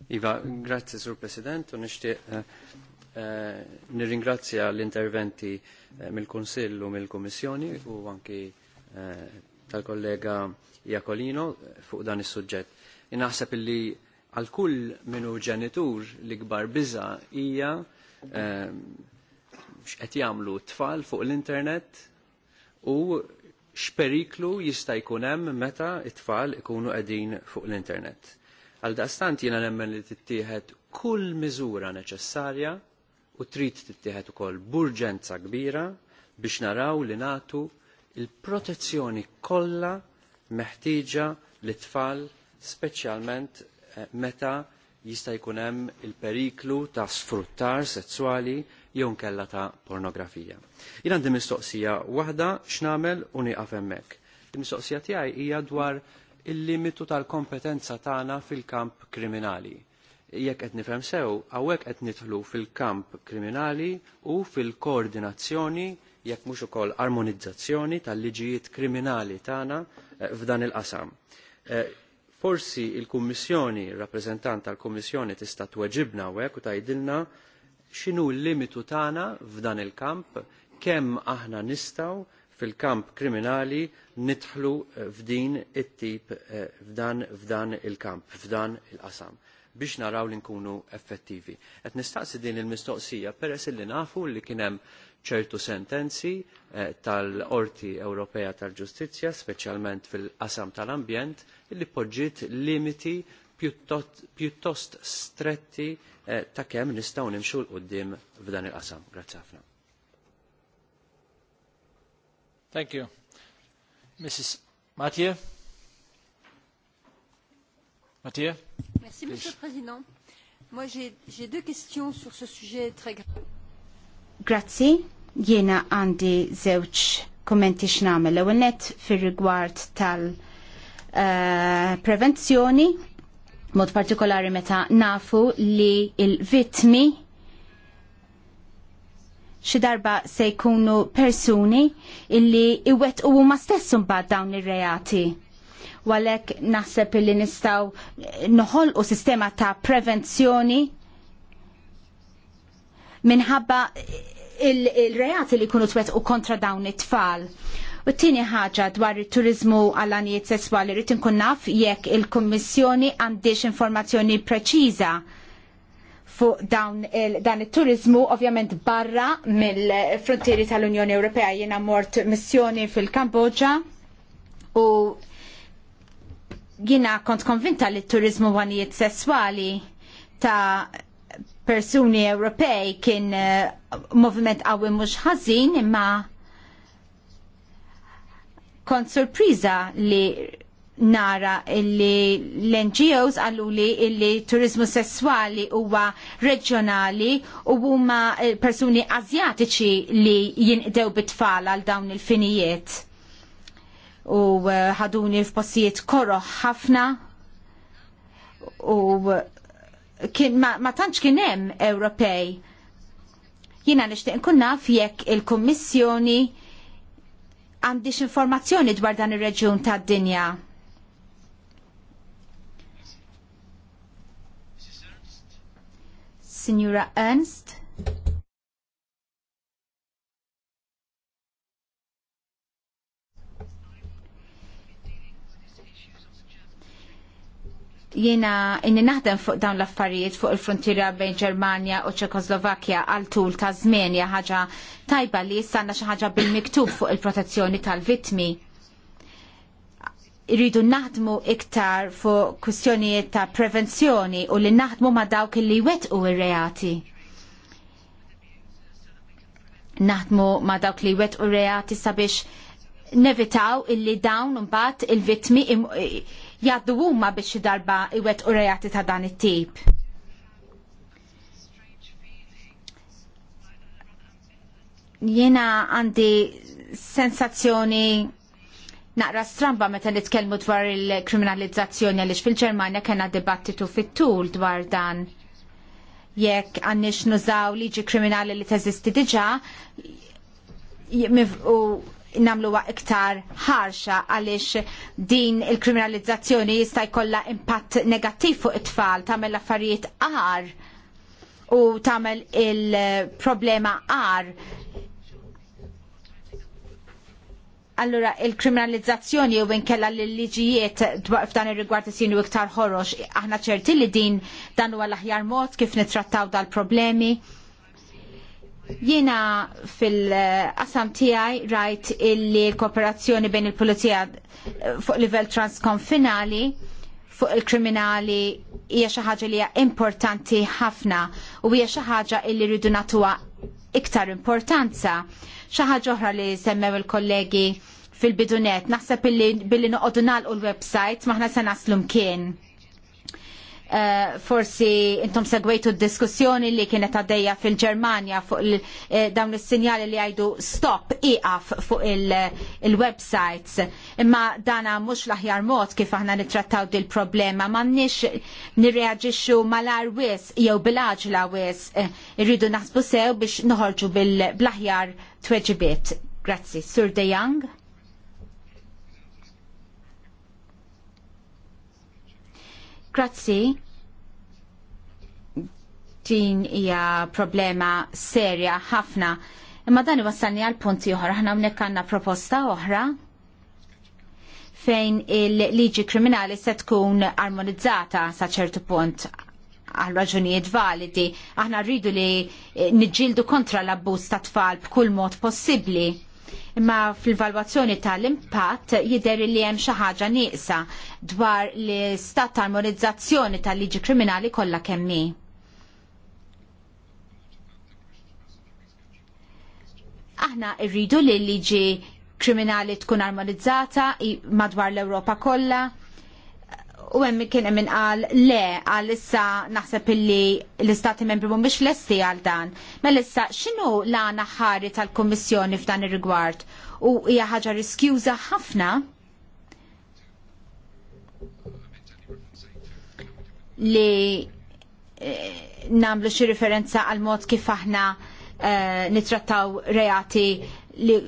Iva, grazie sul Presidente. Eh, eh, eh, u nishtiq uh, ne ringrazio gli interventi uh, mill Consiglio, u mill o anche anki tal collega Iacolino fu dan is-suġġett. Inaħseb illi għal kull minu ġenitur li kbar biza' hija ehm, x'qed jagħmlu tfal fuq l-internet u x'periklu jista' jkun hemm meta t-tfal ikunu qegħdin fuq l-internet. Għal daqstant jiena nemmen li tittieħed kull miżura neċessarja u trid tittieħed ukoll burġenza kbira biex naraw li nagħtu il-protezzjoni kollha meħtieġa li tfal speċjalment meta jista' jkun hemm il-periklu ta' sfruttar sesswali jew nkella ta' pornografija. Jien għandi mistoqsija waħda x'namel u nieqaf hemmhekk. Il-mistoqsija tiegħi hija dwar il-limitu tal-kompetenza tagħna fil-kamp kriminali. Jekk qed nifhem sew, hawnhekk qed nidħlu fil-kamp kriminali u fil-koordinazzjoni jekk mhux ukoll armonizzazzjoni tal-liġijiet kriminali tagħna eh, f'dan il-qasam eh, Forsi il-Kummissjoni, rappresentant tal-Kummissjoni tista' tweġibna hekk u tgħidilna x'inhu l-limitu tagħna f'dan il-kamp kemm aħna nistgħu fil-kamp kriminali nidħlu eh, f'din it-tip eh, f'dan f'dan il-kamp, f'dan il-qasam biex naraw li nkunu effettivi. Qed nistaqsi din il-mistoqsija peress li nafu li kien hemm ċertu sentenzi eh, tal-Qorti Ewropea tal-Ġustizzja, speċjalment fil-qasam tal-ambjent, li poġġiet limiti pjuttost stretti eh, ta' kemm nistgħu nimxu l qudiem f'dan il-qasam. Grazzi ħafna. Thank you. Mrs. Mathieu? Mathieu? Merci, Monsieur le Président. Moi, j'ai deux questions sur ce sujet très grave. Grazie. Jiena għandi żewġ kummenti x'namel l net fir-rigward tal-prevenzjoni, eh, mod partikolari meta nafu li il-vitmi xi darba se jkunu persuni illi iwet u ma stessum mbagħad dawn ir-reati Walek naħseb li nistaw noħol u sistema ta' prevenzjoni minħabba il-reati li jkunu twet u kontra dawn it-tfal. U t-tini ħaġa dwar il-turizmu għall-anijiet sessuali rrit naf jekk il-Kommissjoni għandix informazzjoni preċiża fuq dawn dan il-turizmu ovvjament barra mill-frontieri tal-Unjoni Ewropea jiena mort missjoni fil-Kambodġa u jiena kont konvinta li t-turizmu għanijiet sessuali ta' persuni Ewropej kien eh, moviment qawwi mhux ħażin imma kont sorpriża li nara illi l-NGOs għallu li illi turizmu sessuali huwa reġjonali u huma eh, persuni azjatiċi li jinqdew bit-tfal għal dawn il-finijiet. U eh, ħaduni f'postijiet koroħ ħafna u kien ma, ma tantx kien hemm Ewropej. Jiena nixtieq nkun naf jekk il-Kummissjoni għandix informazzjoni dwar dan ir-reġjun tad-dinja. Signora Ernst? Jiena inni naħdem fuq dawn l-affarijiet fuq il-frontiera bejn Ġermanja u Ċekoslovakja għal tul ta' żmien hija ħaġa tajba li għandna xi ħaġa bil-miktub fuq il-protezzjoni tal-vittmi. Irridu naħdmu iktar fuq kwistjonijiet ta' prevenzjoni u li naħdmu ma' dawk li wetqu ir-reati. Naħdmu ma' dawk li wetqu ir-reati sabiex nevitaw illi dawn mbagħad il-vittmi jaddu huma biex darba iwet u rejati ta' dan it-tip. Jiena għandi sensazzjoni naqra stramba meta nitkellmu dwar il-kriminalizzazzjoni għaliex fil-Ġermanja kena dibattitu fit-tul dwar dan jekk għandniex nużaw liġi kriminali li teżisti diġà u namluwa iktar ħarxa għaliex din il-kriminalizzazzjoni jista' jkollha impatt negattiv fuq it-tfal tagħmel affarijiet għar u tagħmel il-problema għar. Allura, il-kriminalizzazzjoni u nkella l-liġijiet f'dan ir-rigward isinu iktar ħorox, aħna ċerti li din dan huwa l-aħjar mod kif nitrattaw dal-problemi. Jiena fil-qasam tiegħi rajt illi l-kooperazzjoni bejn il-pulizija eh, fuq livell transkonfinali fuq il-kriminali hija xi ħaġa li hija importanti ħafna u hija xi ħaġa li rridu nagħtuha iktar importanza. Xi ħaġa oħra li semmew il-kollegi fil-bidunet, naħseb billi noqogħdu nagħlqu l-website maħna se naslu mkien Eh, forsi intom segwejtu d-diskussjoni li kienet għaddejja fil-Germania fuq eh, dawn is-sinjali li għajdu stop iqaf fuq eh, il-websites. Imma dana mhux l-aħjar mod kif aħna nittrattaw dil problema m'għandniex nirreaġixxu malar wis jew bil-aġla wis irridu naħsbu sew biex noħorġu bil-aħjar tweġibiet. Grazzi. Sur De Young? Grazzi. Din hija problema serja ħafna. Imma dan iwassalni għal punti oħra, ħna hawnhekk għandna proposta oħra fejn il-liġi kriminali se tkun armonizzata sa ċertu punt għal raġunijiet validi. Aħna rridu li niġġieldu kontra l-abbuż ta' tfal b'kull mod possibbli. Imma fil-valwazzjoni tal-impatt jidher li hemm xi ħaġa nieqsa dwar l-istat ta' armonizzazzjoni tal-liġi kriminali kollha kemm Aħna rridu li l-liġi kriminali tkun armonizzata madwar l-Ewropa kollha u hemm kien hemm inqal le għal issa naħseb illi l-istati membri mhumiex lesti għal dan. Mela issa x'inhu l-għana ħari tal-Kummissjoni f'dan ir-rigward u hija ħaġa riskjuża ħafna li eh, namlu xi riferenza għal mod kif aħna eh, nitrattaw reati li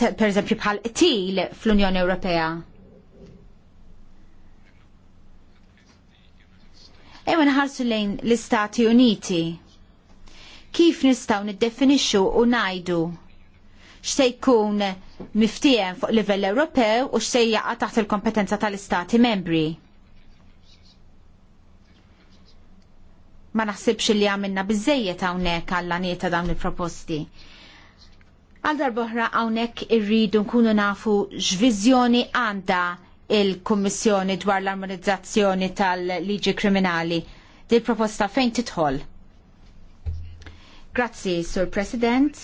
per eżempju bħal qtil fl-Unjoni Ewropea. Ewa nħarsu lejn l-Istati Uniti. Kif nistaw niddefinixxu u najdu x'se jkun miftiem fuq livell Ewropew u x'se jaqa' taħt il-kompetenza tal-Istati membri? ma naħsibx li għamilna bizzejiet hawnhekk għall nieta dawn il-proposti. Għal darboħra hawnhekk irridu nkunu nafu x'viżjoni għandha il-Kummissjoni dwar l-armonizzazzjoni tal-liġi kriminali. Dil proposta fejn titħol? Grazzi, Sur President.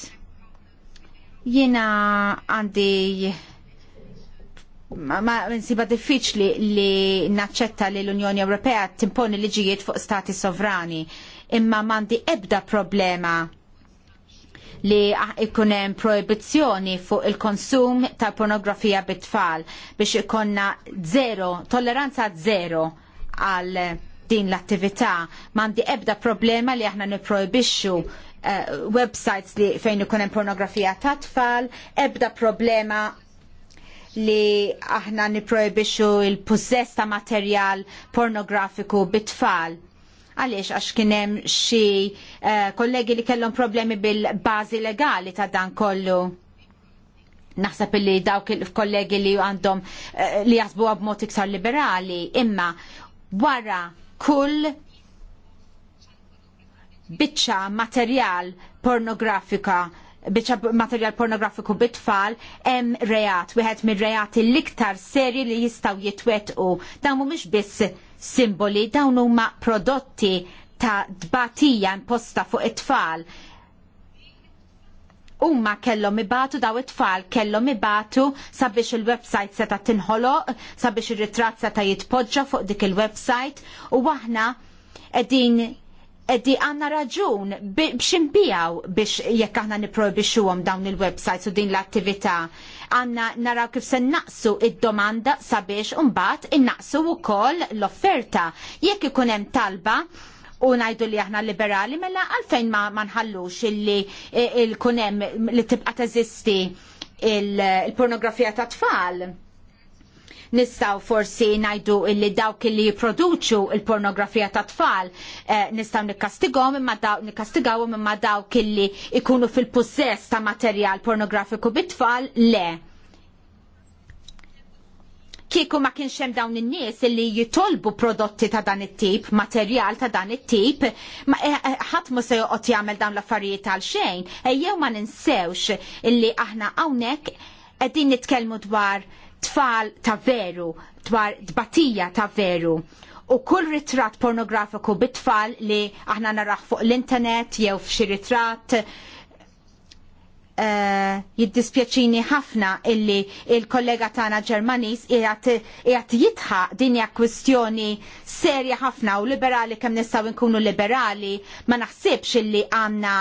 Jiena għandi ma nsiba diffiċli li naċċetta li l-Unjoni Ewropea timponi liġijiet fuq stati sovrani imma mandi ebda problema li ikunem hemm proibizzjoni fuq il-konsum ta' pornografija bit-tfal biex ikonna zero, tolleranza zero għal din l-attività. m'andi ebda problema li aħna niprojbixxu uh, websites li fejn ikun hemm pornografija ta' tfal, ebda problema li aħna niprojbixxu il-possess ta' materjal pornografiku bit-tfal Għaliex għax kien hemm xi eh, kollegi li kellhom problemi bil-bażi legali ta' dan kollu. Naħseb li dawk il-kollegi li għandhom eh, li jasbu b'mod iktar liberali, imma wara kull biċċa materjal pornografika biċa materjal pornografiku bit-tfal hemm reat, wieħed mir-reati l-iktar serji li jistgħu jitwettqu. dan mhumiex biss simboli dawn huma prodotti ta' dbatija imposta fuq it-tfal umma kellhom ibatu daw it-tfal kellhom ibatu sabiex il-website seta tinħoloq, sabiex ir-ritratt seta jitpoġġa fuq dik il-website u aħna qegħdin Eddi għanna raġun biex imbijaw biex jekk aħna niprojbixuhom dawn il-websites u din l-attività għanna naraw kif se naqsu id-domanda sabiex umbat innaqsu u kol l-offerta. Jekk ikunem talba, u najdu li aħna liberali, mela għalfejn ma, ma nħallux illi eh, il-kunem li tibqa teżisti il-pornografija ta' tfal Nistaw forsi najdu illi dawk illi jiproduċu il-pornografija ta' tfal eh, nistaw nikkastigom imma daw nikkastigawhom imma dawk illi ikunu fil-possess ta' materjal pornografiku bit-tfal le. Kieku ma kienx hemm dawn in-nies illi jitolbu prodotti ta' dan it-tip, materjal ta' dan it-tip, ma eh, eh, ħadd mhux se joqgħod jagħmel dawn l-affarijiet għal xejn, ejjew ma ninsewx illi aħna hawnhekk qegħdin nitkellmu dwar tfal ta' veru, dwar tbatija ta' veru u kull ritratt pornografiku bit-tfal li aħna naraħ fuq l-internet jew f'xi ritratt Eh, jiddispjaċini ħafna illi il-kollega tagħna Ġermaniż qiegħed jitħaq din hija kwistjoni serja ħafna u liberali kemm nistgħu nkunu liberali ma naħsibx illi għandna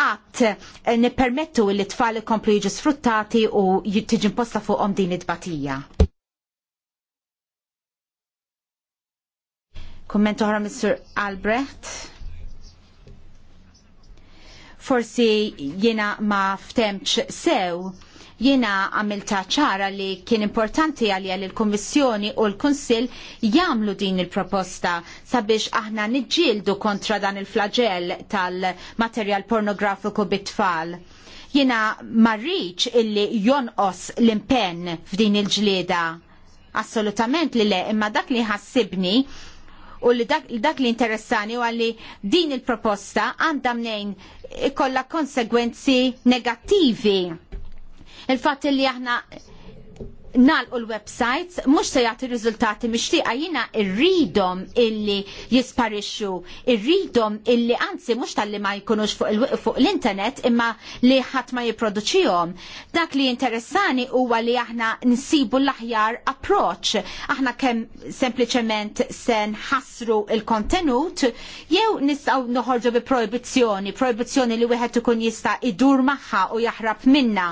qatt eh, nippermettu li tfal ikomplu jiġu sfruttati u tiġi imposta fuqhom din id-batija. Kumment oħra Mr. Albrecht. Forsi jiena ma ftemx sew jiena għamilta ċara li kien importanti għalija li l-Kommissjoni u l-Konsil jamlu din il-proposta sabiex aħna nġildu kontra dan il-flagell tal-materjal pornografiku bit-tfal. Jiena marriċ illi jonqos l-impenn f'din il-ġlieda. Assolutament li le, imma dak li ħassibni u li dak, dak li interessani u għalli din il-proposta għandha mnejn ikolla konsegwenzi negattivi il-fat li aħna nalqu l-websites mhux se jagħti riżultati mixtieqa jiena rridhom illi jisparixxu, irridhom illi anzi mhux talli ma jkunux fuq fuq l-internet imma li ħadd ma jipproduċihom. Dak li interessani huwa li aħna nsibu l-aħjar approach. Aħna kemm sempliċement se nħassru l kontenut jew nistgħu noħorġu bi proibizzjoni, proibizzjoni li wieħed ikun jista' idur magħha u jaħrab minna.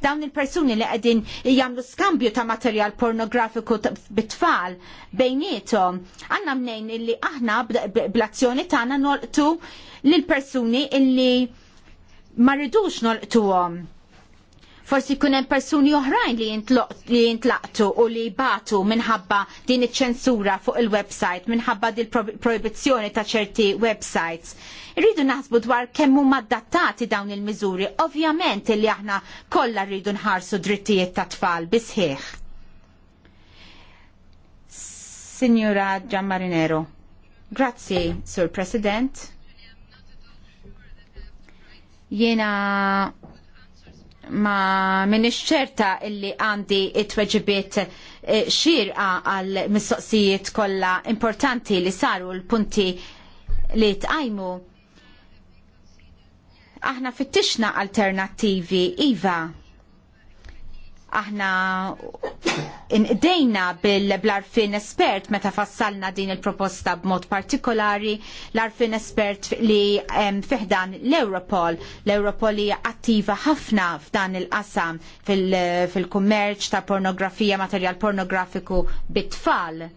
Dawn il-persuni li qegħdin jagħmlu skam skambju ta' materjal pornografiku bit-tfal bejnietom. Għanna mnejn illi aħna bl-azzjoni tagħna nolqtu lill persuni illi ma ridux nolqtuhom. Forsi jkun hemm persuni oħrajn li jintlaqtu u li batu minħabba din iċ-ċensura fuq il-website, minħabba din il-proibizzjoni ta' ċerti websites Irridu naħsbu dwar kemm huma adattati dawn il-miżuri, ovvjament li aħna kollha rridu nħarsu drittijiet ta' tfal bisħieħ. Signora Gianmarinero, grazzi, Sur President. Jena ma minix ċerta illi għandi it-tweġibiet eh, xirqa għal mistoqsijiet kollha importanti li saru l-punti li tqajmu aħna fittixna alternattivi iva aħna inqdejna bil-arfin espert meta fassalna din il-proposta b'mod partikolari l-arfin espert li fiħdan l-Europol. L-Europol hija attiva ħafna f'dan il-qasam fil-kummerċ ta' pornografija, materjal pornografiku bit-tfal.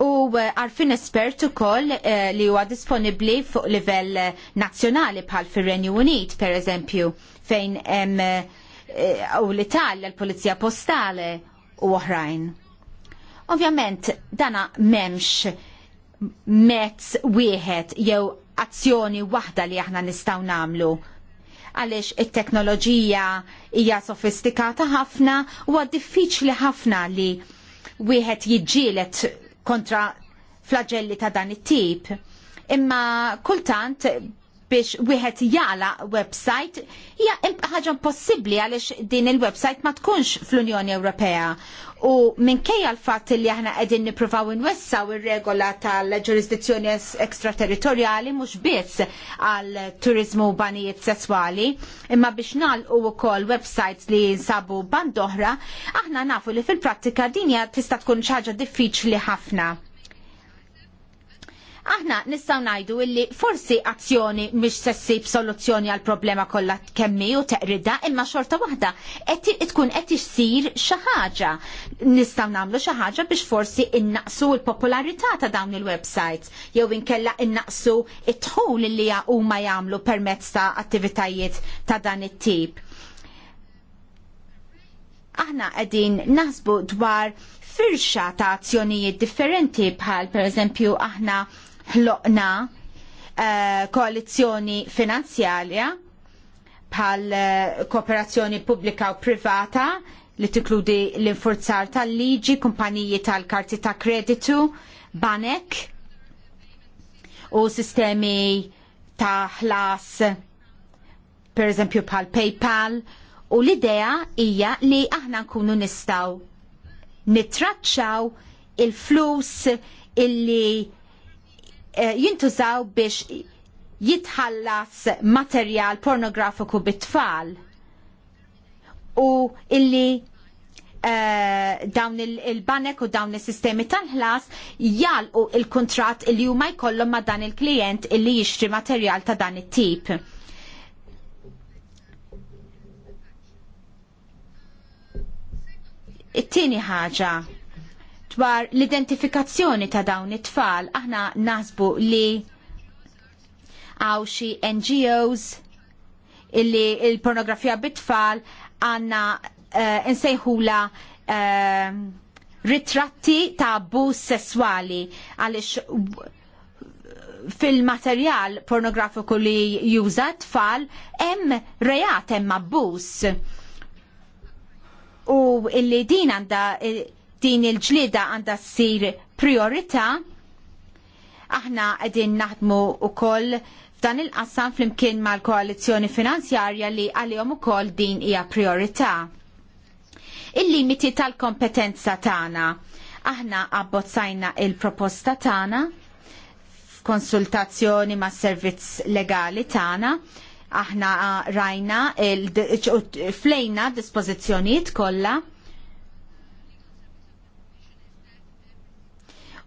u eh, għarfin espert ukoll eh, li huwa disponibbli fuq livell nazzjonali bħal fir-Renju Unit, per eżempju, fejn hemm eh, u l-Italja l-Pulizija Postale u oħrajn. Ovvjament dana memx mezz wieħed jew azzjoni waħda li aħna nistgħu nagħmlu għaliex it-teknoloġija hija sofistikata ħafna u diffiċli ħafna li wieħed jiġġielet kontra flagelli ta' dan it-tip. Imma kultant biex wieħed jala website hija ħaġa impossibbli għaliex din il-website ma tkunx fl-Unjoni Ewropea. U minkejja l-fatt li aħna qegħdin nippruvaw inwessaw ir-regola tal-ġurisdizzjoni ekstraterritorjali mhux biss għal turiżmu u banijiet sesswali, imma biex nagħlqu wkoll websites li jinsabu band oħra, aħna nafu li fil-prattika din hija tista' tkun xi ħaġa diffiċli ħafna aħna nistgħu ngħidu illi forsi azzjoni mhix se ssib soluzzjoni għal problema kollha kemmi u teqrida imma xorta waħda qed tkun qed issir xi ħaġa. Nistgħu nagħmlu xi ħaġa biex forsi innaqsu l-popolarità ta' dawn il-websites jew inkella innaqsu it-tħul illi huma jagħmlu permezz ta' attivitajiet ta' dan it-tip aħna qegħdin naħsbu dwar firxa ta' azzjonijiet differenti bħal pereżempju aħna ħloqna eh, koalizzjoni finanzjarja bħal eh, kooperazzjoni pubblika u privata li tikludi l-infurzar tal-liġi, kumpaniji tal-karti ta' kreditu, banek u sistemi ta' ħlas, per eżempju bħal PayPal, u l-idea hija li aħna nkunu nistaw nitraċċaw il-flus illi Eh, jintużaw biex jitħallas materjal pornografiku bit-tfal u illi eh, dawn il-banek u dawn il-sistemi tal-ħlas jalqu il-kontrat illi huma jkollhom ma' dan il-klient illi jixtri materjal ta' dan it-tip. It-tieni ħaġa dwar l-identifikazzjoni ta' dawn it-tfal. Aħna nasbu li għaw xi NGOs illi il-pornografija bit-tfal għanna uh, insejħula uh, ritratti ta' abbuż sessuali għaliex fil-materjal pornografiku li juża tfal hemm rejat hemm abbuż. U illi din għandha eh, din il-ġlieda għandha ssir priorita, aħna qegħdin naħdmu wkoll f'dan il-qassam flimkien mal koalizjoni finanzjarja li għalihom ukoll din hija priorità. Il-limiti tal-kompetenza tagħna. Aħna abbozzajna il-proposta tagħna f'konsultazzjoni mas servizz legali tagħna aħna rajna flejna dispożizzjonijiet kollha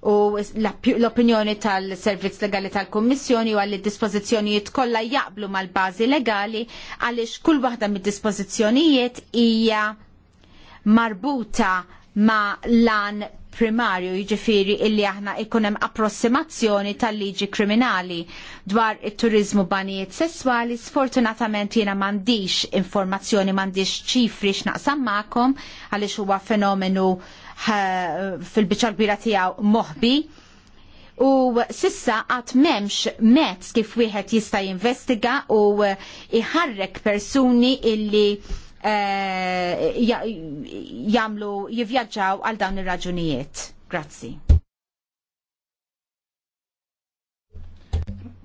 u l-opinjoni tal-Servizz Legali tal-Kommissjoni u għalli dispożizzjonijiet kollha jaqblu mal-bażi legali għaliex kull waħda mid-dispożizzjonijiet hija marbuta ma lan primarju jiġifieri illi aħna ikun hemm approssimazzjoni tal-liġi kriminali dwar it-turizmu banijiet sesswali sfortunatament jiena m'għandix informazzjoni m'għandix ċifri x'naqsam maqom għaliex huwa fenomenu fil-biċċa kbira tiegħu moħbi u sissa għat memx mezz kif wieħed jista' jinvestiga u iħarrek persuni illi eh, jamlu jivvjaġġaw għal dawn ir-raġunijiet. Grazzi.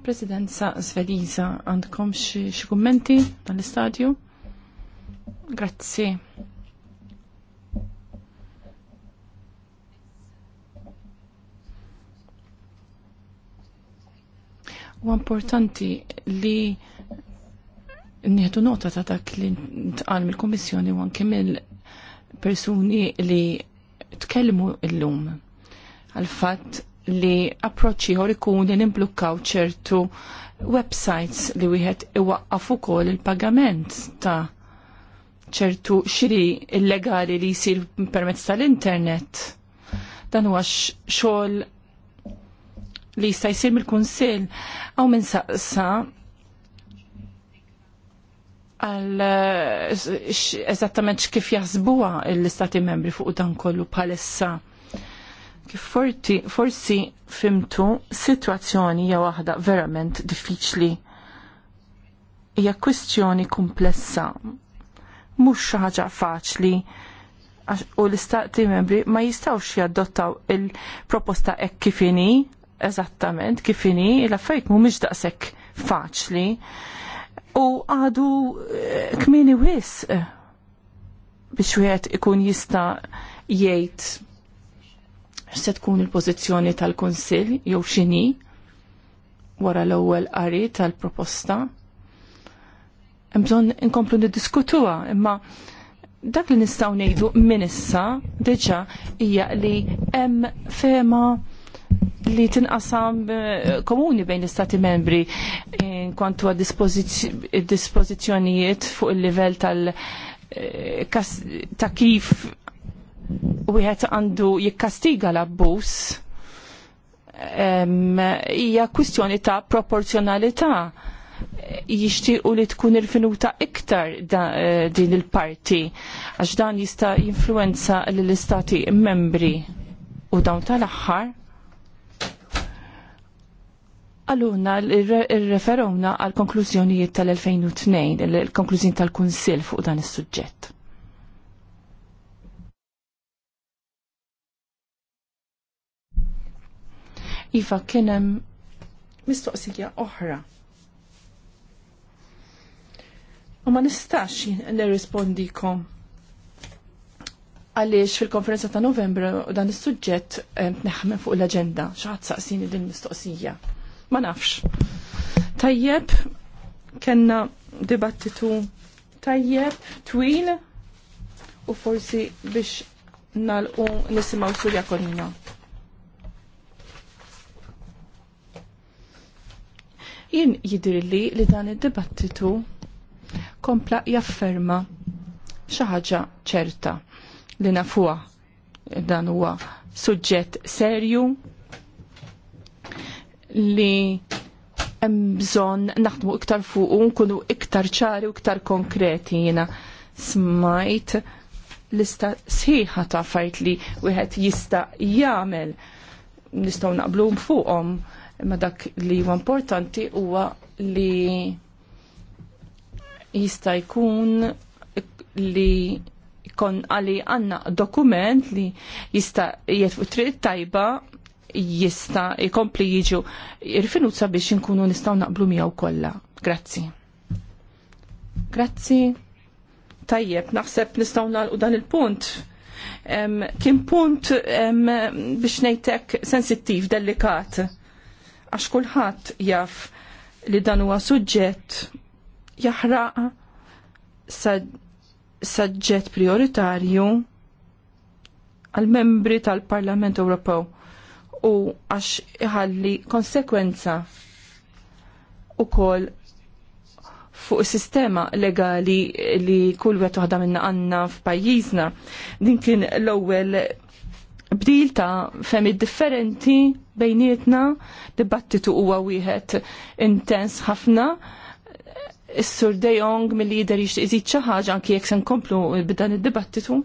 Presidenza Svediza, għandkom xi kummenti tal-istadju? Grazzi. U importanti li nieħdu nota ta' dak li ntqal mill-Kummissjoni u anke mill-persuni li tkellmu llum għal-fatt li approċċi ieħor ikun nimblukkaw ċertu websites li wieħed iwaqqaf ukoll il-pagament ta' ċertu xiri illegali li jisir permezz tal-internet. Dan huwa xogħol li jista' jsir mill-Kunsill għaw minn saqsa għal eh, eżattament kif jaħsbuha l-istati membri fuq dan kollu bħalissa. Kif forsi fimtu situazzjoni hija waħda verament diffiċli. Hija kwistjoni komplessa. Mhux xi ħaġa faċli u l-istati membri ma jistawx jaddottaw il-proposta kif kifini eżattament kifini, l-affajt mhumiex daqshekk faċli u għadu eh, kmini wis eh, biex wieħed ikun jista jgħid se tkun il-pożizzjoni tal-Kunsill jew x'inhi wara l-ewwel qari tal-proposta. Hemm bżonn inkomplu niddiskutuha, imma dak li nistgħu ngħidu minissa issa diġà hija li hemm fema li tinqasam eh, komuni bejn l-istati membri eh, kontu għad dispozizjonijiet fuq il level tal- eh, ta' kif wieħed għandu jikkastiga l-abbus hija kwistjoni ta' proporzjonalità jixtiequ li tkun irfinuta iktar din il-parti għax dan jista' jinfluenza lill istati membri u dawn tal-aħħar għaluna il-referowna għal konklużjonijiet tal-2002, il-konklużjoni tal-Kunsil fuq dan is suġġett Iva, kienem mistoqsija oħra. U ma nistax nirrispondikom għaliex fil-konferenza ta' novembru dan is-suġġett eh, neħmen fuq l-agenda xaħat saqsini din mistoqsija ma nafx. Tajjeb, kena dibattitu tajjeb, twil, u forsi biex nalqu nisimaw surja konnina. Jien jidrilli li dan id-dibattitu kompla jafferma xaħġa ċerta li nafuha dan huwa suġġett serju li hemm bżonn naħdmu iktar fuq u nkunu iktar ċari u iktar konkreti jiena smajt lista sħiħa ta' fajt li wieħed jista' jagħmel nistgħu naqblu fuqhom imma dak li huwa importanti huwa li jista' jkun li jkun għali għandna dokument li jista jiet fuq triq tajba jista jkompli jiġu irfinuzza biex inkunu nistaw naqblu miegħu kollha. Grazzi. Grazzi. Tajjeb, naħseb nistaw nagħlqu dan il-punt. kien punt biex ngħidlek sensittiv, delikat. Għax kulħadd jaf li dan huwa suġġett jaħraq saġġett prioritarju għal membri tal-Parlament Ewropew u għax iħalli konsekwenza u kol fuq sistema legali li kull wet waħda minna għanna f'pajjiżna. Din kien l-ewwel bdil ta' femi differenti bejnietna, dibattitu huwa wieħed intens ħafna. Is-sur Dejong mill-lider jixtieq iżid ħaġa anke jekk se nkomplu b'dan id-dibattitu.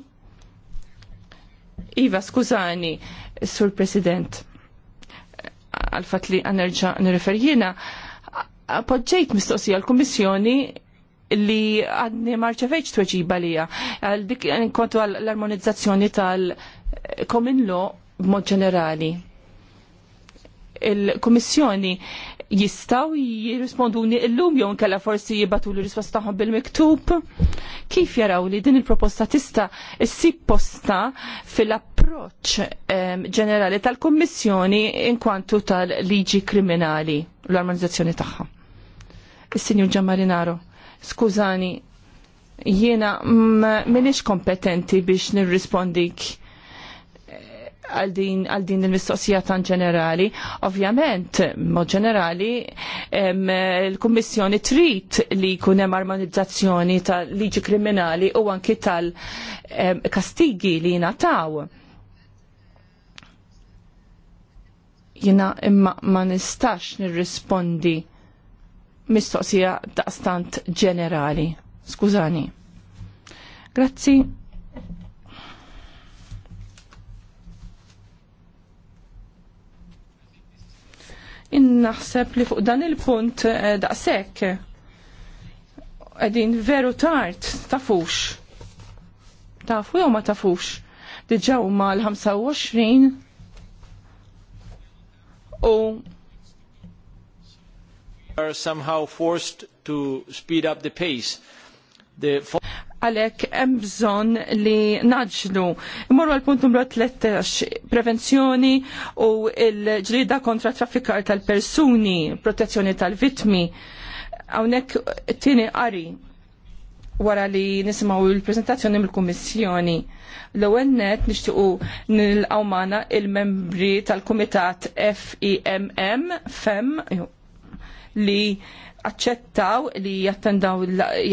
Iva, skużani, Sur President, għal-fat li għanerġa nirreferjina, appoġġejt mistoqsija l-Kummissjoni li għadni marċevejċ tweġiba lija. Dik kontu għall armonizzazzjoni tal-Common Law b'mod ġenerali. Il-Kummissjoni jistaw jirrisponduni illum jew nkella forsi jibatu l rispost tagħhom bil-miktub. Kif jaraw li din il-proposta tista' issib posta fil-approċċ ehm, ġenerali tal-Kummissjoni inkwantu tal-liġi kriminali l-armonizzazzjoni tagħha. Is-Sinjur Ġammarinaro, skużani, jiena m'iniex kompetenti biex nirrispondik għal din il-mistoqsija tan ġenerali. Ovvjament, mod ġenerali, il-Kummissjoni trid li jkun hemm armonizzazzjoni tal-liġi kriminali u anki tal-kastigi li nataw. Jiena imma ma nistax nirrispondi mistoqsija daqstant ġenerali. Skużani. Grazzi. Innaħseb li fuq dan il-punt eh, daqsek. qegħdin veru tart, tafux. Tafu jew ma tafux. Diġà ma l-25 u are somehow forced to speed up the pace. Għalek, hemm bżonn li naġlu. Imorru għal punt numru 13, prevenzjoni u l-ġlida kontra traffikar tal-persuni, protezzjoni tal-vitmi. Hawnhekk tieni qari wara li nisimaw il-prezentazzjoni mill-Kummissjoni. L-ewwel net nixtiequ nilqgħu magħna il-membri tal-Kumitat FIMM FEM li accettaw li jattendaw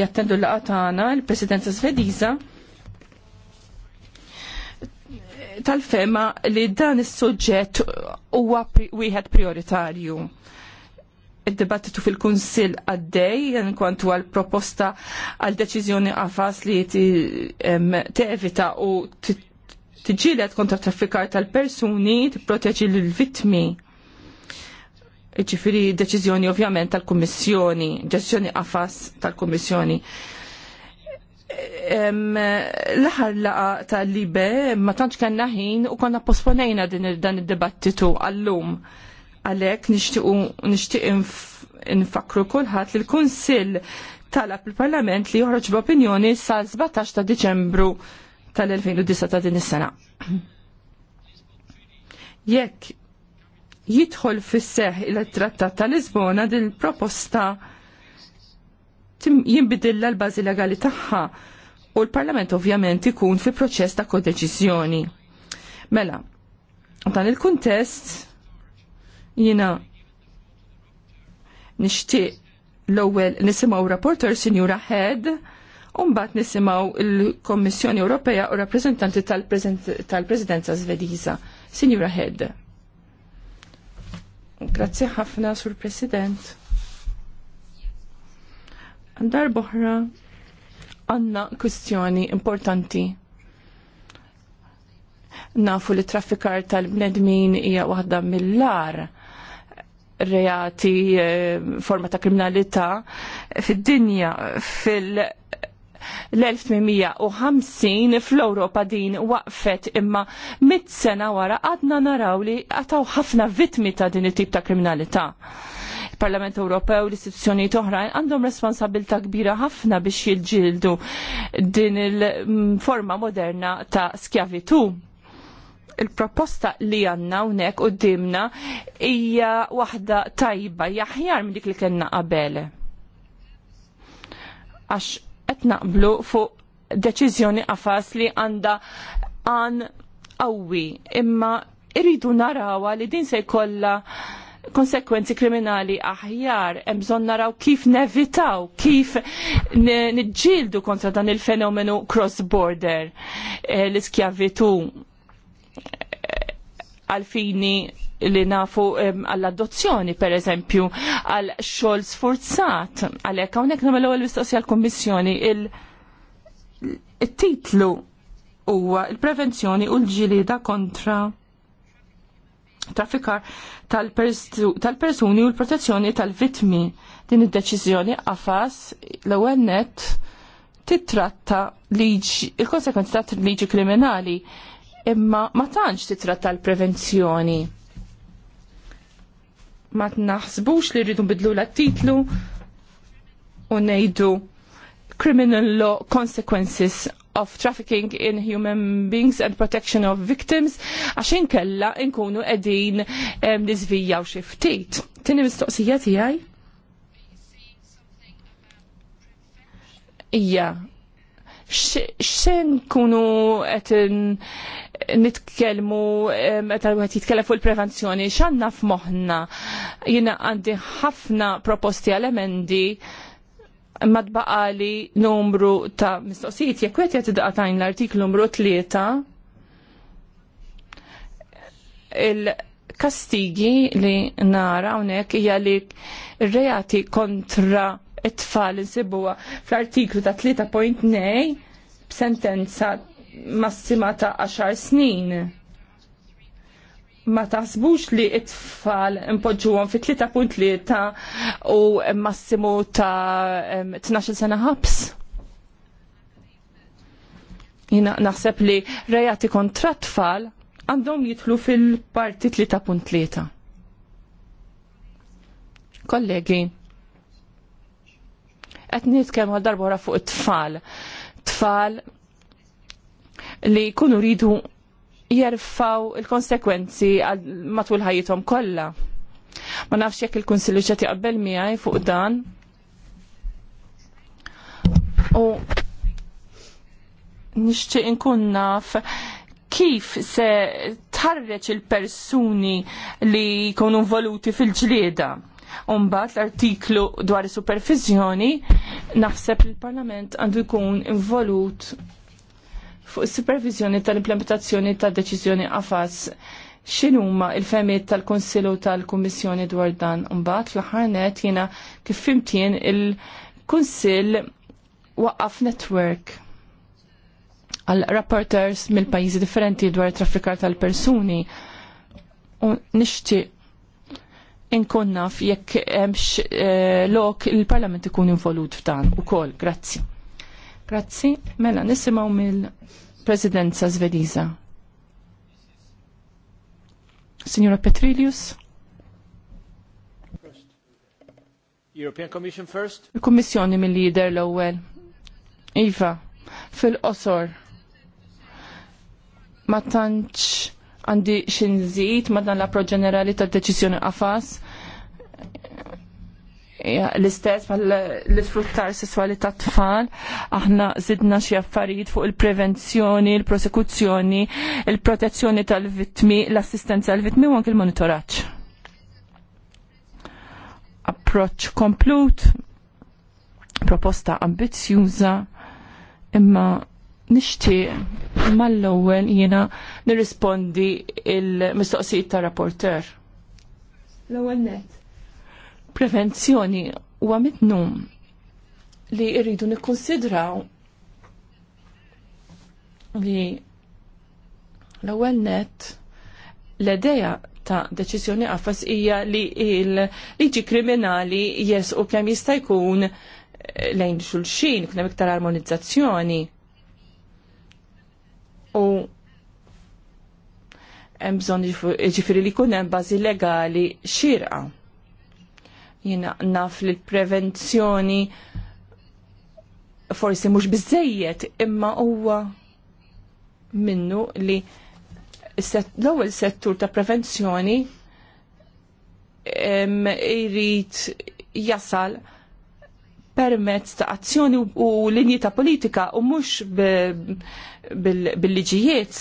jattendu l-qatana l-presidenza svediza tal-fema li dan is-suġġett huwa wieħed prioritarju. Id-dibattitu fil-Kunsill għaddej kwantu għal proposta għal deċiżjoni għafas li tevita u tiġilet kontra traffikar tal-persuni, t-proteġi l-vittmi iċifiri deċiżjoni ovvjament tal-Kummissjoni, ġestjoni qafas tal-Kummissjoni. L-aħħar laqa tal-libe ma tantx kellna ħin u konna posponejna din dan id-dibattitu għallum. Għalhekk nixtieq infakru kulħadd li l-Kunsill talab il-Parlament li joħroġ b'opinjoni sa 17 ta' Diċembru tal-2009 ta' din is-sena. Jekk jidħol fis seħħ il-Trattat ta' Lisbona din proposta jinbidilla l-bażi legali tagħha u l-Parlament ovvjament ikun fi proċess ta' kodeċiżjoni. Mela, dan il-kuntest jina nixtieq l-ewwel nisimgħu rapporter Sinjura Head u mbagħad nisimgħu il-Kommissjoni Ewropea u rappreżentanti tal-Presidenza tal Svediża. Sinjura Head. Grazzi ħafna, Sur President. Andar boħra għanna kwistjoni importanti. Nafu li traffikar tal-bnedmin hija waħda mill reati eh, forma ta' kriminalità fid-dinja fil- l-1850 fl-Europa din waqfet imma mit sena wara għadna naraw li għataw ħafna vitmi ta' din it-tip ta' kriminalità. Parlament Ewropew l-istituzzjonijiet oħrajn għandhom responsabilità kbira ħafna biex jilġildu din il-forma moderna ta' skjavitu. Il-proposta li għanna unek u dimna hija waħda tajba jaħjar minn dik li kena qabel. Għax qed naqblu fuq deċiżjoni qafas li għandha għan qawwi imma irridu narawa li din se jkollha konsekwenzi kriminali aħjar, hemm bżonn naraw kif nevitaw, kif niġġieldu kontra dan il-fenomenu cross-border, eh, l-iskjavitu eh, għalfini li nafu għall-adozzjoni, per eżempju, għal xol sforzat, għalek għonek namel għal mistoqsija għal-Kommissjoni, il-titlu huwa il-prevenzjoni u l-ġilida kontra trafikar tal-persuni u l-protezzjoni tal-vitmi. Din id-deċiżjoni għafas l-ewwel net titratta liġi il-konsekwenzi tat liġi kriminali imma ma tantx titratta l-prevenzjoni ma naħsbux li rridu bidlu la titlu u nejdu Criminal Law Consequences of Trafficking in Human Beings and Protection of Victims għaxin kella nkunu edin nizvija u xiftit. Tini mistoqsija tijaj? Ija, x'sen kunu qed nitkellmu meta wieħed jitkellem fuq il-prevenzjoni x'għandna f'moħħna. jina għandi ħafna proposti għal emendi madbaqali numru ta' mistoqsijiet jekk qed jagħti l-artiklu numru tlieta il-kastigi li nara hawnhekk hija li r-reati kontra it-tfal insibuha fl-artiklu ta' 3.9 b'sentenza massima ta' 10 snin. Ma taħsbux li it-tfal impoġġuhom fi 3.3 u massimu ta' 12 sena ħabs? Jina naħseb li rejati kontra tfal għandhom jitlu fil-parti 3.3. Kollegi, qed nitkellmu għal darba fuq it-tfal. Tfal li jkunu ridu jerfaw il-konsekwenzi matul ħajjithom kollha. Ma nafx jekk il-Kunsilli ċet jaqbel miegħi fuq dan. U nixtieq inkun naf kif se tħarreċ il-persuni li jkunu voluti fil-ġlieda Umbat l-artiklu dwar supervizjoni naħseb li l-Parlament għandu jkun involut fuq supervizjoni tal-implementazzjoni tal deċiżjoni għafas xinuma il-femiet tal-Konsilu tal-Kummissjoni dwar dan? Umbat l aħħar net jiena kif fimtien il-Kunsill waqaf network għal rapporters mill-pajjiżi differenti dwar traffikar tal-persuni. U nixtieq inkun naf jekk hemmx eh, lok il-Parlament ikun involut f'dan ukoll. Grazzi. Grazzi. Mela nisimgħu mill-Presidenza Svediża. Signora Petrilius. European Commission first. Il-Kummissjoni mill-lider l-ewwel. Iva, fil-qosor. Ma tantx għandi xinżit ma dan l-approċ ġenerali tal-deċizjoni qafas l-istess bħal l-isfruttar sessuali ta' tfal, aħna zidna xi affarijiet fuq il-prevenzjoni, il-prosekuzzjoni, il-protezzjoni tal-vittmi, l-assistenza tal-vittmi u anke l-monitoraġġ. Approċċ komplut, proposta ambizjuża imma Nixtieq mal-ewwel jiena nirrispondi il-mistoqsijiet ta' rapporter. L-ewwel net. Prevenzjoni huwa mitnum li rridu nikkonsidraw li l-ewwel net l-edeja ta' deċiżjoni qafas hija li l-liġi kriminali jesqu kemm jista' jkun lejn xulxin, kien hemm iktar armonizzazzjoni u hemm bżonn jiġifieri li jkun hemm bażi legali xirqa. Jiena naf li l-prevenzjoni forsi mhux biżejjed imma huwa minnu li l-ewwel settur ta' prevenzjoni jrid jasal permezz ta' azzjoni u linji ta' politika u mhux bil-liġijiet.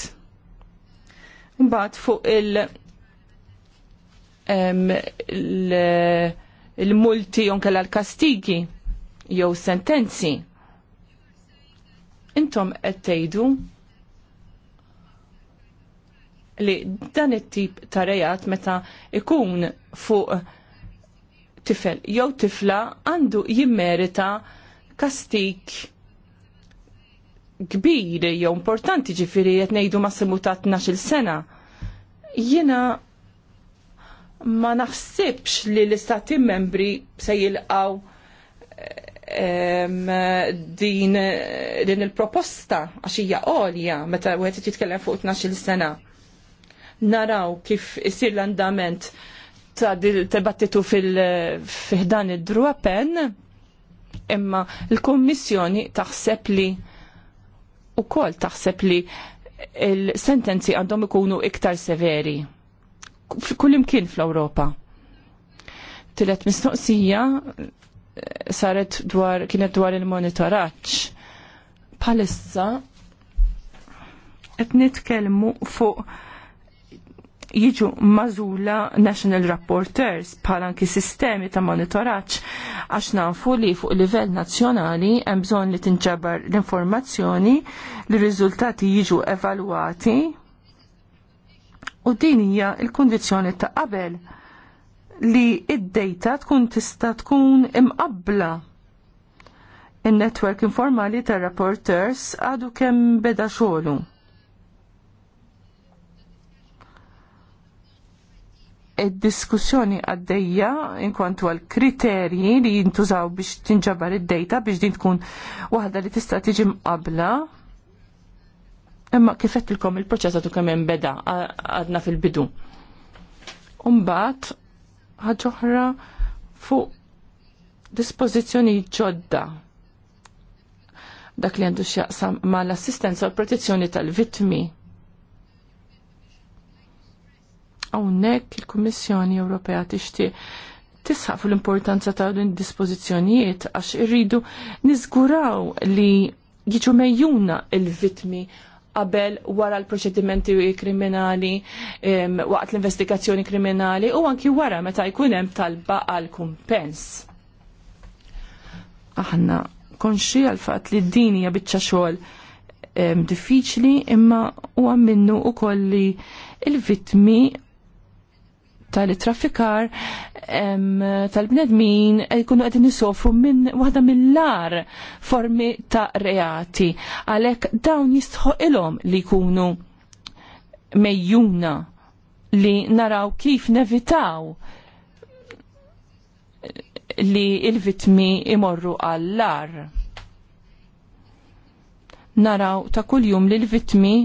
Mbagħad fuq il- il-multi jonkel l-kastigi jew sentenzi. Intom qed tgħidu li dan it-tip ta' rejat meta ikun fuq tifel jew tifla għandu jimmerita kastik kbir jew importanti ġifiri qed ngħidu massimu ta' 12-il sena. Jiena ma naħsibx li l-istati membri se jilqaw din, din il-proposta għax hija għolja meta wieħed jitkellem fuq 12-il sena. Naraw kif isir l-andament tibattitu fil-ħdan id-druapen, imma l-Kommissjoni taħseb li u kol taħseb li il-sentenzi għandhom ikunu iktar severi. Kullimkien fl-Europa. Tilet mistoqsija eh, saret dwar, kienet dwar il-monitoraċ. Palissa, et nitkelmu fuq jiġu mażula National Rapporteurs bħala anki sistemi ta' monitoraġġ għax nafu li fuq livell nazzjonali hemm bżonn li tinġabar l-informazzjoni li riżultati jiġu evalwati u din hija l-kundizzjoni ta' qabel li id-data tkun tista' tkun imqabbla in netwerk informali tar rapporteurs għadu kemm beda xogħlu id-diskussjoni għaddejja inkwantu għal kriterji li jintużaw biex tinġabar id-data biex din tkun waħda li tista' tiġi mqabla. Imma kif ilkom il-proċess għadu kemm hemm beda għadna fil-bidu. Umbagħad oħra fuq dispożizzjoni ġodda dak li għandu x'jaqsam mal-assistenza u protezzjoni tal-vittmi Hawnhekk il-Kummissjoni Ewropea tixtieq tisħaq fil-importanza ta' din dispożizzjonijiet għax irridu niżguraw li jiġu mejjuna il-vitmi qabel wara l-proċedimenti kriminali waqt l-investigazzjoni kriminali u anki wara meta jkun hemm talba għal kumpens. Aħna konxi għal fatt li d-din hija biċċa xogħol diffiċli imma huwa minnu ukoll li il vittmi tal-traffikar tal-bnedmin jkunu għedin nisofru minn waħda mill-lar formi ta' reati. Għalek dawn jistħu ilom li jkunu mejjuna li naraw kif nevitaw li il-vitmi imorru għall-lar. Naraw ta' kuljum li l-vitmi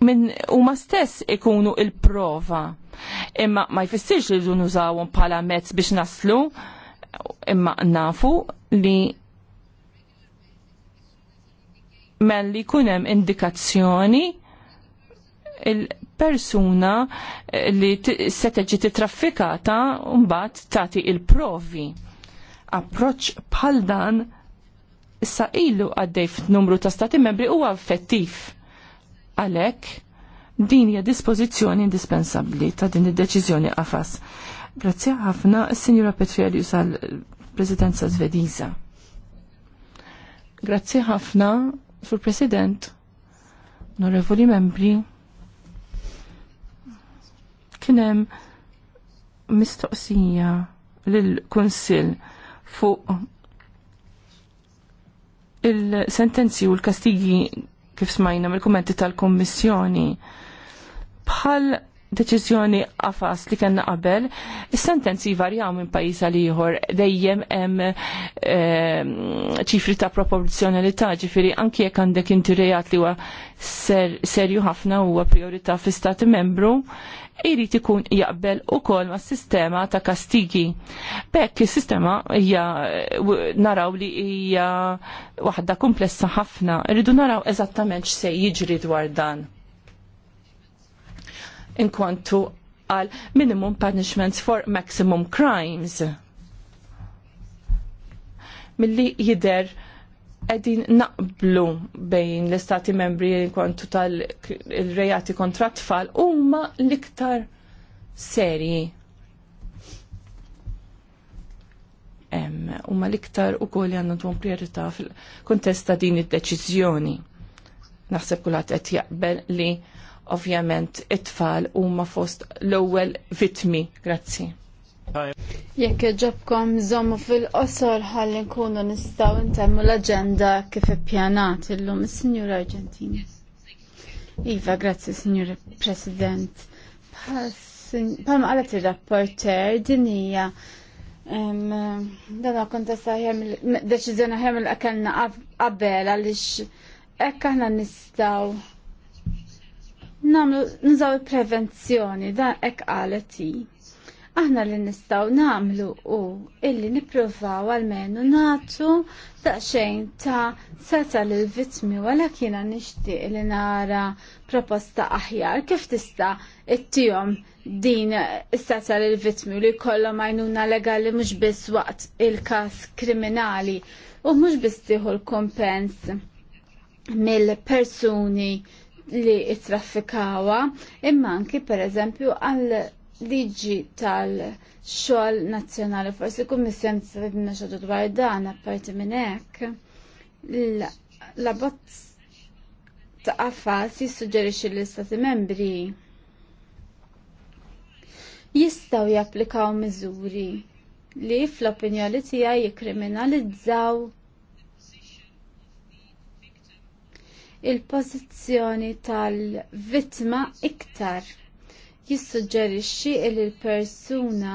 minn huma stess ikunu il-prova. Imma ma jfissirx li dun nużawhom bħala mezz biex naslu, imma nafu li men li kunem indikazzjoni il-persuna li se teġi titraffikata mbagħad tagħti il-provi. Approċċ bħal dan sa ilu għaddej f'numru ta' stati membri huwa effettiv Għalhekk din hija dispożizzjoni indispensabbli ta' din id-deċiżjoni qafas. Grazzi ħafna s-Sinjura Petrielius sal Presidenza Svediża. Grazzi ħafna sur President, onorevoli membri, kienem mistoqsija lill-Kunsill fuq il-sentenzi u l-kastigi kif smajna mill-kummenti tal-Kummissjoni. Bħal deċiżjoni għafas li kellna qabel, is-sentenzi varjaw minn pajjiż għal ieħor dejjem hemm eh, ċifri ta' proporzjonalità, ġifieri anke jekk għandek inti rejat li huwa serju ħafna huwa priorità fi stati membru, irrit ikun jaqbel ukoll ma' sistema ta' kastigi. Bekk is-sistema hija eh, naraw li hija waħda komplessa ħafna, irridu naraw eżattament x'se jiġri dwar dan. Inkwantu għal minimum punishments for maximum crimes. Milli jider għedin naqblu bejn l-istati membri kontu tal-rejati kontra tfal umma l-iktar seri. Umma l-iktar u koll għannu tuħum priorita fil-kontesta din id-deċizjoni. Naħseb kullat qed jaqbel li ovvjament it-tfal huma fost l-ewwel vitmi. Grazzi. Jekk ġobkom żommu fil-qosor ħalli nkunu nistgħu ntemmu l agenda kif ippjanat illum is-Sinjura Argentini. Iva, grazzi Sinjur President. Palma qalet ir-rapporter din hija dan kontesta ħjem deċiżjoni ħjem li kellna qabel għaliex hekk aħna nistgħu nagħmlu nżaw il-prevenzjoni dan hekk qalet Aħna li nistaw namlu u illi għal għalmenu natu daqxejn ta' seta l vitmi għala kiena nishtiq li nara proposta aħjar kif tista' it-tijom din seta l vitmi li kollom għajnuna legali mux biss waqt il-kas kriminali u mux biss tiħu l-kompens mill-persuni li it-traffikawa imma anki per eżempju għal liġi tal-xogħol nazzjonali forsi kummissjoni tista' tgħidilna xogħol dwar dan apparti minn hekk. L-abbozz ta' qafas jissuġġerixxi l-istati membri jistgħu japplikaw miżuri li fl-opinjoni tiegħi jikkriminalizzaw il-pożizzjoni tal-vittma iktar jissuġġerixxi li l-persuna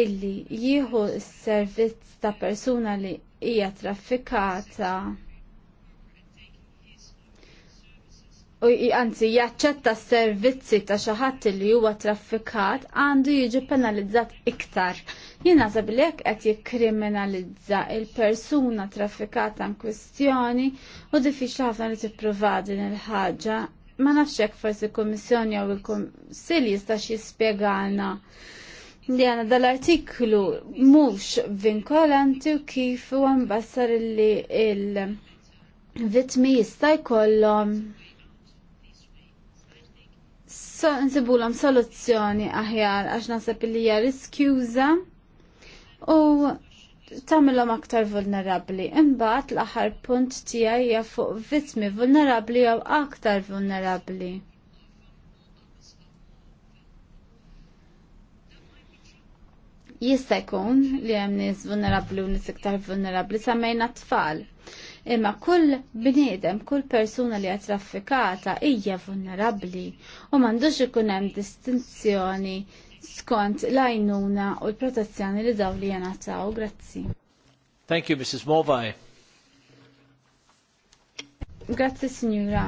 illi jieħu s-servizz ta' persuna li hija traffikata u anzi jaċċetta s-servizzi ta' xi ħadd li huwa traffikat għandu jiġi penalizzat iktar. Jien naħseb li hekk qed jikkriminalizza il-persuna traffikata in kwistjoni u diffiċli ħafna li tipprovadi din il-ħaġa ma nafxek forsi il-Kommissjoni jew il-Konsil jistax jispjegana li għana dal-artiklu mux vinkolanti u kif u għambassar li il-vitmi jista' jkollhom so, nsibulhom soluzzjoni aħjar għax naħseb li hija riskjuża u Tamilhom aktar vulnerabbli. Imbagħad l-aħħar punt tiegħi hija fuq vittmi vulnerabbli jew aktar vulnerabbli. Jista' jkun li hemm nies vulnerabbli u nies iktar vulnerabbli semmejna tfal. Imma kull bniedem, kull persuna li traffikata hija vulnerabbli u m'għandux ikun hemm distinzjoni skont l-għajnuna u l-protezzjoni li daw li taw. Grazzi. Thank you, Mrs. Morvaj. Grazzi, signora.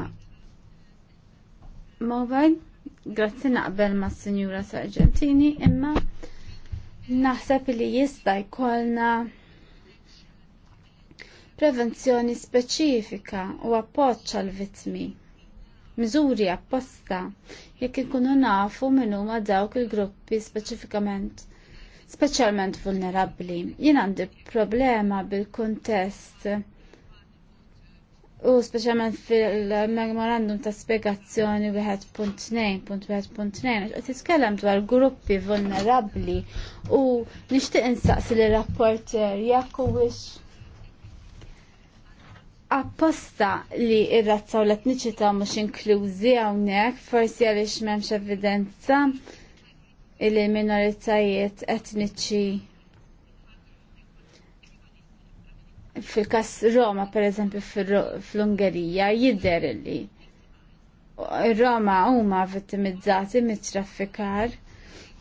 Morvaj, grazzi naqbel ma' signora Sargentini, imma naħseb li jista' jkollna prevenzjoni speċifika u appoċċa l-vitmi miżuri apposta jekk ikunu nafu minn huma dawk il-gruppi speċifikament speċjalment vulnerabbli. Jien għandi problema bil-kuntest U speċjalment fil-memorandum ta' spiegazzjoni 1.2.1.2, u titkellem dwar gruppi vulnerabbli u nixtieq insaqsi li rapporter jakku wix apposta li ir-razza u l-etniċità mhux inklużi hawnhekk forsi għaliex m'hemmx evidenza li minoritajiet etniċi fil-kas Roma, per eżempju, fl-Ungerija, jidder li Roma huma vittimizzati mit-traffikar.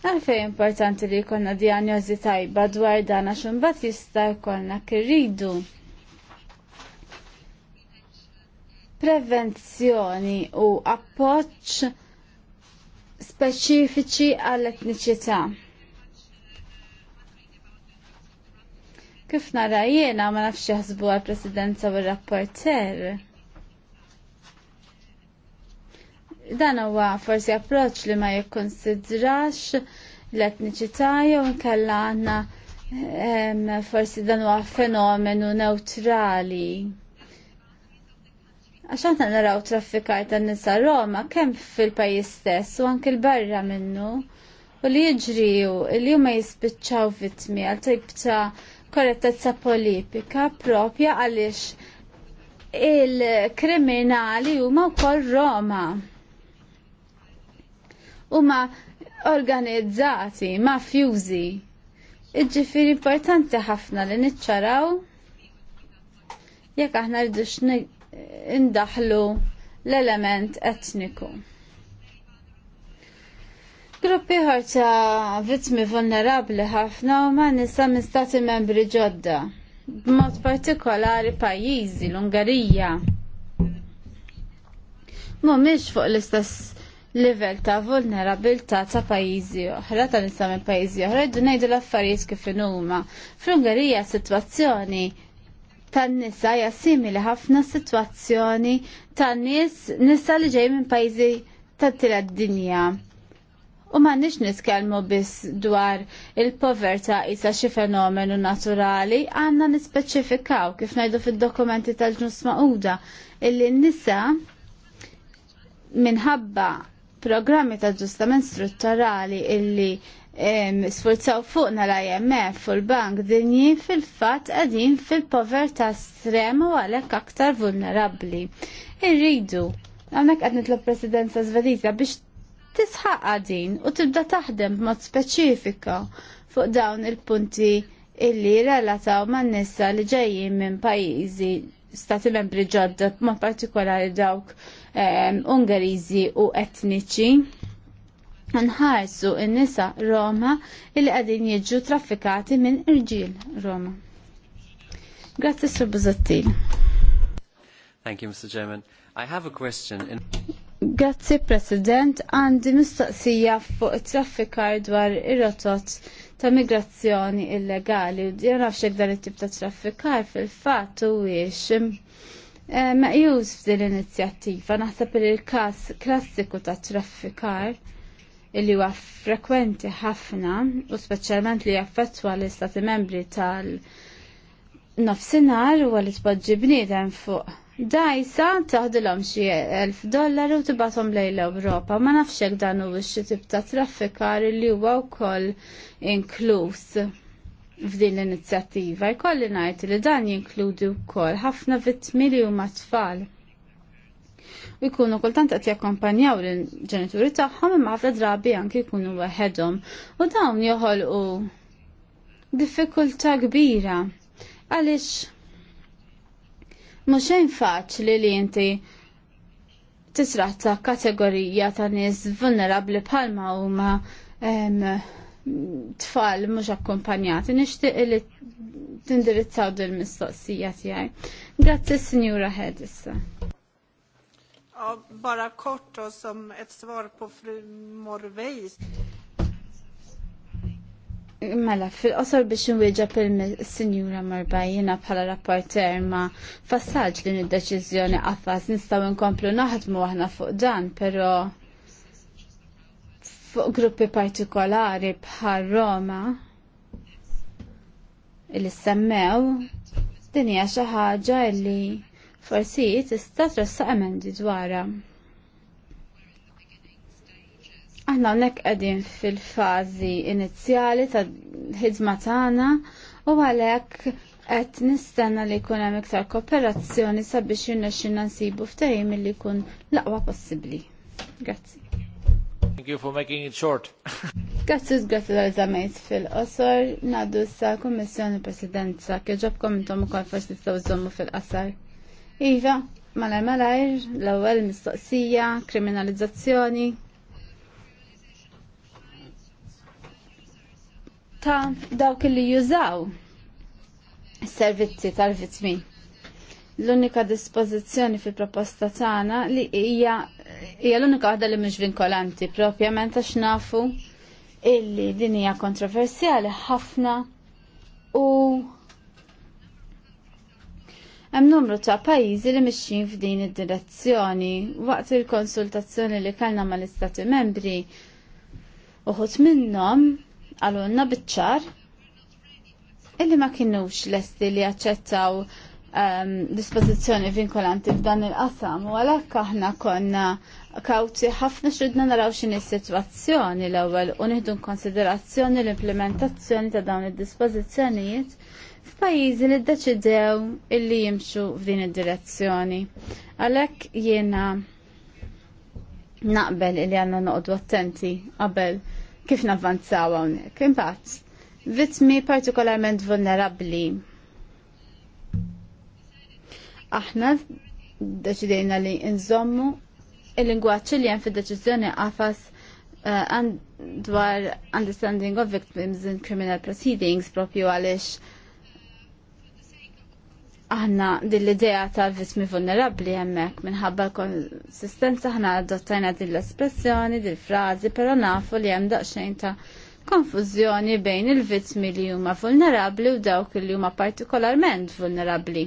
Għalfej importanti li jkollna diagnozi tajba dwar dan għax imbagħad jista' jkollna kirridu prevenzjoni u appoċ speċifiċi għall-etniċità. Kif nara jiena ma nafx jaħsbu għal-presidenza u r-rapporter. Dan huwa forsi approċċ li ma jikkonsidrax l-etniċità jew nkella għandna forsi dan huwa fenomenu neutrali. Għaxan ta' naraw traffikar ta' nisa Roma kemm fil-pajis stess u anke l-barra minnu u li jġri u li ma jispiċċaw vittmi għal tajb ta' korrettezza politika propja għaliex il-kriminali huma wkoll Roma. Huma organizzati, mafjużi. Iġġifieri importanti ħafna li niċċaraw jekk aħna rridux indaħlu l-element etniku. Gruppi ħarċa vittmi vulnerabli ħafna u ma' nisa minn stati membri ġodda, b'mod partikolari pajjiżi l-Ungarija. Mhumiex fuq l-istess livell ta' vulnerabilità ta' pajjiżi oħra ta' nisa minn pajjiżi oħra, id ngħidu l-affarijiet kif huma. Fl-Ungarija sitwazzjoni tan-nisa hija simili ħafna sitwazzjoni tan-nies nisa li ġej minn pajjiżi tat-tielet dinja. U m'għandniex niskelmu biss dwar il-povertà isa xi fenomenu naturali, għandna nispeċifikaw kif ngħidu fid-dokumenti tal-ġnus maquda illi n-nisa minħabba programmi ta' ġusta strutturali illi sfurzaw fuqna l-IMF u l-Bank Dinji fil-fat għadin fil-poverta strema u għalek aktar vulnerabli. Irridu, għandek qed nitlob presidenza zvediza biex tisħaq għadin u tibda taħdem b'mod speċifika fuq dawn il-punti illi relataw man nissa li ġejjin minn pajjiżi stati membri ġodda, b'mod partikolari dawk Ungeriżi Ungarizi u etniċi nħarsu n-nisa Roma il qegħdin jiġu traffikati minn irġiel Roma. Grazzi Sur Buzzattil. Thank you, Mr. Chairman. I have a question. In... Grazzi, President. Għandi mistoqsija fuq traffikar dwar ir-rotot ta' migrazzjoni illegali. U nafx dan it-tip ta' traffikar fil-fatt huwiex eh, Meqjus f'din l-inizjattiva. Naħseb il-każ klassiku ta' traffikar illi huwa frekwenti ħafna u speċjalment li jaffettwa l-istati membri tal- nafsinar u għalli tpoġġi bniedem fuq. Dajsa taħdilhom xi elf dollar u tibatom lejla l-Ewropa. Ma nafx hekk dan huwa xi tip ta' traffikar li huwa wkoll inkluż f'din l-inizjattiva. Jkolli ngħid li dan jinkludi wkoll ħafna vittmi li huma tfal u jkunu kultant qed jakkompanjaw lill-ġenituri tagħhom imma ħafna drabi anke jkunu waħedhom u dawn joħolqu diffikultà kbira għaliex mhux faċ faċli li inti tisraħ ta' kategorija ta' nies vulnerabbli bħalma huma tfal mhux akkumpanjati nixtieq li tindirizzaw dil mistoqsija tiegħi. Grazzi Sinjura Head Ja, bara kort då, som ett svar på fru Morveis. Mela, fil-qosor biex nwieġab il-Sinjura Marbajina bħala rapporter ma fassaġ din id-deċiżjoni qafas nistgħu nkomplu naħdmu aħna fuq dan, però fuq gruppi partikolari bħal Roma il semmew din hija xi ħaġa li forsi tista' tressa emendi dwarha. Aħna hawnhekk qegħdin fil-fażi inizjali ta' ħidma tagħna u għalhekk qed nistenna li jkun hemm iktar kooperazzjoni sabiex jirnexxinna nsibu ftehim milli jkun l-aqwa possibbli. Grazzi. Thank you for making it short. Grazzi grazzi l fil-qosor, ngħaddu sa' kommissjoni Presidenza, kieġobkom intom ukoll forsi tistgħu fil-qasar. Iva, mala ir, l-ewwel mistoqsija, kriminalizzazzjoni. Ta' dawk li jużaw is-servizzi tal-vittmi. L-unika dispożizzjoni fil-proposta tagħna li hija hija l-unika waħda li mhux vinkolanti propjament għax nafu illi din hija kontroversjali ħafna u Hemm numru ta' pajjiżi li mixin f'din id-direzzjoni. Waqt il-konsultazzjoni li kellna mal-Istati Membri uħut minnhom għalunna biċ-ċar illi ma l lesti li jaċċettaw um, ehm, dispożizzjoni vinkolanti f'dan il-qasam u għalhekk aħna konna kawti ħafna xridna naraw x'in is-sitwazzjoni l-ewwel u nieħdu konsiderazzjoni l-implementazzjoni ta' dawn id-dispożizzjonijiet f'pajjiżi li ddeċidew illi jimxu f'din id-direzzjoni. Għalhekk jiena naqbel illi għandna noqogħdu attenti qabel kif navvanzaw hawnhekk. Imbagħad, vittmi partikolarment vulnerabbli aħna deċidejna li nżommu il lingwaġġ li hemm fid-deċiżjoni għafas eh, dwar understanding of victims in criminal proceedings propju għalix aħna dill-idea ta' vismi vulnerabli hemmhekk minħabba konsistenza aħna adottajna din l-espressjoni, din frażi, però nafu li hemm daqsxejn ta' konfużjoni bejn il-vittmi li huma vulnerabli u dawk li huma partikolarment vulnerabli.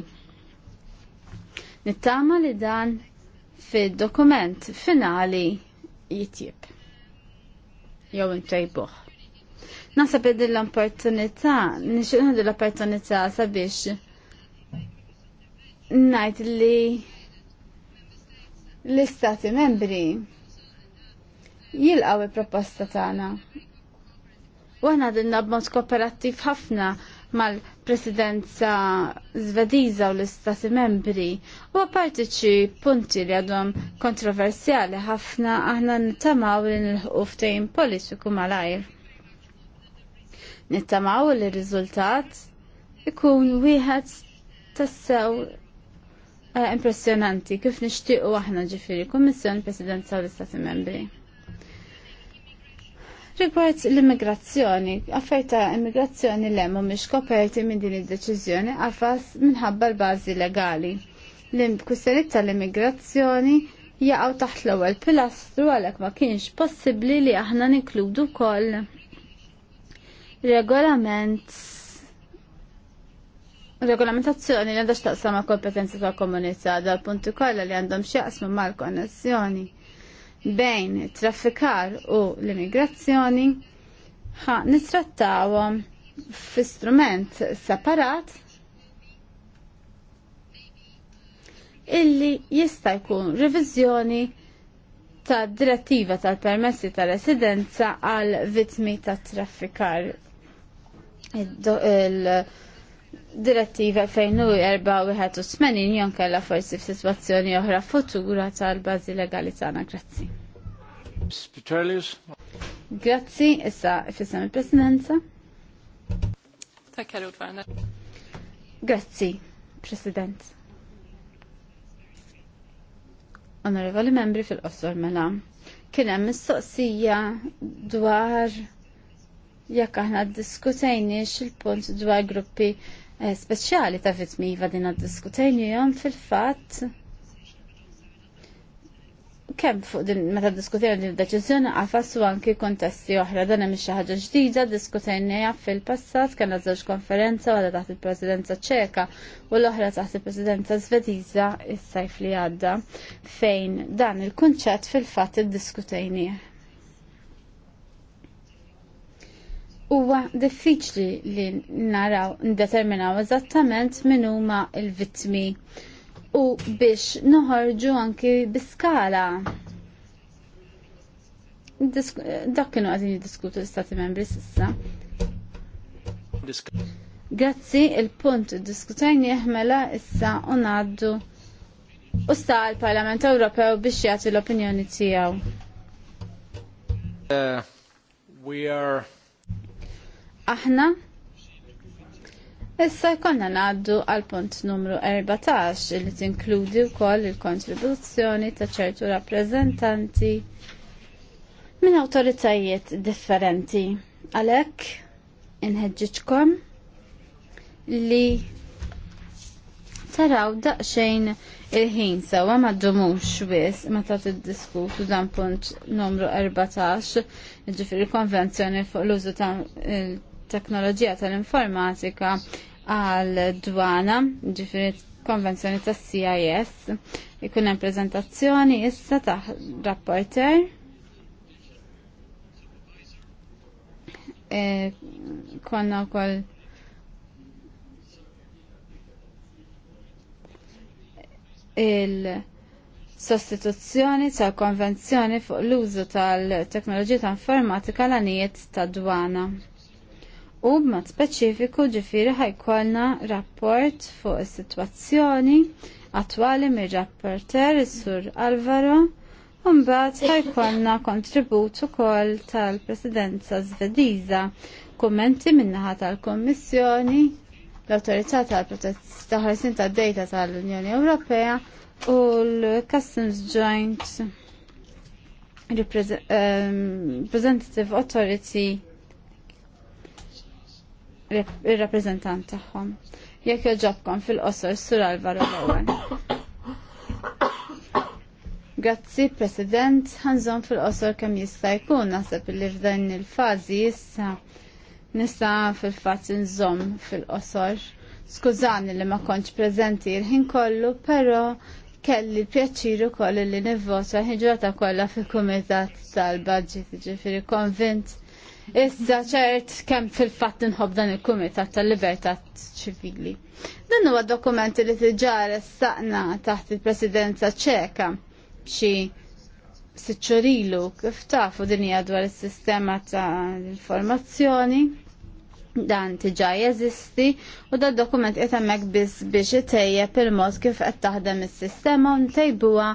Nittama li dan fid-dokument finali jitjib. Jew intajbuħ. Nasa id l-opportunità, nixinħu l-opportunità sabiex najt li l-istati membri jilqaw il-proposta tagħna. U għana dinna b'mod kooperattiv ħafna mal-presidenza zvediza u l-istati membri u għapartiċi punti li għadhom kontroversjali ħafna aħna nittamaw li nilħu ftejn politiku malajr. Nittamaw li r-riżultat ikun wieħed tassew Eh, impressjonanti kif nixtiequ aħna ġifieri Kummissjoni Presidenza l istati Membri. Rigward l-immigrazzjoni, affajta immigrazzjoni le mhumiex koperti minn din id-deċiżjoni għafas minħabba l-bażi legali. L-kwistjoni tal-immigrazzjoni jaqgħu taħt l-ewwel pilastru għalhekk ma kienx possibbli li aħna ninkludu wkoll regolament Regolamentazzjoni li għandax taqsam ma' kompetenzi ta' komunità dal punti kollha li għandhom x'jaqsmu mal-konnessjoni bejn traffikar u l-immigrazzjoni ħa nitrattawhom f'istrument separat illi jista' jkun reviżjoni ta' direttiva tal-permessi ta' residenza għal vittmi ta' traffikar il- direttiva fejn erba' u smenin jon kalla forsi f'sitwazzjoni oħra futura tal-bażi legali tagħna. Grazzi. Grazzi, issa fissam il-presidenza. Grazzi, President. Onorevoli membri fil-qosor mela, kien hemm mistoqsija dwar jekk aħna ddiskutejniex il-punt dwar gruppi Eh, speċjali ta' vitmi iva, għad diskutejni jom eh, fil-fat kemm fuq din meta diskutejna din id-deċiżjoni qafas u anki kontesti oħra dan hemm xi ħaġa ġdida diskutejnija eh, fil-passat kellna żewġ konferenza waħda taħt il-Presidenza Ċeka u l-oħra taħt il-Presidenza Svediża is-sajf li għadda fejn dan il-kunċett fil-fatt iddiskutejnieh. Huwa diffiċli li naraw ndeterminaw eżattament min huma l-vittmi u biex noħorġu anki biskala. Dak kienu għadin jiddiskutu l-Stati Membri sissa. Grazzi, il-punt diskutajni jihmela issa u ngħaddu u sta l-Parlament Ewropew biex jagħti l-opinjoni tiegħu. Uh, we are aħna. Issa jkollna ngħaddu għal punt numru 14 li tinkludi wkoll il-kontribuzzjoni ta' ċertu rappresentanti minn awtoritajiet differenti. Għalhekk inħeġġitkom li taraw daqsxejn il-ħin sewa ma ddumux wis meta tiddiskutu dan punt numru 14 ġifir il-konvenzjoni fuq l-użu ta' il teknoloġija tal-informatika għal dwana ġifiri konvenzjoni ta' CIS ikun hemm preżentazzjoni issa ta' rapporter e, konna wkoll il- sostituzzjoni ta' konvenzjoni fuq l-użu tal-teknoloġija tal informatika l-anijiet ta' dwana. U b'mod speċifiku ġifiri ħajkolna rapport fuq is-sitwazzjoni attwali mir-rapporter is-Sur Alvaro u mbagħad ħajkolna kontribut ukoll tal-Presidenza Svediża, kummenti min-naħa tal-Kommissjoni, l-Awtorità tal-Ħarsin tad-Dejta tal-Unjoni Ewropea u l-Customs Joint ehm, Representative Authority il-rappresentant tagħhom. Jekk joġobkom fil-qosor Sur Alvaro l Grazzi President, ħanżon fil-qosor kemm jista' jkun naħseb li f'dan il-fażi issa nista' fil-fatt nżomm fil-qosor. Skużani li ma kontx prezenti l-ħin kollu, però kelli pjaċir ukoll li nivvota ħin ġurata kollha fil-Kumitat tal-Budget, ġifieri konvint Issa ċert kemm fil-fatt nħob dan il-Kumitat tal-Libertà ċivili. Dan huwa dokumenti li tiġar saqna taħt il-Presidenza ċeka xi siċċurilu kif tafu din hija dwar is-sistema ta' informazzjoni dan tiġa jeżisti u da dokument qed hemmhekk biss biex itejjeb il-mod kif qed taħdem is-sistema u ntejbuha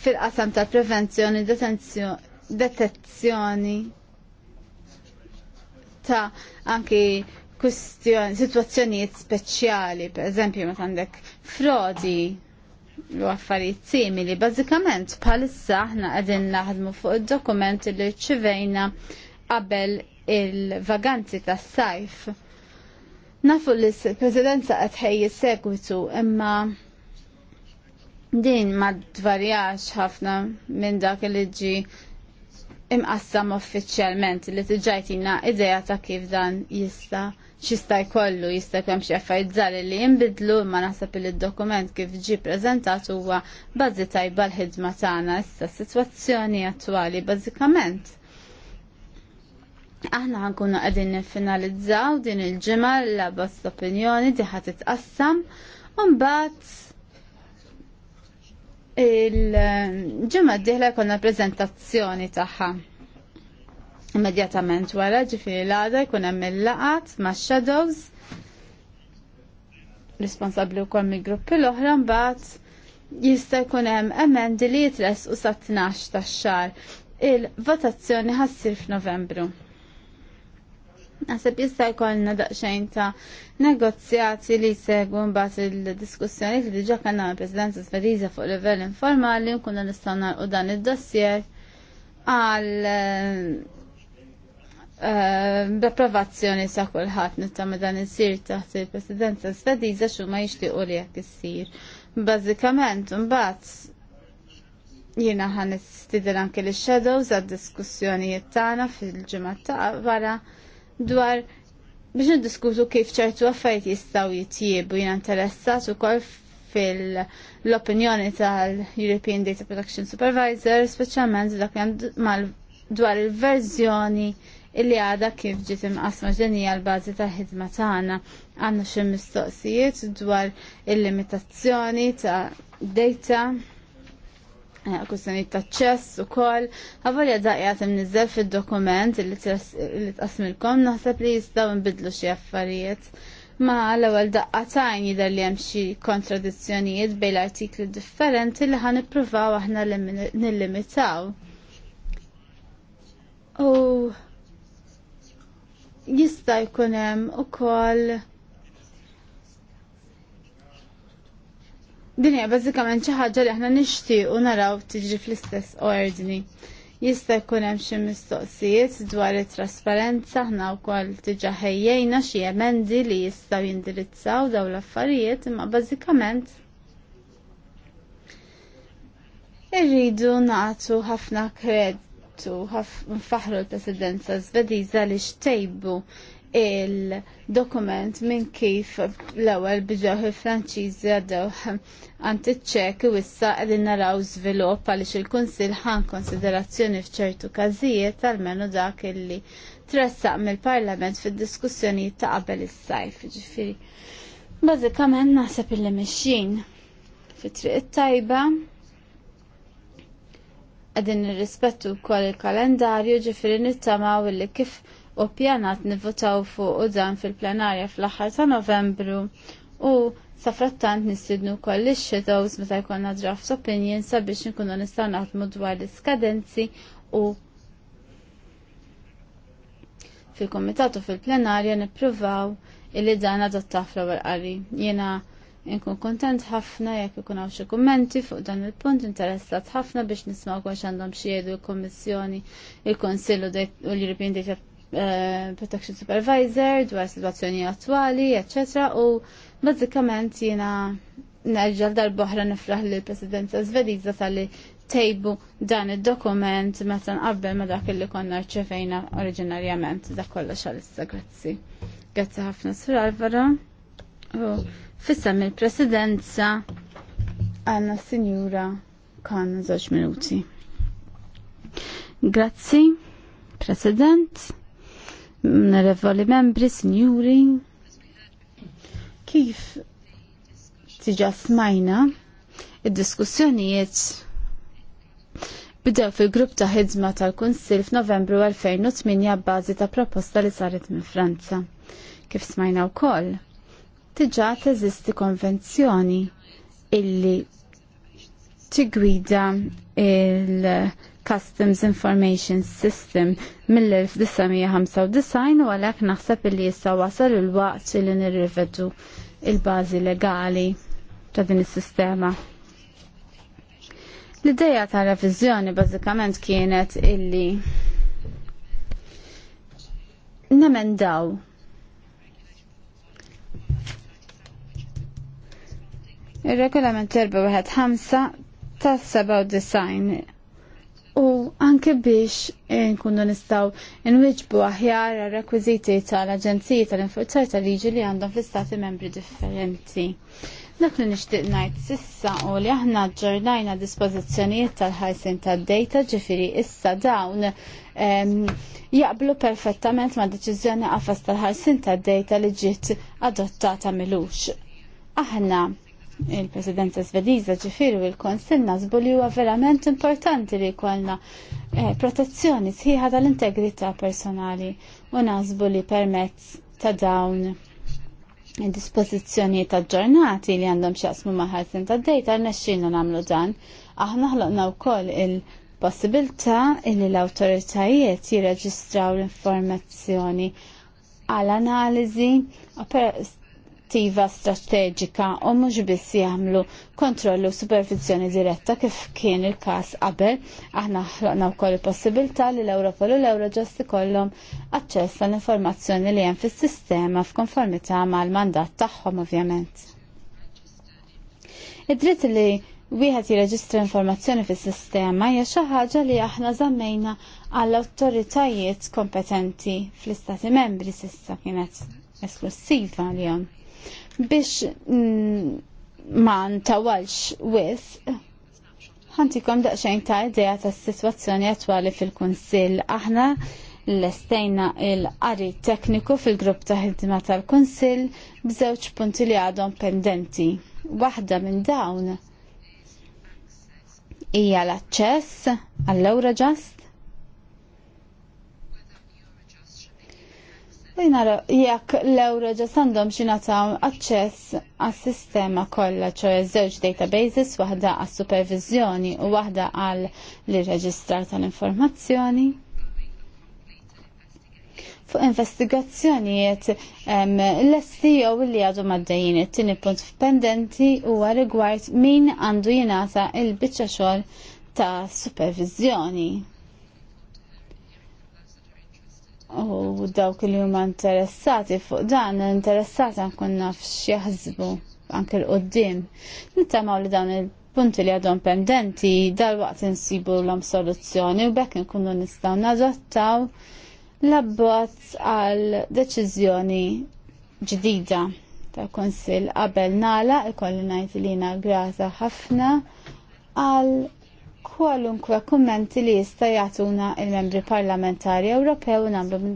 fil-qasam tal-prevenzjoni detezzjoni ta' anki kustjon, speċjali, per eżempju, ma għandek frodi u affarijiet simili, bażikament bħalissa aħna qegħdin naħdmu fuq id-dokument li rċivejna qabel il-vaganzi tas-sajf. Nafu li s-presidenza għatħej segwitu imma din ma dvarjax ħafna minn dak li ġi imqassam uffiċjalment li tiġajtina ideja ta' kif dan jista' xista' jkollu jista' kem xi affarijiet żali li jinbidlu imma naħseb li d-dokument kif ġi prezentat huwa bazzi tajba l-ħidma tagħna issa sitwazzjoni attwali bażikament. Aħna ħankunu qegħdin niffinalizzaw din il-ġimgħa l-abbozz opinjoni it titqassam u mbagħad il-ġemma d-dihla jkollna prezentazzjoni tagħha. Immedjatament wara ġifiri l-għada jkun hemm il-laqat ma' shadows responsabbli wkoll mill-gruppi l-oħra mbagħad jista' jkun hemm emendi li jitresqu sa' 12 tax-xahar. Il-votazzjoni ħassir f'Novembru. Naħseb jista' jkollna daqsxejn ta' negozjati li jsegwu mbagħad il-diskussjoni li diġà kellna mal-Presidenza Svediża fuq level informali nkunu nistgħu nagħlqu dan id-dossier għal eh, eh, b'approvazzjoni sa' kulħadd nittam dan il-sir taħt il-Presidenza Svediża x'huma u li jekk issir. Bażikament imbagħad jiena ħan istidel anke l-shadows għad-diskussjonijiet tagħna fil-ġimgħa ta' wara dwar biex diskutu kif ċertu affarijiet jistgħu jitjiebu jina interessat u kol fil-opinjoni tal-European Data Protection Supervisor, speċjalment dak dwar il-verżjoni illi għada kif ġiet imqasma ġenija l-bażi ta' ħidma tagħna. Għandna xi mistoqsijiet dwar il-limitazzjoni ta' data Eh, kustjoni ta'ċċess u kol, għavolja daqjat imnizzel fil-dokument li tqasmilkom naħseb li jistaw nbidlu xie affarijiet. Ma l-ewwel daqqatajn jidher li hemm xi kontradizzjonijiet bejn l-artikli differenti li ħan ippruvaw aħna nillimitaw. U jista' jkun hemm ukoll Dinja hija bażikament xi ħaġa li aħna nixtiequ naraw tiġri fl-istess ordni. Jista' jkun hemm xi mistoqsijiet dwar it-trasparenza aħna wkoll diġà ħejjejna xi emendi li jistgħu jindirizzaw dawn l-affarijiet imma bażikament irridu nagħtu ħafna kreditu ħafna faħru l-presidenza Svediża li xtejbu il-dokument minn kif l-ewwel biġaħ il-Franċiżi għaddew għand iċ u issa qegħdin naraw żvilupp għaliex il-Kunsill ħan konsiderazzjoni f'ċertu każijiet għalmenu dak illi tressaq mill-Parlament fid-diskussjonijiet ta' qabel is-sajf, ġifieri. Bażikament naħseb illi mexxin fit-triq it-tajba għadin nirrispettu kol il-kalendarju ġifiri nittamaw illi kif u pjanat nivvotaw fuq u dan fil-plenarja fl-aħħar ta' Novembru u safrattant nistidnu koll ix-shadows meta jkollna draft opinion sabiex nkunu nistgħu naħdmu dwar l-iskadenzi u fil-komitat u fil-plenarja nippruvaw illi dan adottaw fl-ewwel qari. Jiena nkun kontent ħafna jekk ikun hawn xi kummenti fuq dan il-punt interessat ħafna biex nisma' għax għandhom xi jgħidu l-Kummissjoni, il kunsill u l-European Data Eh, protection supervisor dwar situazzjoni attwali, etc. U bazzikament jina nerġal darboħra nifraħ li l-Presidenza Svediza tal-li tejbu dan il-dokument meta nqabbel ma dak li konna rċevejna oriġinarjament dak kolla għal-issa, grazzi. Grazzi ħafna Sur Alvaro. U Fissam il-presidenza għanna s-Sinjura kan zoċ minuti. Grazzi, President. Nerevoli membri, signori, kif tiġa smajna id-diskussjonijiet bidew fil-grupp ta' ħidma tal-Kunsil f'Novembru 2008 bbażi ta' proposta li saret minn Franza. Kif smajna wkoll, tiġa teżisti konvenzjoni illi tigwida il- Customs Information System mill-1995 u għalek naħseb li jissa wasal il-waqt li nirrivedu il-bazi legali ta' din is-sistema. L-ideja ta' revizjoni bażikament kienet illi nemendaw Il-regolament 415 ta' 97 u anke biex eh, nkunu nistaw nwieġbu aħjar rekwiziti tal-Aġenziji tal-Infurzar tal-Liġi li għandhom fl-Istati membri differenti. Dak li nixtieq ngħid sissa u li aħna ġġornajna dispożizzjonijiet tal-ħajsin tad-dejta ġifieri issa dawn ehm, jaqblu perfettament ma' deċiżjoni qafas tal-ħajsin tad-dejta li ġiet adottata milux. Aħna il-Presidenza svediza ġifiru il-Konsil nasbu li huwa verament importanti li jkollna eh, protezzjoni sħiħa tal-integrità personali u nasbu li permezz ta' dawn id-dispożizzjoni ta' ġornati li għandhom xasmu maħarsin ta' dejta għal-naxxina nagħmlu dan. Aħna ħloqna wkoll il-possibilità li l-awtoritajiet jirreġistraw l-informazzjoni għal analizi ...attiva strateġika u mhux biss jagħmlu kontrollu supervizjoni diretta kif kien il-każ qabel. Aħna ħloqna wkoll il-possibilità li l-Ewropa u l-Ewro ikollhom aċċess għall-informazzjoni li hemm fis-sistema f'konformità mal-mandat tagħhom ovvjament. Id-dritt li wieħed jirreġistra informazzjoni fis-sistema hija xi ħaġa li aħna żammejna għall awtoritajiet kompetenti fl-istati membri s'issa kienet esklusiva li hemm biex mm, ma ntawalx with ħantikom daqxajn ta' ideja ta' situazzjoni attwali fil-Kunsill. Aħna l-estejna il-qari tekniku fil-grupp ta' ħidma tal-Kunsill b'żewġ punti li għadhom pendenti. Waħda minn dawn hija l-aċċess għall-Eurojust Li jekk l-euro ġasandom xinataw aċċess għas-sistema kollha ċoħe żewġ databases, waħda għas-supervizjoni u waħda għal li reġistrar tal-informazzjoni. Fuq investigazzjonijiet l-esti jew li għadu maddejjin it-tieni punt pendenti huwa rigward min għandu jingħata il-biċċa xogħol ta' supervizjoni u dawk li huma interessati fuq dan interessati nkun naf x'jaħsbu anke l-qoddim. Nittamaw li dawn il-punti li għadhom pendenti dal-waqt insibu l soluzzjoni u bekk nkunu nistgħu nadottaw l-abbozz għal deċiżjoni ġdida tal-Konsil qabel nala ikolli ngħid li grata ħafna għal kwalunkwe kummenti li jista' jagħtuna il-membri parlamentari Ewropew nagħmlu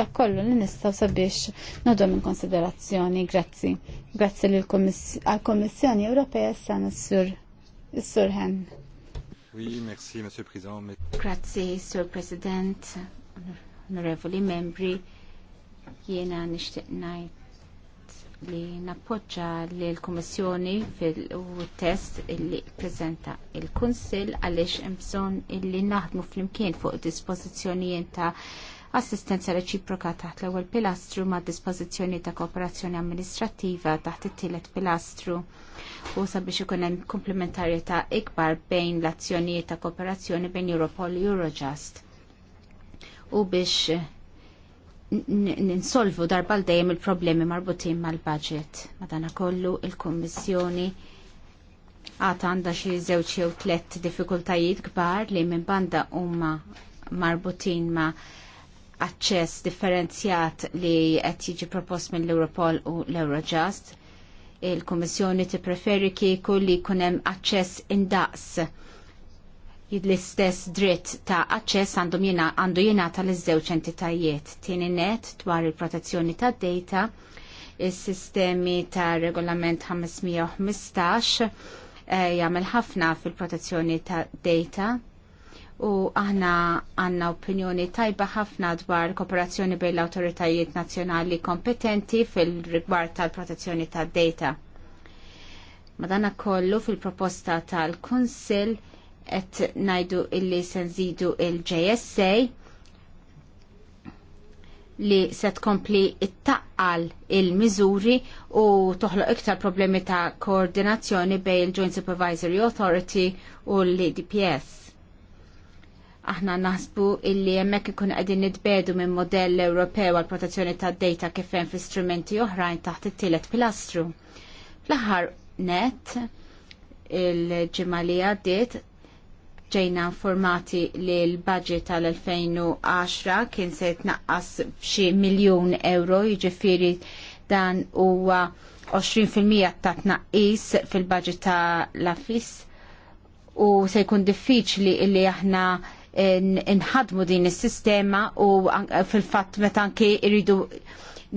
dak kollu li nistgħu sabiex nodhom minn konsiderazzjoni. Grazzi. Grazzi għall-Kummissjoni Ewropea s-sur s sur Hen. Oui, merci, Monsieur le Président. Grazzi, Sur President, onorevoli membri, jiena nixtieq ngħid li nappoġġa li l-Kummissjoni fil-test li prezenta il-Kunsil għaliex imson illi naħdmu fl-imkien fuq dispożizzjonijiet ta' assistenza reċiproka taħt l-ewwel pilastru ma' dispożizzjoni ta' kooperazzjoni amministrattiva taħt it-tielet pilastru u sabiex ikun hemm komplementarjetà ikbar bejn l-azzjonijiet ta' kooperazzjoni bejn Europol u Eurojust u biex ninsolvu darba dejjem il-problemi marbutin mal-budget. Madana kollu il-Kommissjoni għata għanda xi żewġ jew tlet diffikultajiet kbar li minn banda huma marbutin ma' aċċess differenzjat li qed jiġi propost mill-Europol u l-Eurojust il-Kommissjoni tippreferi kieku li jkun hemm aċċess indaqs l-istess dritt ta' aċċess għandhom jena għandu jena tal-iżewċ entitajiet. tini net dwar il-protezzjoni ta' data, il-sistemi ta' regolament 515 eh, jagħmel ħafna fil-protezzjoni ta' data u aħna għanna opinjoni tajba ħafna dwar kooperazzjoni bejn l-autoritajiet nazzjonali kompetenti fil-rigward tal-protezzjoni ta' data. Madana kollu fil-proposta tal-Kunsil qed ngħidu illi se nżidu il-JSA li se tkompli ittaqqal il-miżuri u toħloq iktar problemi ta' koordinazzjoni bejn il-Joint Supervisory Authority u l-DPS. Aħna naħsbu illi hemmhekk ikun qegħdin nitbedu minn modell Ewropew għal protezzjoni tad-data kif hemm fi strumenti oħrajn taħt it-tielet pilastru. L-aħħar net il-ġimgħa li għaddiet ġejna informati li l-budget tal-2010 kien se jitnaqqas b'xi miljun euro, jiġifieri dan huwa 20% ta' tnaqqis fil-budget tal-afis u se jkun diffiċli li aħna nħadmu din is-sistema u fil-fatt meta anke irridu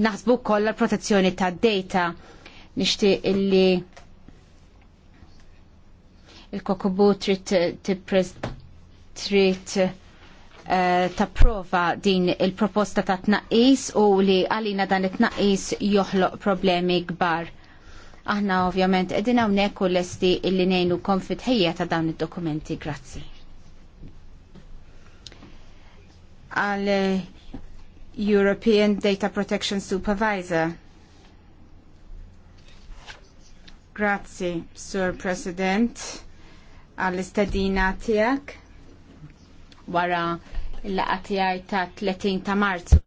naħsbu kollha protezzjoni tad-data nixtieq illi il-kokobu trid trit eh, ta' prova din il-proposta ta' tnaqqis u li għalina dan it-tnaqqis joħloq problemi kbar. Aħna ovvjament edina hawnhekk u lesti illi ngħinu konfit ħejja ta' dawn id-dokumenti. Grazzi. Għal eh, European Data Protection Supervisor. Grazzi, Sir President għall istadina tijak wara il-laqa tijaj ta' 30 ta' marzu.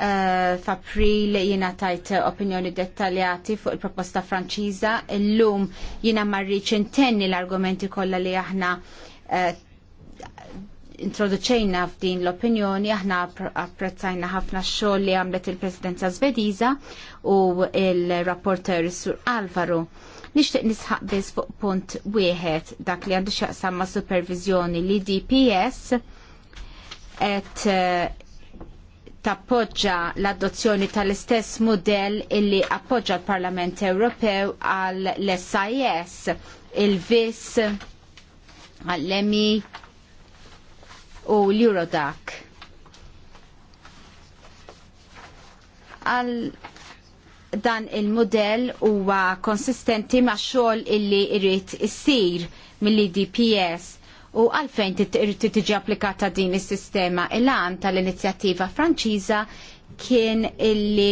Uh, F'April jiena tajt opinjoni dettaljati fuq il-proposta Franċiża. Illum jiena marriċ intenni l-argumenti kollha li aħna uh, introduċejna f'din l-opinjoni, aħna apprezzajna ħafna xogħol li għamlet il-Presidenza Svediża u il-rapporter Sur Alvaro. Nixtieq nisħaq biss fuq punt wieħed dak li għandu x'jaqsam ma' supervizjoni li DPS qed eh, tappoġġa l-adozzjoni tal-istess mudell illi appoġġa l-Parlament Ewropew għal l-SIS, il-VIS, għall-EMI, u l-Eurodac. Għal dan il-modell huwa konsistenti ma' xogħol illi irrid issir mill-IDPS u għalfejn tiġi applikata din is-sistema il-għan tal-inizjattiva Franċiża kien illi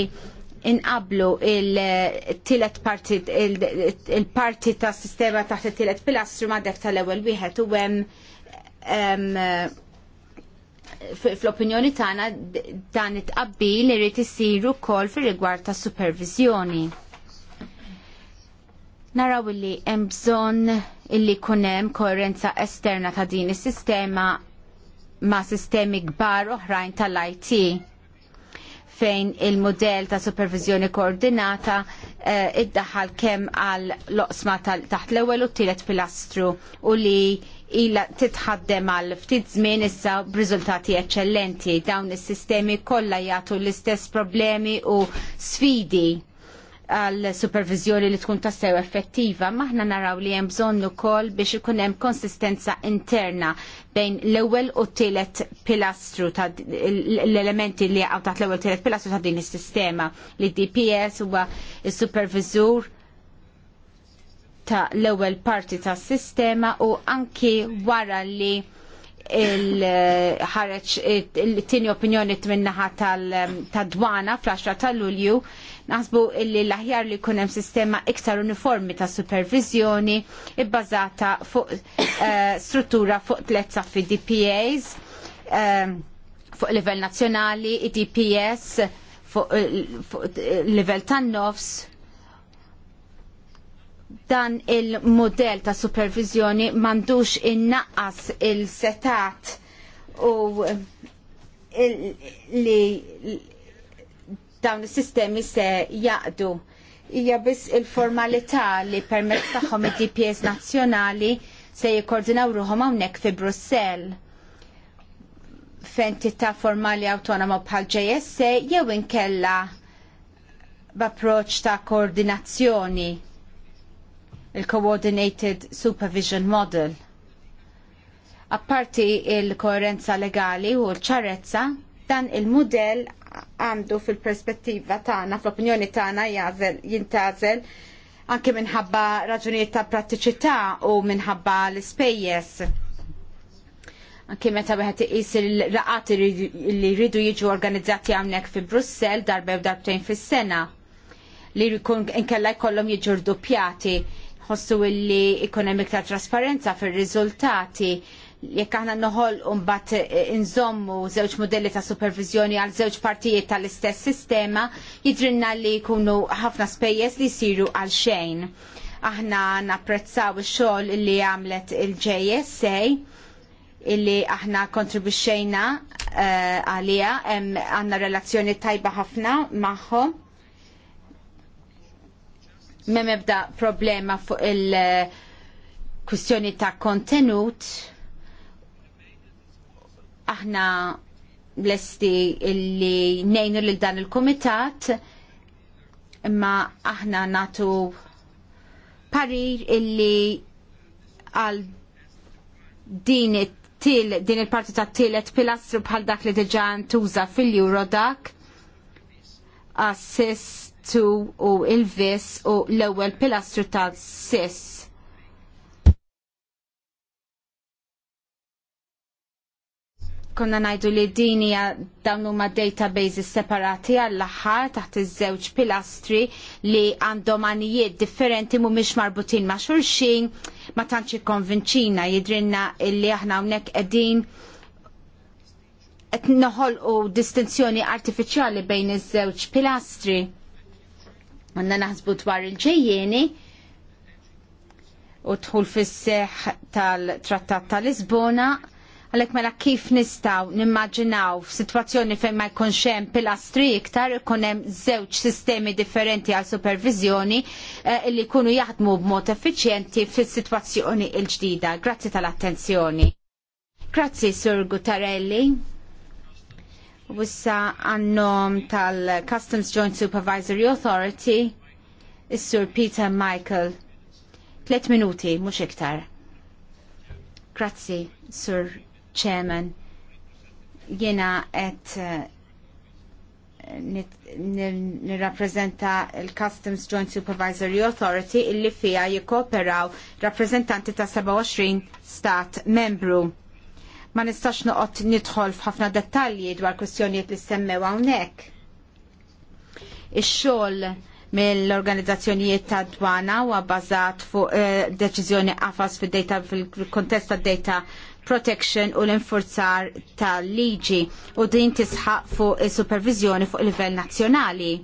inqablu il-tilet parti il-parti ta' sistema taħt it-tielet pilastru ma' def tal-ewwel wieħed u hemm fl-opinjoni tagħna dan it li rrid isiru wkoll fir-rigward ta' supervizjoni. Naraw li hemm bżonn illi jkun hemm koerenza esterna ta' din is-sistema ma' sistemi kbar oħrajn tal-IT fejn il-modell ta' supervizjoni koordinata eh, iddaħħal kemm għal loqsma taħt l-ewwel u t-tielet pilastru u li ila titħaddem għal ftit żmien issa b'riżultati eċċellenti. Dawn is-sistemi kollha jagħtu l-istess problemi u sfidi għal supervizjoni li tkun tassew effettiva, maħna naraw li hemm bżonn ukoll biex ikun hemm konsistenza interna bejn l-ewwel u t-tielet pilastru ta' l-elementi li għaw taħt l-ewwel tielet pilastru ta' din is-sistema. Li DPS huwa s-supervizur ta' l-ewwel parti tas sistema u anki wara li il-ħareċ il-tini opinjoni t-minnaħa tal-dwana fl-10 tal-Lulju, naħsbu illi l-aħjar li kunem sistema iktar uniformi ta' supervizjoni ibbażata fuq eh, struttura fuq tlet saffi DPAs eh, fuq livell nazzjonali, e DPS fuq eh, livell tan-nofs dan il-modell ta' supervizjoni mandux innaqqas il-setat u li dawn is-sistemi se jaqdu. Hija biss il-formalità li permezz tagħhom id-DPS nazzjonali se jikkoordinaw ruħom hawnhekk fi Brussell f'entità formali awtonoma bħal JSA jew inkella b'approċċ ta' koordinazzjoni il-Coordinated Supervision Model. Apparti il-koerenza legali u l-ċarezza, dan il-modell għandu fil-perspettiva tagħna, fl-opinjoni tagħna jintazel anke minħabba raġunijiet ta' prattiċità u minħabba l-ispejjeż. Anke meta wieħed iqis il raqati li jridu jiġu organizzati hawnhekk fi Brussell darba u darbtejn fis-sena li jkun inkella jkollhom jiġu rduppjati ħossu illi hemm iktar trasparenza fil-riżultati jekk aħna noħol mbagħad eh, inżommu żewġ modelli ta' supervizjoni għal żewġ partijiet tal-istess sistema jidrinna li jkunu ħafna spejjeż li jsiru għal xejn. Aħna napprezzaw ix-xogħol li għamlet il-JSA illi aħna kontribuxxejna eh, għalija hemm għandna relazzjoni tajba ħafna magħhom Mem ebda problema fuq il-kwistjoni ta' kontenut, aħna blesti illi nejnu lil dan il-komitat, imma aħna natu parir illi għal din din il-parti ta' tielet pilastru bħal dak li diġa ntuża fil-Eurodac assist tu u il-vis u l-ewwel pilastru tal-sis. konna najdu li dini dawn huma databases separati għall-aħħar taħt iż-żewġ pilastri li għandhom għanijiet differenti mhumiex marbutin ma' xulxin ma tantx ikkonvinċina jidrinna illi aħna hawnhekk qegħdin qed noħolqu distinzjoni artifiċjali bejn iż-żewġ pilastri għanna naħsbu dwar il-ġejjeni u tħul fis-seħ tal-Trattat tal-Lisbona għalek mela kif nistaw nimmaġinaw f'sitwazzjoni fejn ma jkunx hemm pilastri iktar ikun hemm żewġ sistemi differenti għal supervizjoni eh, li jkunu jaħdmu b'mod effiċjenti fis-sitwazzjoni l-ġdida. Grazzi tal-attenzjoni. Grazzi Sur Gutarelli wissa għannom tal-Customs Joint Supervisory Authority, is-Sur Peter Michael. Tlet minuti, mux iktar. Grazzi, Sur Chairman. Jena et eh, nirrapprezenta il-Customs Joint Supervisory Authority illi fija jikoperaw rappresentanti ta' 27 stat membru ma nistax noqgħod nidħol f'ħafna dettalji dwar kwistjonijiet li semmew hawnhekk. Ix-xogħol mill-organizzazzjonijiet ta' dwana huwa bbażat fuq eh, deċiżjoni qafas fid-data fil-kontest tad-data protection u l-infurzar tal-liġi u din tisħaq fuq is-supervizjoni fuq livell nazzjonali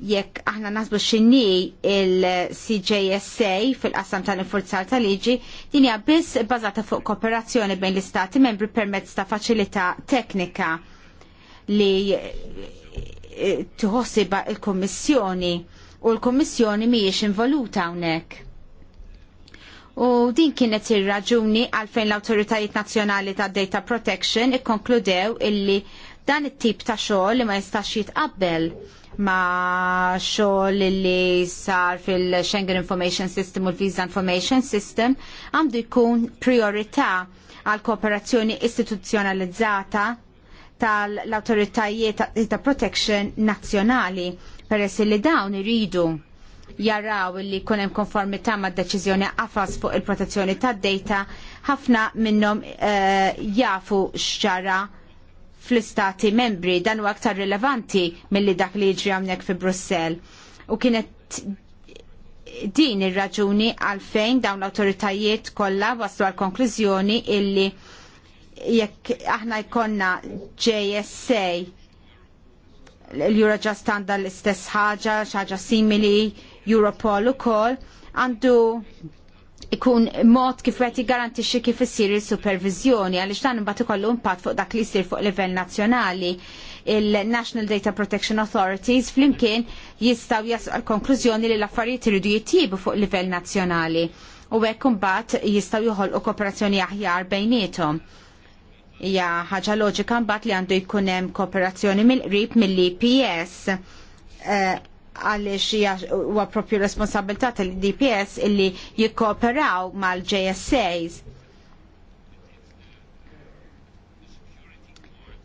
jekk aħna nasbu x'inhi il-CJSA fil-qasam tal-infurzar tal-liġi, din hija biss bbażata fuq kooperazzjoni bejn l-istati membri permezz ta' faċilità teknika li eh, tħossiba il-Kommissjoni u l-Kommissjoni mhijiex involuta hawnhekk. U din kienet ir-raġuni għalfejn l-Awtoritajiet Nazzjonali ta' Data Protection ikkonkludew illi dan it-tip ta' xogħol li ma jistax jitqabbel ma xogħol li sar fil-Schengen Information System u l-Visa Information System għandu jkun priorità għal kooperazzjoni istituzzjonalizzata tal-autoritajiet ta' protection nazzjonali peress li dawn iridu jaraw li jkun hemm ma' mad deċiżjoni qafas fuq il-protezzjoni tad data ħafna minnhom uh, jafu xġara fl-istati membri dan huwa aktar rilevanti milli dak li jiġri hawnhekk fi Brussell. U kienet din ir-raġuni għalfejn dawn l-awtoritajiet kollha waslu għal konklużjoni illi jekk aħna jkollna JSA l-Eurojust għandha l-istess ħaġa, ħaġa simili, Europol ukoll għandu ikun mod kif qed jiggarantixxi kif issir il-supervizjoni għaliex dan imbagħad ikollu impatt fuq dak li jsir fuq livell nazzjonali il-National Data Protection Authorities flimkien jistgħu jasqa l-konklużjoni li l-affarijiet iridu jittibu fuq livell nazzjonali u hekk imbagħad jistgħu joħolqu kooperazzjoni aħjar bejniethom hija ħaġa loġika mbagħad li għandu jkun hemm kooperazzjoni mill-qrib mill-EPS. Uh, eh, għaliex huwa propju responsabilità tal-DPS illi jikkooperaw mal-JSAs.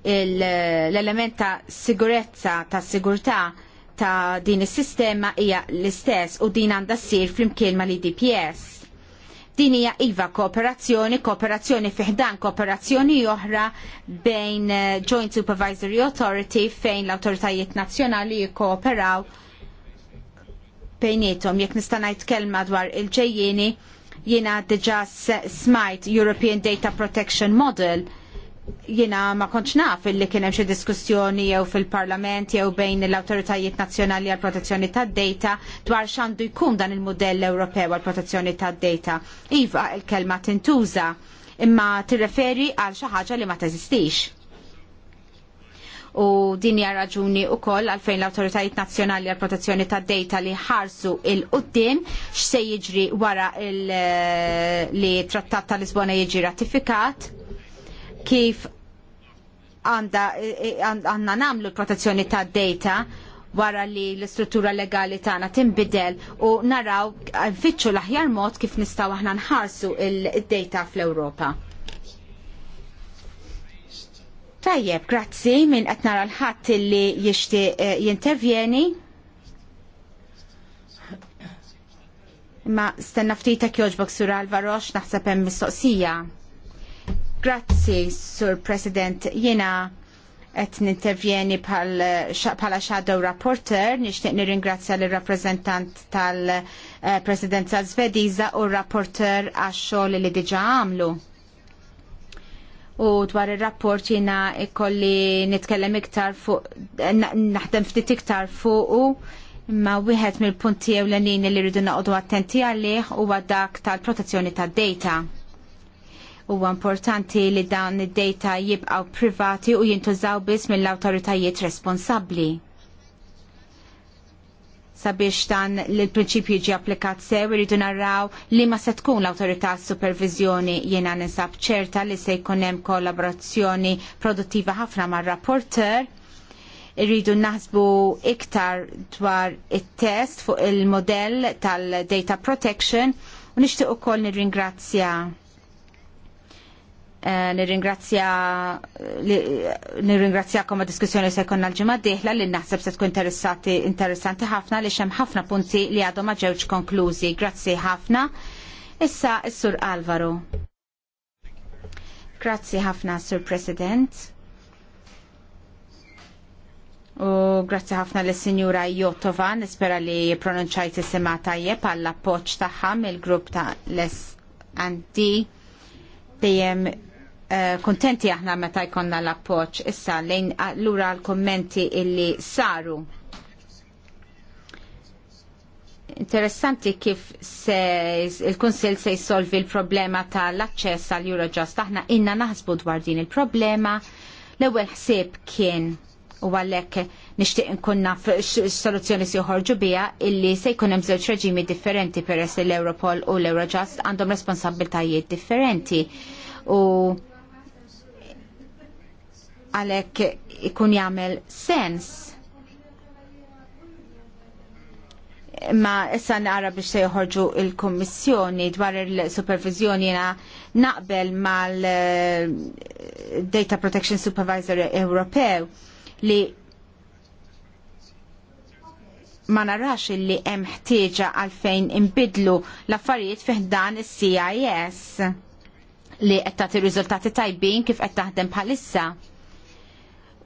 l-element ta' sigurezza, ta' sigurtà ta' din is-sistema hija l-istess u din għandha ssir flimkien mal idps Din hija iva kooperazzjoni, kooperazzjoni fiħdan, kooperazzjoni oħra bejn eh, Joint Supervisory Authority fejn l-autoritajiet nazzjonali jikkooperaw bejnietom. Jekk nista' ngħid kelma dwar il-ġejjieni, jiena diġà smajt European Data Protection Model jiena ma kontx naf illi kien hemm xi diskussjoni jew fil-Parlament jew bejn l-awtoritajiet nazzjonali għall protezzjoni tad-data dwar x'għandu jkun dan il-mudell Ewropew għall protezzjoni tad-data. Iva l kelma tintuża imma tirreferi għal xi ħaġa li ma teżistix u din hija raġuni wkoll għalfejn l-Awtoritajiet Nazzjonali għall Protezzjoni tad-Dejta li ħarsu il qudiem x'se jiġri wara eh, li trattat ta' Lisbona jiġi ratifikat kif għandna eh, eh, nagħmlu l-protezzjoni tad-dejta wara li l-istruttura legali tagħna tinbidel u naraw nfittxu l-aħjar mod kif nistgħu aħna nħarsu il-data fl-Ewropa. Tajjeb, grazzi minn qed nara l-ħadd illi jixtieq eh, jintervjeni. Ma stenna ftitek jogħġbok sur Alvarox naħseb hemm mistoqsija. Grazzi, Sur President, jiena qed nintervjeni bħala shadow rapporter, nixtieq nirringrazzja lir rappreżentant tal-Presidenza eh, Svediża u r rapporter għax-xogħol li diġà għamlu u dwar il-rapport jina ikolli nitkellem iktar fuq, naħdem ftit iktar fuq ma wieħed mill-punti ewlenin li rridu naqdu attenti għalih huwa dak tal-protezzjoni tad-data. Huwa importanti li dawn id-data jibqgħu privati u jintużaw biss mill-awtoritajiet responsabbli sabiex dan li l-prinċipju ġi applikat sew irridu narraw li ma se tkun l-autorità supervizjoni jiena nisab ċerta li se jkun hemm kollaborazzjoni produttiva ħafna mar-rapporter irridu naħsbu iktar dwar it-test fuq il-modell tal-data protection u nixtieq ukoll nirringrazzja Eh, nirringrazzjakom għad diskussjoni se jkollna l-ġimgħa d-dieħla li naħseb se tkun interessanti interessanti ħafna li hemm ħafna punti li għadhom ma ġewx konklużi. Grazzi ħafna. Issa s-Sur Alvaro. Grazzi ħafna, Sur President. U grazzi ħafna l sinjura Jotova, nispera li pronunċajt is-sema tajjeb għall appoġġ tagħha mill-grupp ta' Les Anti dejjem Eh, kontenti aħna meta jkonna l-appoċ issa lejn lura l-kommenti illi saru. Interessanti kif se il-Kunsil se jissolvi l-problema tal-aċċess għal Eurojust. Aħna inna naħsbu dwar din il-problema. L-ewwel ħsieb kien u għalhekk nixtieq nkunna naf soluzzjoni se joħorġu biha illi se jkun hemm żewġ reġimi differenti peress l-Europol u l-Eurojust għandhom responsabbiltajiet differenti. U għalhekk ikun jagħmel sens ma issa nara biex se joħorġu il-Kommissjoni dwar il-supervizjoni na naqbel mal eh, Data Protection Supervisor Ewropew li ma narax li hemm ħtieġa għalfejn imbidlu l-affarijiet fih dan is-CIS li qed tagħti riżultati tajbin kif qed taħdem bħalissa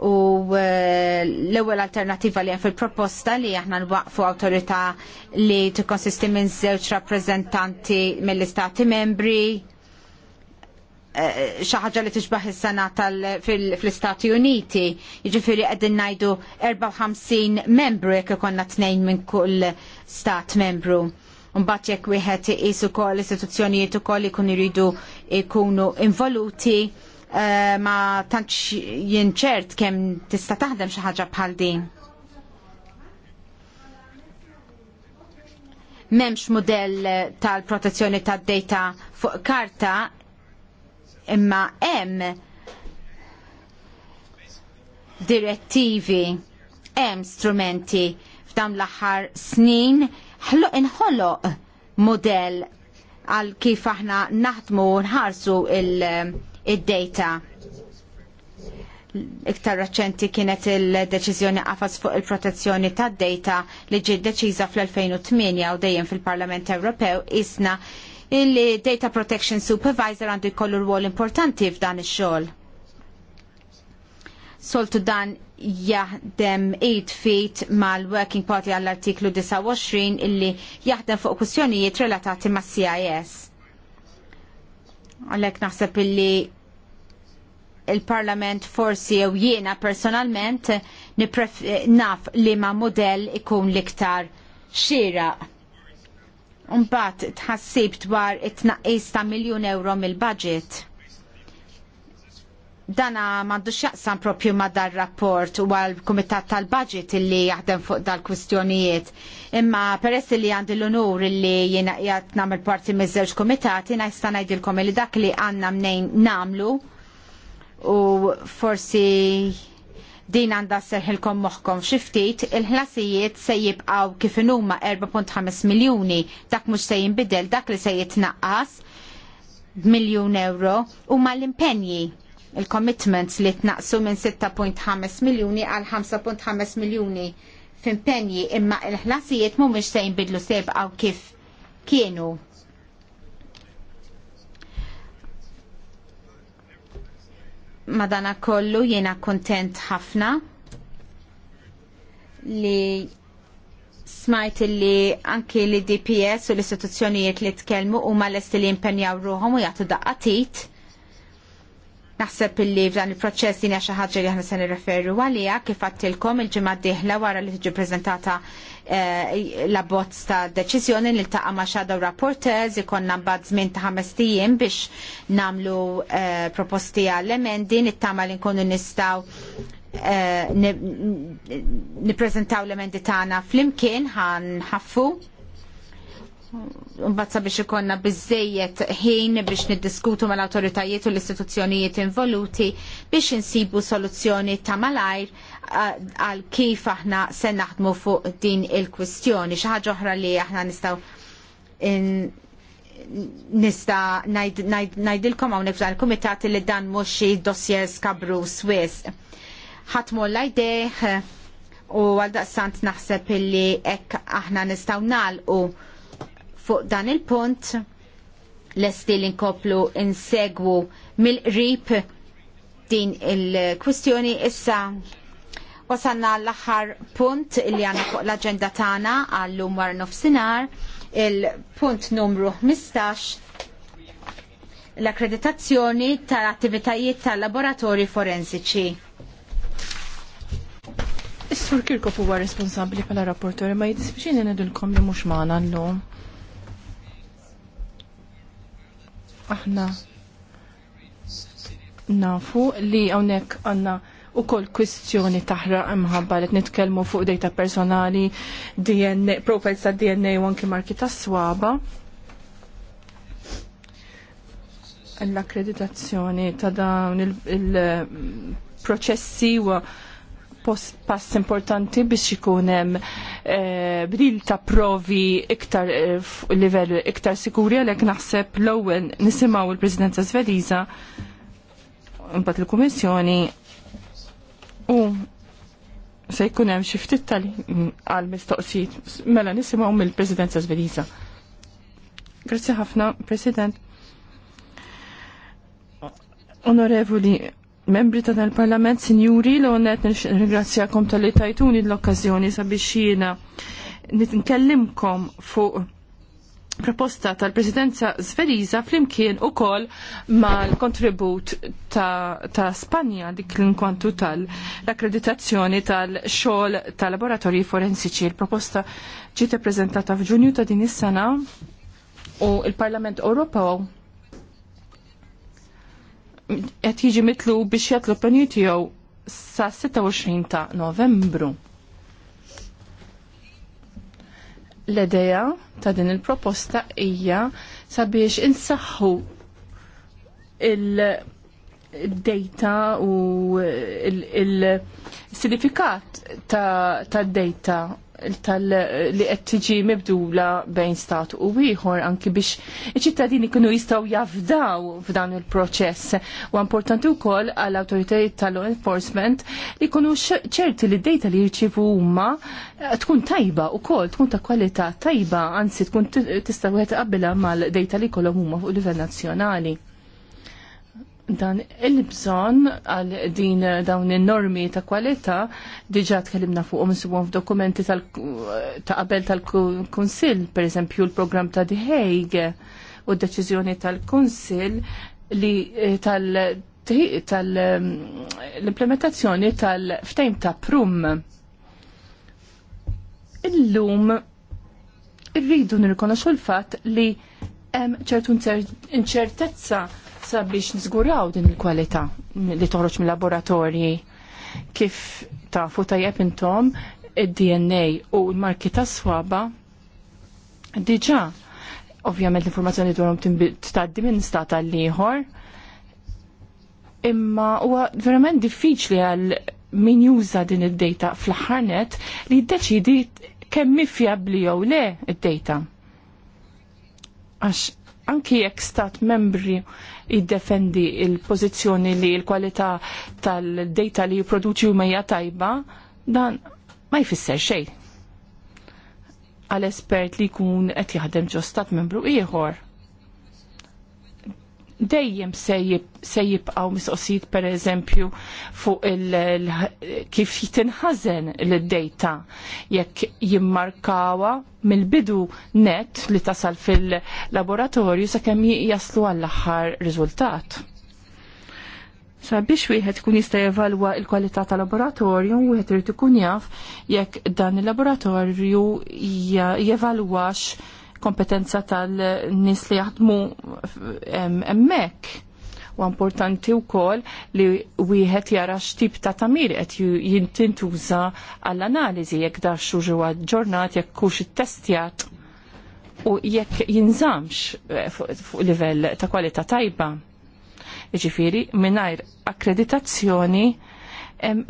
u eh, l-ewwel alternattiva li hemm fil-proposta li aħna nwaqfu awtorità li tikkonsisti minn żewġ rappreżentanti mill-istati membri eh, xi ħaġa li tixbaħ is-senat fl-Istati Uniti. Jiġifieri qegħdin ngħidu 54 membru jekk ikonna tnejn minn kull stat membru. Mbagħad jekk wieħed iqisu l istituzzjonijiet ukoll ikun iridu jkunu involuti Eh, ma tantx jinċert kemm tista' taħdem xi ħaġa bħal din. M'hemmx mudell tal-protezzjoni tad-data fuq karta imma hemm direttivi hemm strumenti f'dawn l-aħħar snin ħloq inħoloq model għal kif aħna naħdmu nħarsu il- id-data iktar reċenti kienet il-deċizjoni qafas fuq il-protezzjoni tad data li ġiet deċiża fl-2008 u dejjem fil-Parlament Ewropew isna il-Data Protection Supervisor għandu jkollu rwol importanti f'dan ix-xogħol. Soltu dan jaħdem 8 fit mal-Working Party għall-artiklu 29 illi jaħdem fuq kwistjonijiet relatati mas-CIS. Għalhekk naħseb illi il-Parlament forsi jew jiena personalment naf li ma model ikun liktar xira. Unbat tħassib dwar it-tnaqqis ta' miljun euro mill-budget. Dana mandu xaqsan propju ma dar rapport u għal kumitat tal-budget illi jaħdem fuq dal-kwistjonijiet. Imma peress li għandi l-onur illi jena jgħat namil parti mizzewġ kumitat, jena jista najdilkom illi dak li għanna mnejn namlu u forsi din għanda moħħkom moħkom xiftit, il-ħlasijiet se jibqaw kif huma 4.5 miljoni, dak mux se jinbidel, dak li se jitnaqqas miljon euro, u ma l-impenji il-commitments li tnaqsu minn 6.5 miljoni għal 5.5 miljoni f'impenji imma il-ħlasijiet mhumiex se jinbidlu se jibqaw kif kienu. madana kollu jiena kontent ħafna li smajt li anki li DPS u l-istituzzjonijiet li tkellmu u ma l-est li jimpenjaw ruħom u jgħatu daqqatit Naħseb illi f'dan il-proċess din xi ħaġa li aħna se nirreferu għaliha kif għattilkom il-ġimgħa d-dieħla wara li tiġi preżentata eh, l bozz ta' deċiżjoni li taqa' ma' shadow rapporteurs ikonna mbagħad żmien ta' ħames tiem biex nagħmlu eh, proposti għall emendi nittama li nkunu nistgħu eh, nippreżentaw l-emendi tagħna flimkien ħan ħaffu Mbazza biex ikonna bizzejiet ħin biex niddiskutu mal autoritajiet u l-istituzzjonijiet involuti biex insibu soluzzjoni ta' malajr għal kif aħna se naħdmu fuq din il-kwistjoni. ħaġa oħra li aħna nistaw nista najdilkom għawnek f'dan komitati li dan mux dossier skabru Swiss. ħatmu l-ajdeħ u għal daqsant naħseb illi ek aħna nistaw u fuq dan il-punt lesti li nkoplu insegwu mill-qrib din il-kwistjoni issa wasanna l-aħħar punt li għanna fuq l-agenda tagħna għallum war nofsinhar il-punt numru 15 l-akkreditazzjoni tal-attivitajiet tal-laboratori forensiċi. Is-sur Kirkov huwa responsabbli bħala rapportori ma jidisfiċini nedilkom li mhux magħna llum. aħna nafu li hawnhekk għandna u kol kwistjoni taħra imħabba li nitkelmu fuq data personali, DNA, profiles ta' DNA u anki marki ta' swaba. L-akkreditazzjoni ta' dawn il-proċessi il mm, u pass importanti biex ikun hemm eh, bdil ta' provi iktar eh, livell iktar sikuri għalhekk naħseb l-ewwel nisimgħu il-Presidenza Svediża imbagħad il-Kummissjoni u se jkun hemm xi ftit tal għal mistoqsijiet mela nisimgħu mill-Presidenza Svediża. Grazzi ħafna, President. Onorevoli membri ta' tal-Parlament, sinjuri, l għonet ringrazzjakom tal-li tajtuni l-okkazjoni sabiex jiena nitkellimkom fuq proposta tal-Presidenza Zveriza flimkien u kol mal-kontribut ta', ta Spanja dik l-inkwantu tal-akkreditazzjoni tal-xol tal-laboratorji forensiċi. Il-proposta ġiet prezentata f'Ġunju ta' din is-sena u il-Parlament Ewropew qed jiġi mitlu biex jagħtlu penju tiegħu sa 26 ta' Novembru. L-idea ta' din il-proposta hija sabiex insaħħu il-data u il-sinifikat ta' data li qed tiġi mibdula bejn stat u ieħor anki biex iċ-ċittadini kienu jistgħu jafdaw f'dan il-proċess. U importanti wkoll għall awtoritajiet tal-law enforcement li jkunu ċerti li d-dejta li jirċivu huma eh, tkun tajba wkoll tkun ta' kwalità tajba, anzi tkun tista' wieħed qabbilha mal-dejta li jkollhom huma fuq livell nazzjonali dan il-bżon għal din dawn il-normi ta' kwalità diġa tkellimna fuq nsibuhom f'dokumenti ta' qabel tal-Kunsill, per l-programm ta' The Hague u d-deċiżjoni tal-Kunsill li eh, tal-implementazzjoni tal-ftejm ta' prum. Illum irridu nirkonoxu l-fatt li hemm ċertu inċertezza sabiex nżguraw din il-kwalità li toħroġ mill-laboratorji kif tafu tajjeb intom id-DNA u l-marki ta' swaba diġa ovvjament l-informazzjoni dwarhom tgħaddi minn stat għal ieħor imma huwa verament diffiċli għal min juża din id-data fl-ħarnet li jiddeċidi kemm mifjabli jew le id-data. Għax anki jekk stat membri jiddefendi il-pozizjoni li l-kwalità tal-data li jipproduċi hija tajba, dan ma jfisser xejn għal espert li jkun qed jaħdem ġo stat membru ieħor dejjem se jibqaw mistoqsijiet per eżempju fuq kif jitinħazen l-data jekk jimmarkawa mill-bidu net li tasal fil-laboratorju sakemm jaslu għall-aħħar riżultat. Sabiex wieħed kun jista' jevalwa l-kwalità tal-laboratorju, wieħed irid ikun jaf jekk dan il-laboratorju jevalwax kompetenza tal-nis li jaħdmu emmek. U importanti wkoll li wieħed jara x'tip ta' tamir qed jintintuża għall-analiżi jekk dar ġewwa ġurnat jekk hux ittestjat u jekk jinżamx eh, fuq livell ta' kwalità tajba. Iġifieri mingħajr akkreditazzjoni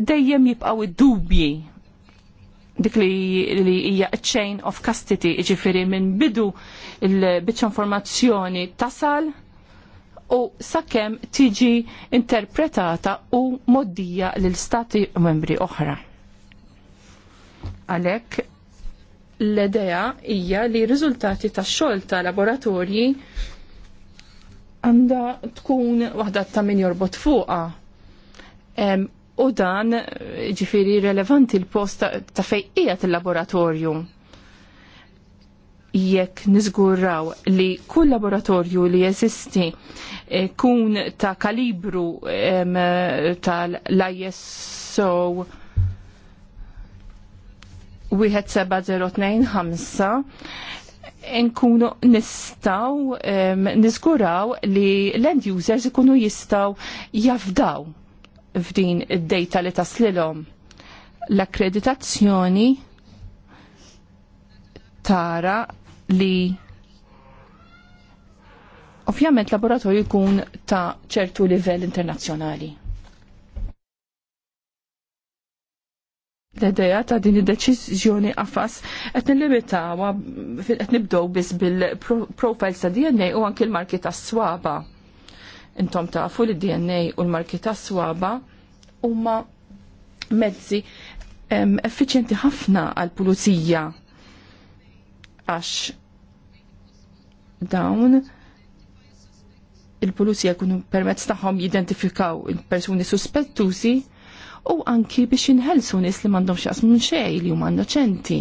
dejjem jibqgħu id-dubji dik li hija chain of custody, ġifiri minn bidu il-bicċa informazzjoni tasal u sakemm tiġi interpretata u moddija lil stati membri oħra. Għalhekk l-idea hija li riżultati tax-xogħol ta' laboratorji għandha tkun waħda ta' min jorbot fuqha u dan ġifiri relevanti l-post ta' fejqijat il-laboratorju. Jekk nizgurraw li kull laboratorju li jeżisti eh, kun ta' kalibru tal-ISO 17025 nkunu nistaw nizguraw li l-end users ikunu jistaw jafdaw f'din id-data li taslilhom. L-akkreditazzjoni tara li ovvjament laboratorju jkun ta' ċertu livell internazzjonali. L-ideja ta' din id-deċiżjoni qafas qed nillimitawa qed nibdew biss bil-profiles ta' DNA u anke l-marki tas-swaba Intom tafu li DNA u l-marki ta' swaba huma mezzi effiċjenti ħafna għal pulizija għax dawn il-pulizija kunu permezz tagħhom jidentifikaw il-persuni suspettużi u anki biex inħelsu nies li mandom x'jaqsmu minn xejn li huma innoċenti.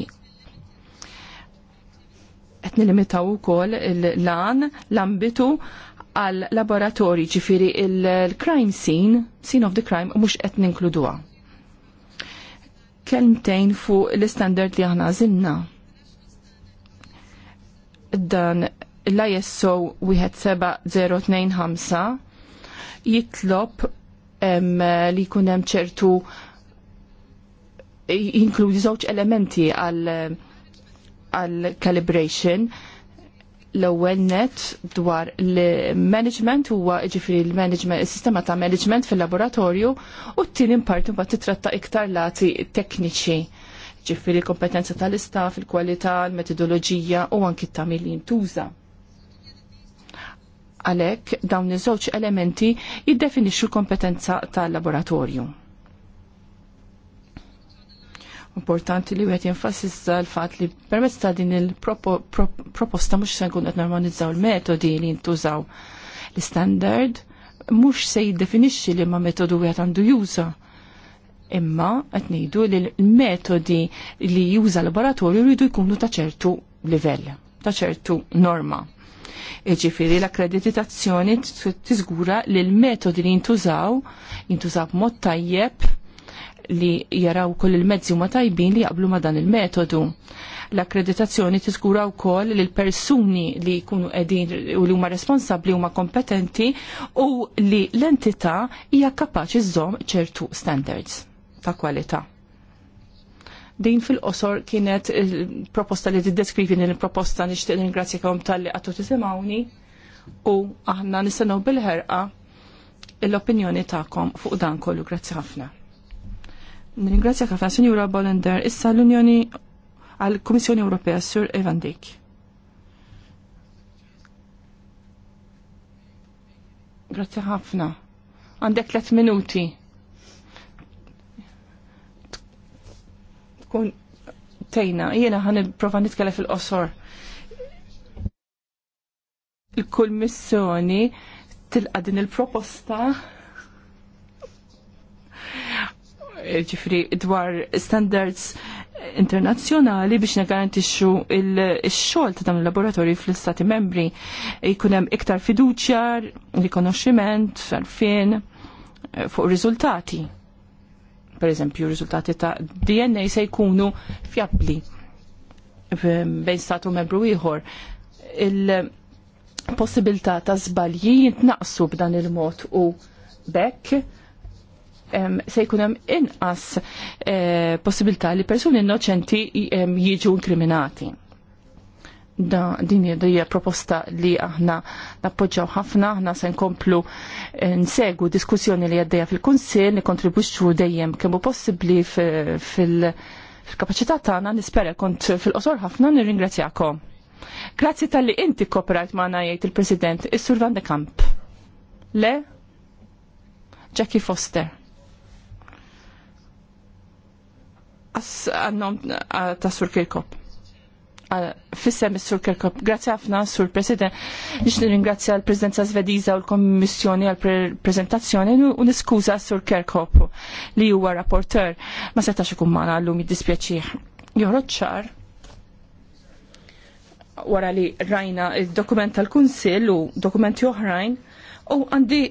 Qed nilimitaw ukoll l-lan, l-ambitu għal laboratori ġifiri il-crime scene, scene of the crime, mux qed ninkluduha. Kelmtejn fuq l-standard li aħna zinna. Dan l-ISO 17025 jitlob li kunem ċertu jinkludi żewġ elementi għal għal calibration l-ewwel net dwar l-management huwa ġifieri l-management is-sistema ta' management fil-laboratorju u t-tieni part mbagħad titratta iktar lati tekniċi ġifieri kompetenza tal-istaff, il-kwalità, l-metodoloġija u anki t-tagħmil li jintuża. Għalhekk dawn iż-żewġ elementi jiddefinixxu l kompetenza tal-laboratorju. Importanti li wieħed jenfasizza l-fatt li permezz ta' din il-proposta mhux se nkun qed normalizzaw il-metodi li jintużaw. L-standard mhux se jiddefinixxi li ma' metodu wieħed għandu juża. Imma qed ngħidu li l-metodi li juża l-laboratorju jridu jkunu ta' ċertu livell, ta' ċertu norma. Iġifiri l-akkreditazzjoni tiżgura li l-metodi li jintużaw jintużaw b'mod tajjeb li jaraw kull il-mezzi huma tajbin li jaqblu ma dan il-metodu. L-akkreditazzjoni tiżgura wkoll li l-persuni li jkunu qegħdin u li huma responsabbli huma kompetenti u li l-entità hija kapaċi żżomm ċertu standards ta' kwalità. Din fil-qosor kienet il-proposta li tiddeskrivi din il-proposta nixtieq ningrazzjakom tal-li għattu tisimgħuni u aħna nistennew bil-ħerqa l-opinjoni tagħkom fuq dan kollu. Grazzi ħafna. Nirringrazzja ħafna Sinjura Bolender, issa l-Unjoni għal-Kummissjoni Ewropea Sur Evan Dick. Grazzi ħafna. Għandek tliet minuti. Tkun tejna, jiena ħan prova nitkellem fil-qosor. Il-kull missjoni tilqa din il-proposta ġifri dwar standards internazzjonali biex negarantixxu il-xogħol ta' dawn il-laboratorji fl-istati membri jkun hemm iktar fiduċja, rikonoxximent, għalfejn eh, fuq riżultati. Per eżempju, riżultati ta' DNA se jkunu fjabbli bejn statu membru ieħor. Il-possibilità ta' żbalji jintnaqsu b'dan il-mod u bekk se jkun hemm inqas uh, possibilità li persuni innoċenti jiġu inkriminati. Da, din hija proposta li aħna nappoġġaw ħafna, aħna se nkomplu eh, nsegu diskussjoni li għaddejja fil-Kunsill, nikontribwixxu dejjem kemm possibbli fil-kapaċità tagħna nispera kont fil-qosor ħafna nirringrazzjakom. Grazzi tal-li inti kooperajt magħna jgħid il-President, is-Sur Van de Kamp. Le? Jackie Foster. għannom ta' Sur Kirkop. Fissem Sur Kirkop. Grazie għafna, Sur President. Nixni ringrazzja l-Presidenza Svediza u l-Kommissjoni għal-prezentazzjoni u niskuza Sur Kirkop li huwa rapporter. Ma setax ikun maħna għallum jiddispjaċiħ. Joħroċ ċar wara li rajna il-dokument tal-Kunsill u dokumenti oħrajn u għandi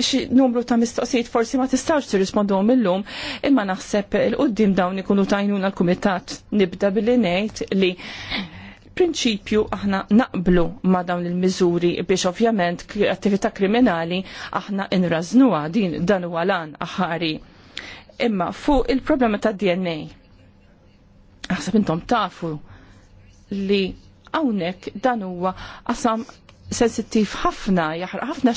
xi numru ta' mistoqsijiet forsi ma tistax għom illum, imma naħseb il-qoddim dawn ikunu tajnuna l-kumitat nibda billi ngħid li prinċipju aħna naqblu ma dawn il-miżuri biex ovvjament attività kriminali aħna inraznuha din dan huwa lan aħari. Imma fuq il-problema ta' DNA. Aħseb intom tafu li hawnhekk dan huwa qasam sensittiv ħafna, jaħraq ħafna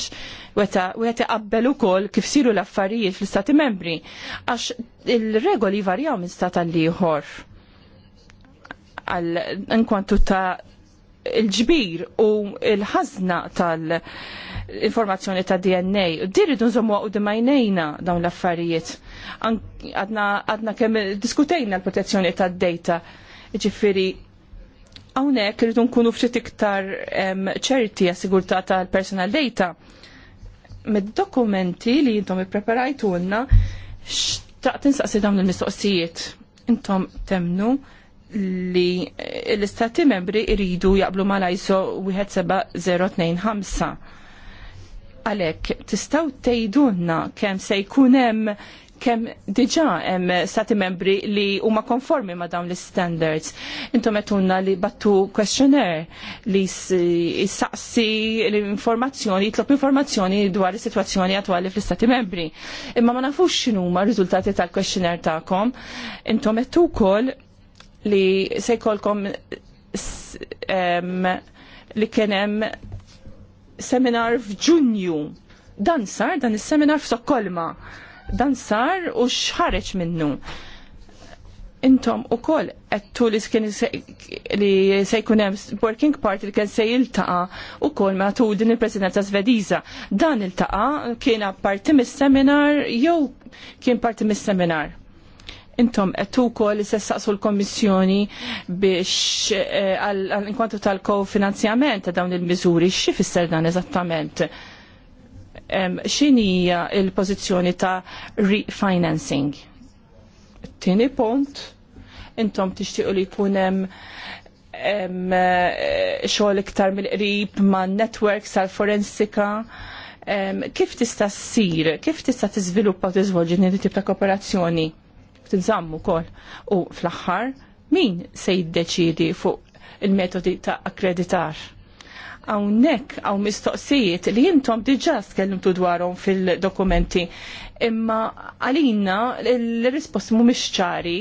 weta weta qabbel ukoll kif siru l-affarijiet fl-istati membri għax il-regoli varjaw minn stat għal ieħor għal ta' il-ġbir u il-ħazna tal-informazzjoni ta' DNA. Diri dunżomu għu d-majnejna dawn l-affarijiet. Għadna kemm diskutejna l-protezzjoni ta' data ġifiri Hawnhekk irridu nkunu ftit iktar ċerti għas-sigurtà tal-personal data. Mid-dokumenti li jintom ippreparajtunna xtaqt nsaqsi dawn il-mistoqsijiet. Intom temnu li eh, l-istati membri iridu jaqblu ma lajso 17025. Għalek, tistaw tejdunna kem se jkunem kem diġa hemm stati membri li huma konformi ma dawn l-standards. Intom għetunna li battu questionnaire li jissaqsi l-informazzjoni, jitlop informazzjoni dwar is-sitwazzjoni attwali fl-istati membri. Imma ma nafux x'inhuma r-riżultati tal-questionnaire tagħkom. Intom qed kol li se jkollkom li kien hemm seminar f'Ġunju. Dan sar dan is-seminar f'Stokkolma dan sar u xħareġ minnu. Intom u koll għettu li kien li se jkun hemm working party li kien se jiltaqa' ukoll matul din il-Presidenza Svediza. Dan iltaqa' kien parti mis-seminar jew kien parti mis-seminar intom qed li se saqsu l-Kommissjoni biex għal inkwantu tal-kofinanzjament ta' dawn il-miżuri xi fisser dan eżattament xinija il-pozizjoni ta' refinancing. Tini punt, intom tixtiqu li kunem eh, xogħol iktar mill-qrib ma' networks tal-forensika. Kif tista' ssir, kif tista' tiżviluppa u tiżvolġi din tip ta' kooperazzjoni? Tinżammu kol. U fl-aħħar, min se jiddeċidi fuq il-metodi ta' akkreditar? hawnhekk hawn mistoqsijiet li intom diġà tkellimtu dwarhom fil-dokumenti. Imma għalina l rispost mhumiex ċari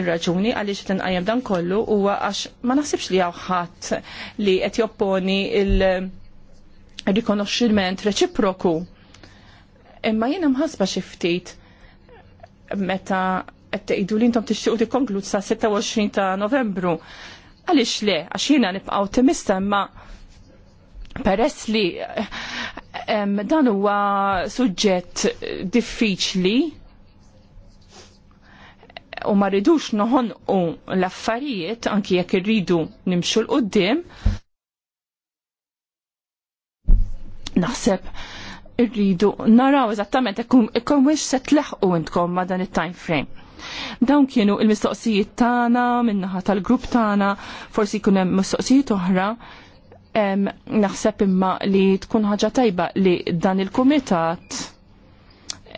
ir-raġuni għaliex qed dan kollu huwa għax ma naħsibx li għawħat li qed jopponi il-rikonoxximent reċiproku. Imma jiena mħasba xi ftit meta qed tgħidu li intom tixtiequ tikkonkludu sa 26 ta' Novembru Għaliex le, għax jiena nibqa' ottimista imma peress li dan huwa suġġett diffiċli u ma rridux noħonqu l-affarijiet anki jekk irridu nimxu l qudiem naħseb irridu naraw eżattament ikun wiex se tleħqu intkom ma' dan it-time frame. Dawn kienu il-mistoqsijiet tagħna min-naħa tal-grupp tagħna, forsi jkun hemm mistoqsijiet oħra. Naħseb imma li tkun ħaġa tajba li dan il-kumitat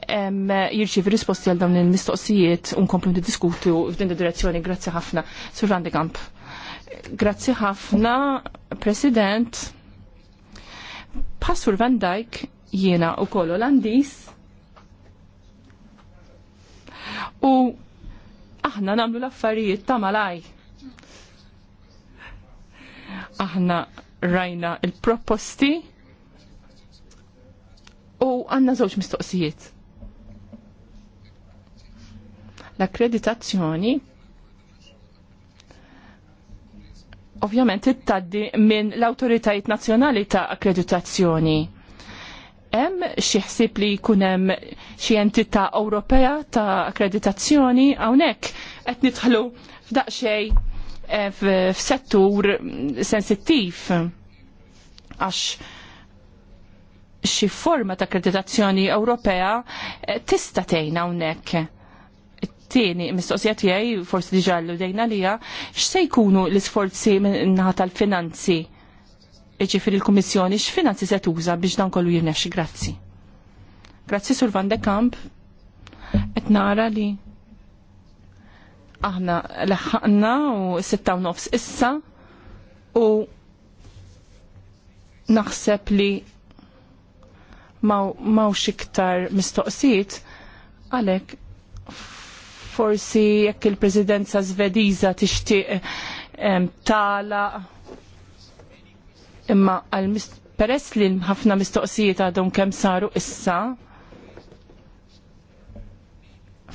jirċiv risposti għal dawn il-mistoqsijiet unkomplu diskutu f'din direzzjoni. Grazzi ħafna. Sur Randekamp. Grazzi ħafna, President. Passur Van Dijk, jiena u koll Olandis U aħna namlu l-affarijiet ta' malaj. Aħna rajna il-proposti u għanna żewġ mistoqsijiet. L-akkreditazzjoni ovvjament it-taddi minn l-autoritajiet nazzjonali ta' akkreditazzjoni hemm xi ħsieb li jkun hemm xi entità Ewropea ta' akkreditazzjoni hawnhekk qed nidħlu f'daqsxejn eh, f'settur sensittiv għax xi forma ta' akkreditazzjoni Ewropea eh, tista' tgħin hawnhekk tieni mistoqsija tiegħi forsi diġà l dejna lija x'se jkunu l-isforzi minnaħa tal-finanzi ġifir il-Kummissjoni x'finanzi se tuża biex dan kollu jirnexxi. Grazzi. Grazzi Sur Van de Kamp. Qed nara li aħna leħħaqna u sitta u nofs issa u naħseb li mawx iktar mistoqsijiet għalek forsi jekk il-Presidenza Svediża tixtieq tala Imma għal peress li ħafna mistoqsijiet għadhom kemm saru issa,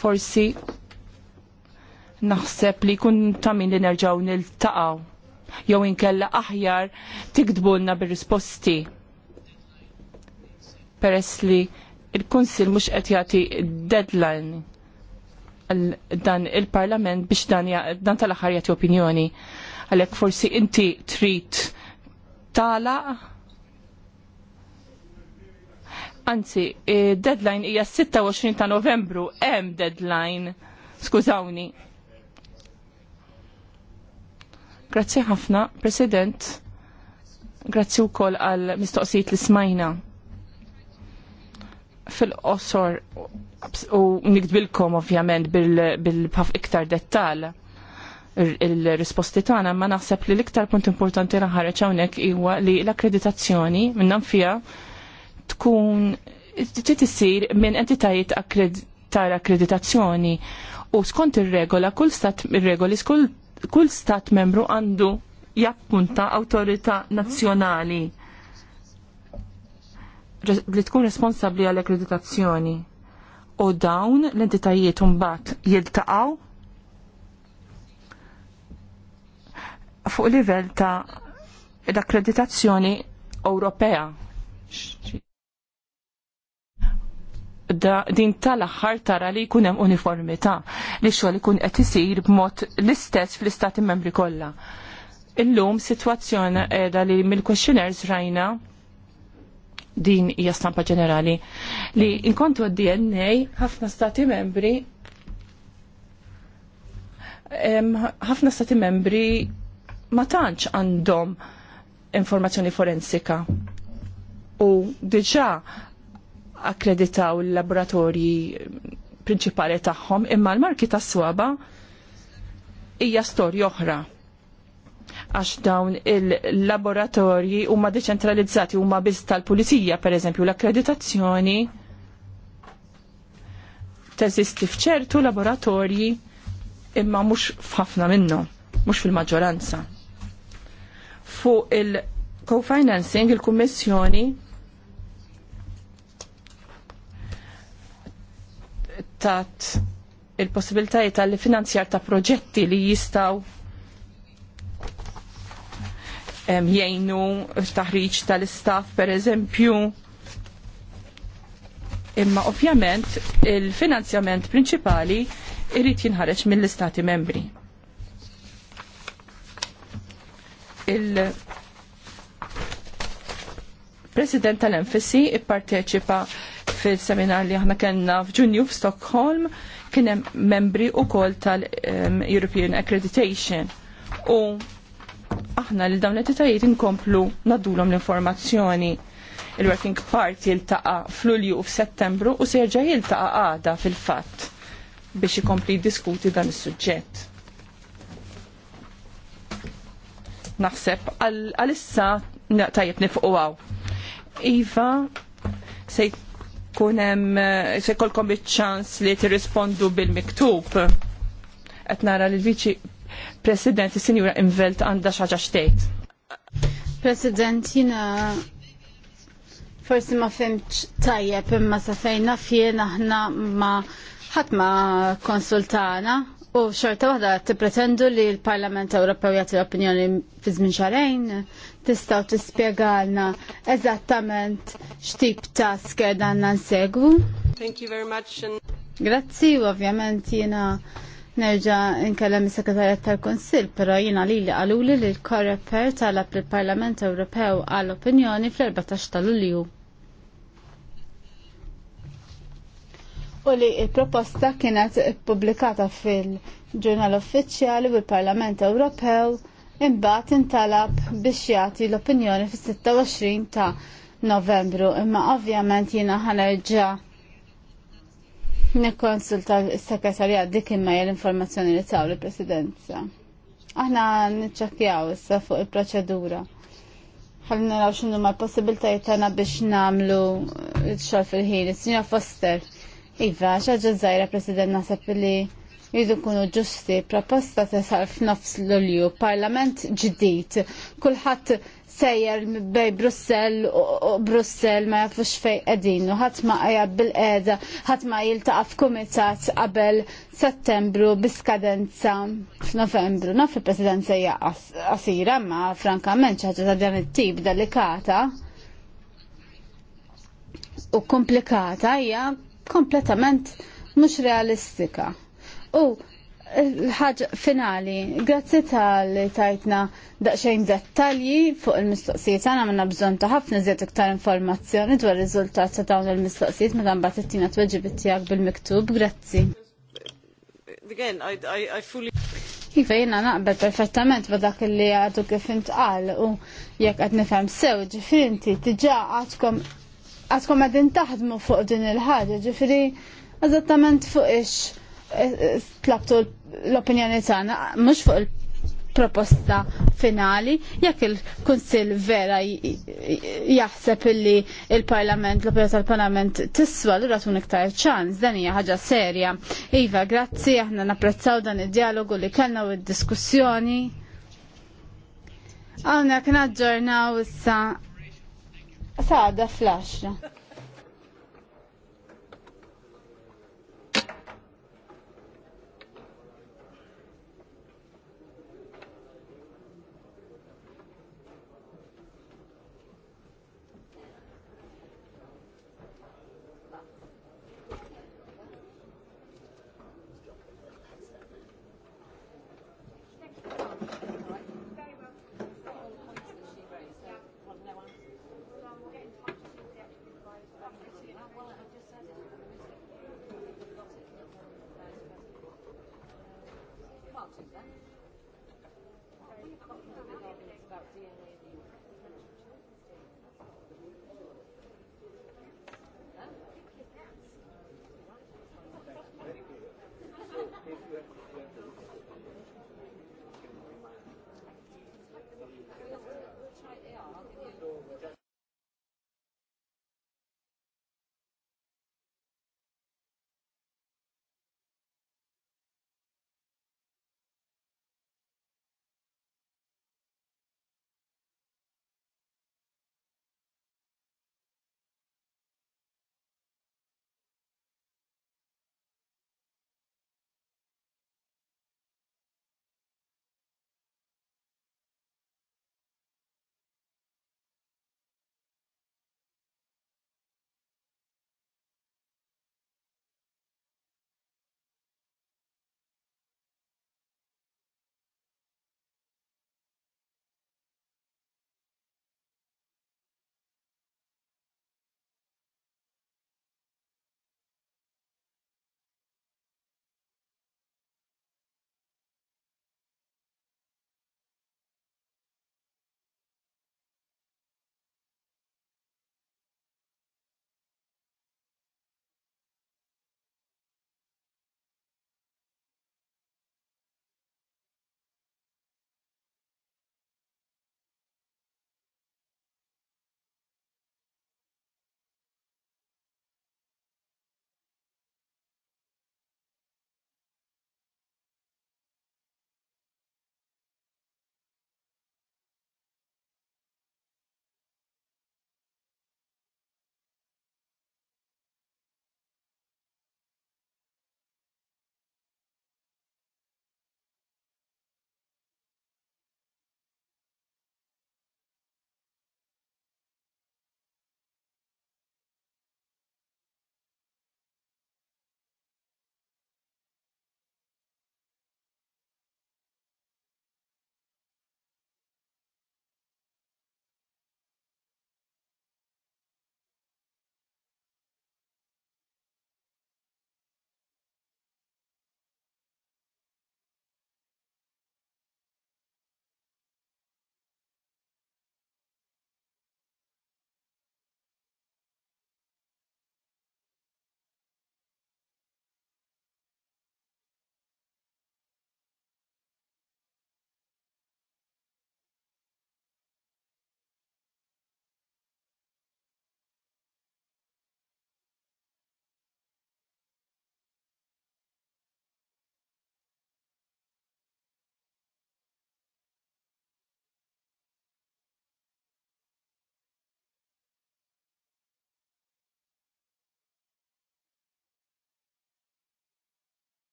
forsi naħseb li kun ta' min li nerġaw niltaqaw jew inkella aħjar tikdbulna bir-risposti. Peress li il-Kunsil mhux qed jagħti deadline dan il-Parlament biex dan, dan tal-aħħar jagħti opinjoni. Għalhekk forsi inti trid tala Anzi, deadline hija 26 ta' Novembru, hemm deadline. Skużawni. Grazzi ħafna, President. Grazzi wkoll għal mistoqsijiet li smajna. Fil-qosor u nikdbilkom ovvjament bil-paf iktar dettal il-risposti tagħna, ma naħseb li l-iktar punt importanti li ħareġ hawnhekk huwa li l-akkreditazzjoni minnhom fija tkun trid issir minn entitajiet tal-akkreditazzjoni u skont ir-regola kull stat ir-regoli kull stat membru għandu jappunta awtorità nazzjonali li tkun responsabli għall akkreditazzjoni u dawn l-entitajiet mbagħad jiltaqgħu fuq livell ta' l-akkreditazzjoni Ewropea. Da, din tal-aħħar tara li jkun hemm uniformità li xogħol ikun qed isir b'mod l-istess fl-istati membri kollha. Illum sitwazzjoni qiegħda li mill-questionnaires rajna din hija stampa ġenerali li inkontu d-DNA ħafna stati membri ħafna stati membri ma tantx għandhom informazzjoni forensika. U diġà akkreditaw il-laboratorji prinċipali tagħhom imma l-marki tas-swaba hija storja oħra għax dawn il-laboratorji huma deċentralizzati huma biss tal-pulizija pereżempju l-akkreditazzjoni teżisti f'ċertu laboratorji imma mhux f'ħafna minnhom, mhux fil-maġġoranza. Fuq il-co-financing, il-Kummissjoni tat il-possibilitajiet tal-finanzjar ta' proġetti li jistaw jgħinu taħriġ tal-istaff per eżempju. Imma ovvjament il-finanzjament prinċipali irrid jinħareġ mill-istati membri. il- President tal-Enfisi ipparteċipa fil-seminar li aħna kellna f'Ġunju f'Stockholm kien hemm membri wkoll tal-European Accreditation. U aħna li dawn l etitajiet inkomplu nadulhom l-informazzjoni. Il-Working Party jiltaqa f'Lulju u f'Settembru u serġa' jiltaqa għada fil-fatt biex ikompli diskuti dan is-suġġett. naħseb għal-issa tajib nifqu għaw. Iva, se kunem, se kolkom ċans li tirrispondu bil-miktub. Etnara li l-viċi president, il-sinjura Invelt għanda xaġa xtejt. President, jina forsi ma femċ tajjeb imma sa fejna fjena ħna ma ħatma konsultana U xorta waħda tippretendu li l-Parlament Ewropew jagħti l-opinjoni fi żmien xarejn, tistgħu tispjegalna eżattament x'tip ta' skeda għandna nsegwu. Thank you very much. Grazzi, u ovvjament jiena nerġa' nkellem is-Sekretarjat tal-Kunsill, però jiena lili qaluli li l korreper talab lill parlament Ewropew għall opinjoni fl-14 ta' Lulju. u li il-proposta kienet publikata fil-ġurnal uffiċjali u l-Parlament Ewropew imbagħad intalab biex jagħti l-opinjoni fis-26 ta' Novembru imma ovvjament jiena ħanerġa' Nikkonsulta s-sekretarjat dik imma l-informazzjoni li taw l-presidenza. Aħna nċakjaw issa fuq il-proċedura. Ħalli naraw x'inhu ma l-possibilitajiet tagħna biex nagħmlu x-xogħol fil-ħin. Signor Foster, Iva, xaġa zaħira, President, nasab li jidu kunu ġusti, proposta tesar f'nofs l-ulju, parlament ġdijt, kullħat sejjer bej Brussel u Brussel ma jafux fej edin u ħadd ma għajab bil eda ħadd ma jiltaqa' f'kumitat qabel Settembru biskadenza f'Novembru. Naf il-Presidenza hija qasira, ma frankament xi ta' dan it-tip delikata u komplikata hija kompletament mhux realistika. U l-ħaġa finali, grazzi tal tajtna daqsxejn dettalji fuq il-mistoqsijiet għana minna bżon ta' ħafna iktar informazzjoni dwar rizultat ta' dawn il-mistoqsijiet meta mbagħad ittina tweġibit tiegħek bil-miktub. Grazzi. Again, I, Iva jena naqbel perfettament ba dak li għadu kif intqal u jekk qed nifhem sew ġifieri inti għadkom għaskom għadin taħdmu fuq din il-ħagġa, ġifiri, eżattament fuq ix e, e, tlabtu l-opinjoni tagħna, mhux fuq il-proposta finali, jekk il-Kunsill vera jaħseb illi il-Parlament, l-opinjoni tal-Parlament tiswa l tun iktar ċans, dan hija ħaġa serja. Iva, grazzi, aħna napprezzaw dan id-dialogu li kellna u il diskussjoni Għawna kena ġurnaw issa Sada flash.